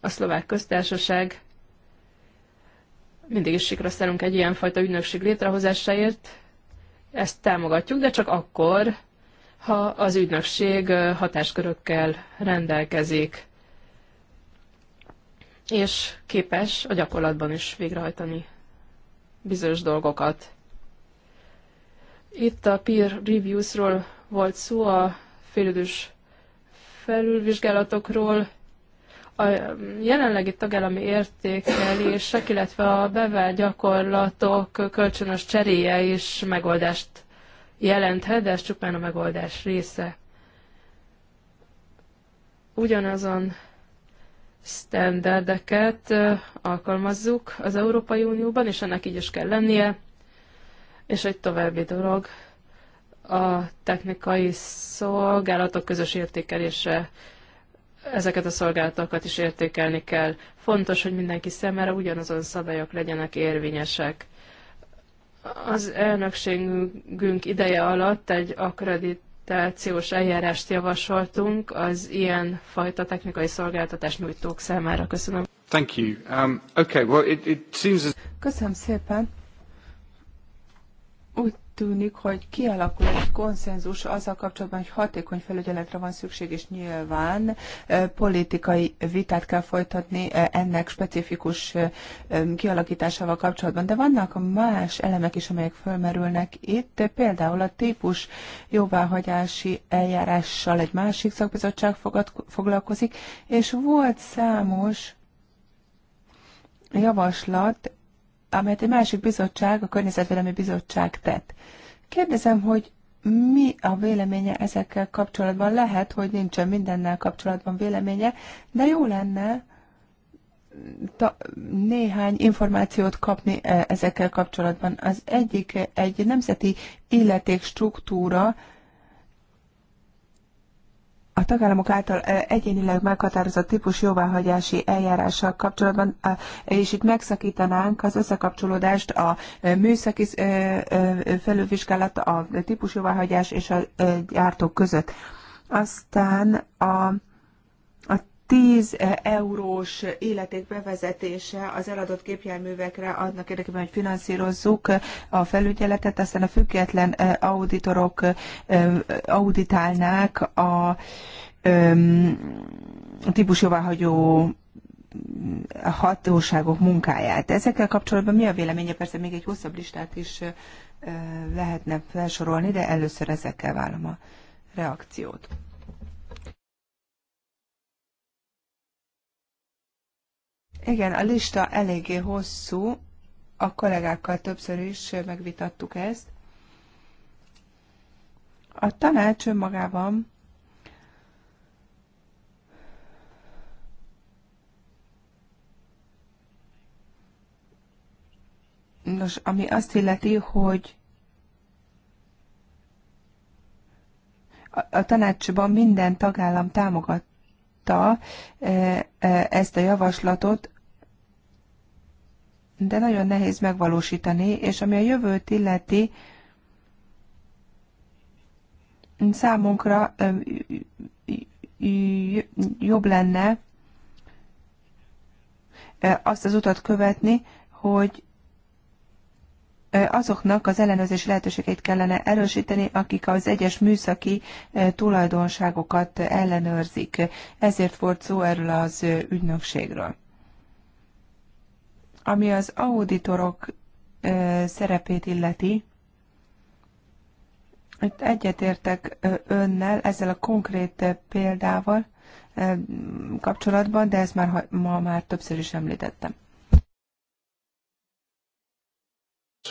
a szlovák köztársaság, mindig is sikra szerünk egy ilyenfajta ügynökség létrehozásáért, ezt támogatjuk, de csak akkor, ha az ügynökség hatáskörökkel rendelkezik és képes a gyakorlatban is végrehajtani bizonyos dolgokat. Itt a peer reviewsról volt szó, a félidős felülvizsgálatokról, a jelenlegi tagállami értékelések, illetve a bevált gyakorlatok kölcsönös cseréje is megoldást jelenthet, de ez csupán a megoldás része. Ugyanazon standardeket alkalmazzuk az Európai Unióban, és ennek így is kell lennie. És egy további dolog, a technikai szolgálatok közös értékelése, ezeket a szolgálatokat is értékelni kell. Fontos, hogy mindenki szemére ugyanazon szabályok legyenek érvényesek. Az elnökségünk ideje alatt egy akredit konzultációs eljárást javasoltunk az ilyen fajta technikai szolgáltatás nyújtók számára. Köszönöm. Thank you. Um, okay, well, it, it seems... Köszönöm szépen. Úgy tűnik, hogy kialakul egy konszenzus azzal kapcsolatban, hogy hatékony felügyeletre van szükség, és nyilván politikai vitát kell folytatni ennek specifikus kialakításával kapcsolatban. De vannak más elemek is, amelyek fölmerülnek itt, például a típus jóváhagyási eljárással egy másik szakbizottság foglalkozik, és volt számos javaslat amelyet egy másik bizottság, a Környezetvédelmi Bizottság tett. Kérdezem, hogy mi a véleménye ezekkel kapcsolatban? Lehet, hogy nincsen mindennel kapcsolatban véleménye, de jó lenne ta, néhány információt kapni e, ezekkel kapcsolatban. Az egyik egy nemzeti illetékstruktúra, struktúra, a tagállamok által egyénileg meghatározott típus jóváhagyási eljárással kapcsolatban, és itt megszakítanánk az összekapcsolódást a műszaki felülvizsgálat, a típus jóváhagyás és a gyártók között. Aztán a, a 10 eh, eurós életék bevezetése az eladott gépjárművekre annak érdekében, hogy finanszírozzuk eh, a felügyeletet, aztán a független eh, auditorok auditálnák a típus hatóságok munkáját. Ezekkel kapcsolatban mi a véleménye? Persze még egy hosszabb listát is lehetne felsorolni, de először ezekkel várom a reakciót. Igen, a lista eléggé hosszú, a kollégákkal többször is megvitattuk ezt. A tanács önmagában Nos, ami azt illeti, hogy a tanácsban minden tagállam támogatta eh, eh, ezt a javaslatot, de nagyon nehéz megvalósítani, és ami a jövőt illeti, számunkra jobb lenne azt az utat követni, hogy azoknak az ellenőrzési lehetőségeit kellene erősíteni, akik az egyes műszaki tulajdonságokat ellenőrzik. Ezért volt szó erről az ügynökségről. Ami az auditorok szerepét illeti, itt egyetértek önnel ezzel a konkrét példával kapcsolatban, de ezt már ma már többször is említettem.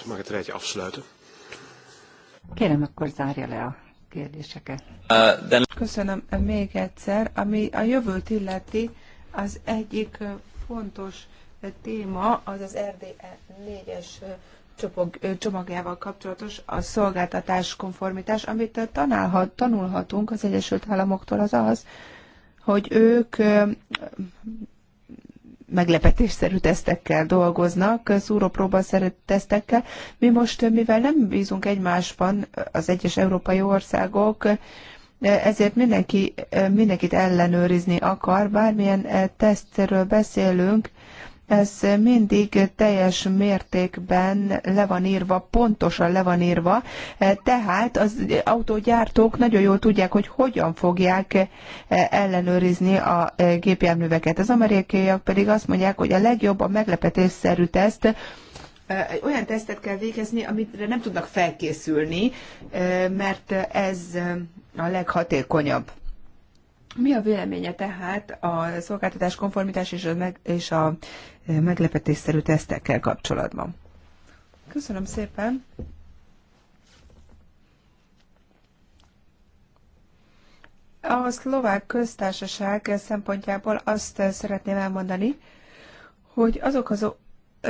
Mag het rijtje er afsluiten? Kérem, akkor zárja le a kérdéseket. Köszönöm még egyszer. Ami a jövőt illeti, az egyik fontos téma az az RDE 4-es csomagjával kapcsolatos a szolgáltatás konformitás, amit tanálhat, tanulhatunk az Egyesült Államoktól, az az, hogy ők meglepetésszerű tesztekkel dolgoznak, szúrópróbaszerű tesztekkel. Mi most, mivel nem bízunk egymásban az egyes európai országok, ezért mindenki, mindenkit ellenőrizni akar, bármilyen tesztről beszélünk, ez mindig teljes mértékben le van írva, pontosan le van írva, tehát az autógyártók nagyon jól tudják, hogy hogyan fogják ellenőrizni a gépjárműveket. Az amerikaiak pedig azt mondják, hogy a legjobb a meglepetésszerű teszt, egy olyan tesztet kell végezni, amire nem tudnak felkészülni, mert ez a leghatékonyabb. Mi a véleménye tehát a szolgáltatás konformitás és a, meg, és a eh, meglepetésszerű tesztekkel kapcsolatban? Köszönöm szépen! A szlovák köztársaság szempontjából azt eh, szeretném elmondani, hogy azok az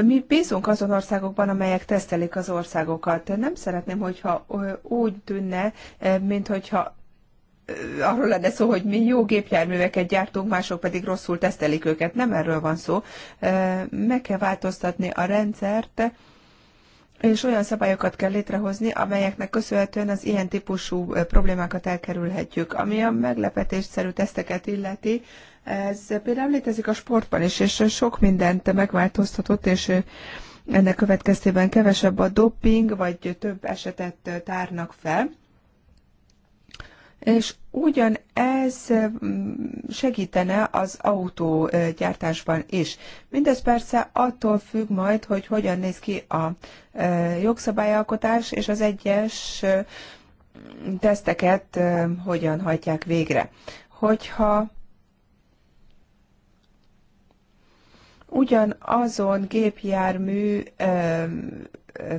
mi bízunk azon országokban, amelyek tesztelik az országokat. Nem szeretném, hogyha úgy tűnne, eh, mint hogyha arról lenne szó, hogy mi jó gépjárműveket gyártunk, mások pedig rosszul tesztelik őket. Nem erről van szó. Meg kell változtatni a rendszert, és olyan szabályokat kell létrehozni, amelyeknek köszönhetően az ilyen típusú problémákat elkerülhetjük. Ami a meglepetésszerű teszteket illeti, ez például létezik a sportban is, és sok mindent megváltoztatott, és ennek következtében kevesebb a doping, vagy több esetet tárnak fel és ugyan ez mm, segítene az autógyártásban is. Mindez persze attól függ majd, hogy hogyan néz ki a e, jogszabályalkotás és az egyes e, teszteket e, hogyan hajtják végre. Hogyha ugyanazon gépjármű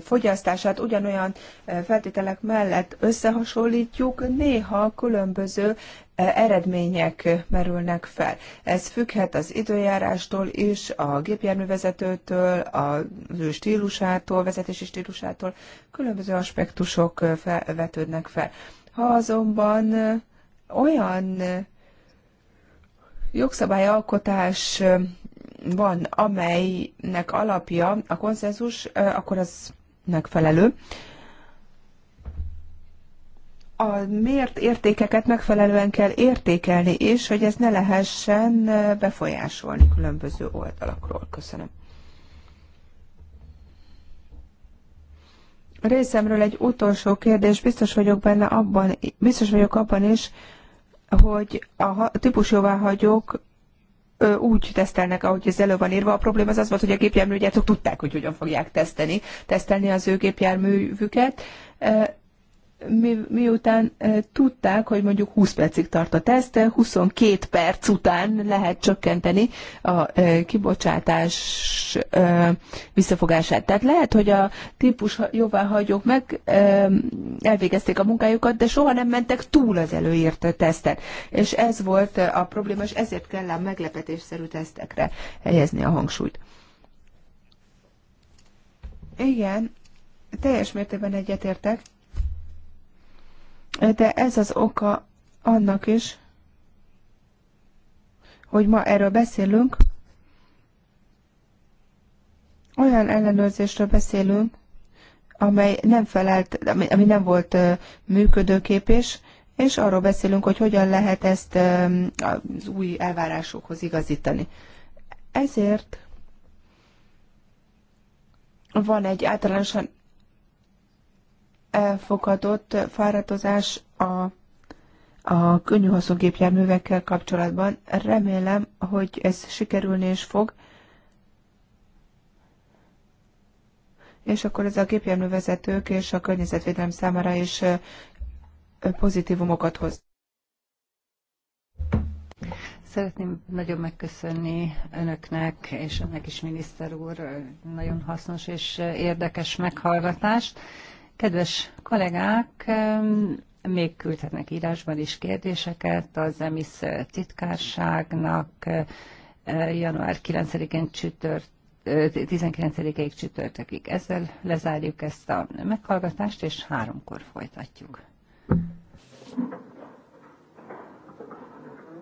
fogyasztását ugyanolyan eh, feltételek mellett összehasonlítjuk, néha különböző eh, eredmények merülnek fel. Ez függhet az időjárástól is, a gépjárművezetőtől, a stílusától, vezetési stílusától, különböző aspektusok eh, vetődnek fel. Ha azonban olyan jogszabályalkotás van, amelynek alapja a konszenzus, akkor az megfelelő. A mért értékeket megfelelően kell értékelni és hogy ez ne lehessen befolyásolni különböző oldalakról. Köszönöm. Részemről egy utolsó kérdés, biztos vagyok benne abban, biztos vagyok abban is, hogy a típusjóváhagyók úgy tesztelnek, ahogy ez elő van írva. A probléma az az volt, hogy a gépjárműgyártók tudták, hogy hogyan fogják teszteni, tesztelni az ő gépjárművüket, mi, miután tudták, hogy mondjuk 20 percig tart a teszt, 22 perc után lehet csökkenteni a kibocsátás visszafogását. Tehát lehet, hogy a típus jóváhagyók meg elvégezték a munkájukat, de soha nem mentek túl az előírt tesztet. És ez volt a probléma, és ezért kell a meglepetésszerű tesztekre helyezni a hangsúlyt. Igen, teljes mértékben egyetértek de ez az oka annak is, hogy ma erről beszélünk, olyan ellenőrzésről beszélünk, amely nem felelt, ami, ami nem volt működőképes, és arról beszélünk, hogy hogyan lehet ezt az új elvárásokhoz igazítani. Ezért van egy általánosan elfogadott fáradozás a, a könnyű kapcsolatban. Remélem, hogy ez sikerülni is fog. És akkor ez a gépjárművezetők és a környezetvédelem számára is pozitívumokat hoz. Szeretném nagyon megköszönni önöknek, és önnek is miniszter úr, nagyon hasznos és érdekes meghallgatást. Kedves kollégák, még küldhetnek írásban is kérdéseket az EMISZ titkárságnak eh, január 9-én csütört 19-ig eh, csütörtökig. Ezzel lezárjuk ezt a meghallgatást, és háromkor folytatjuk.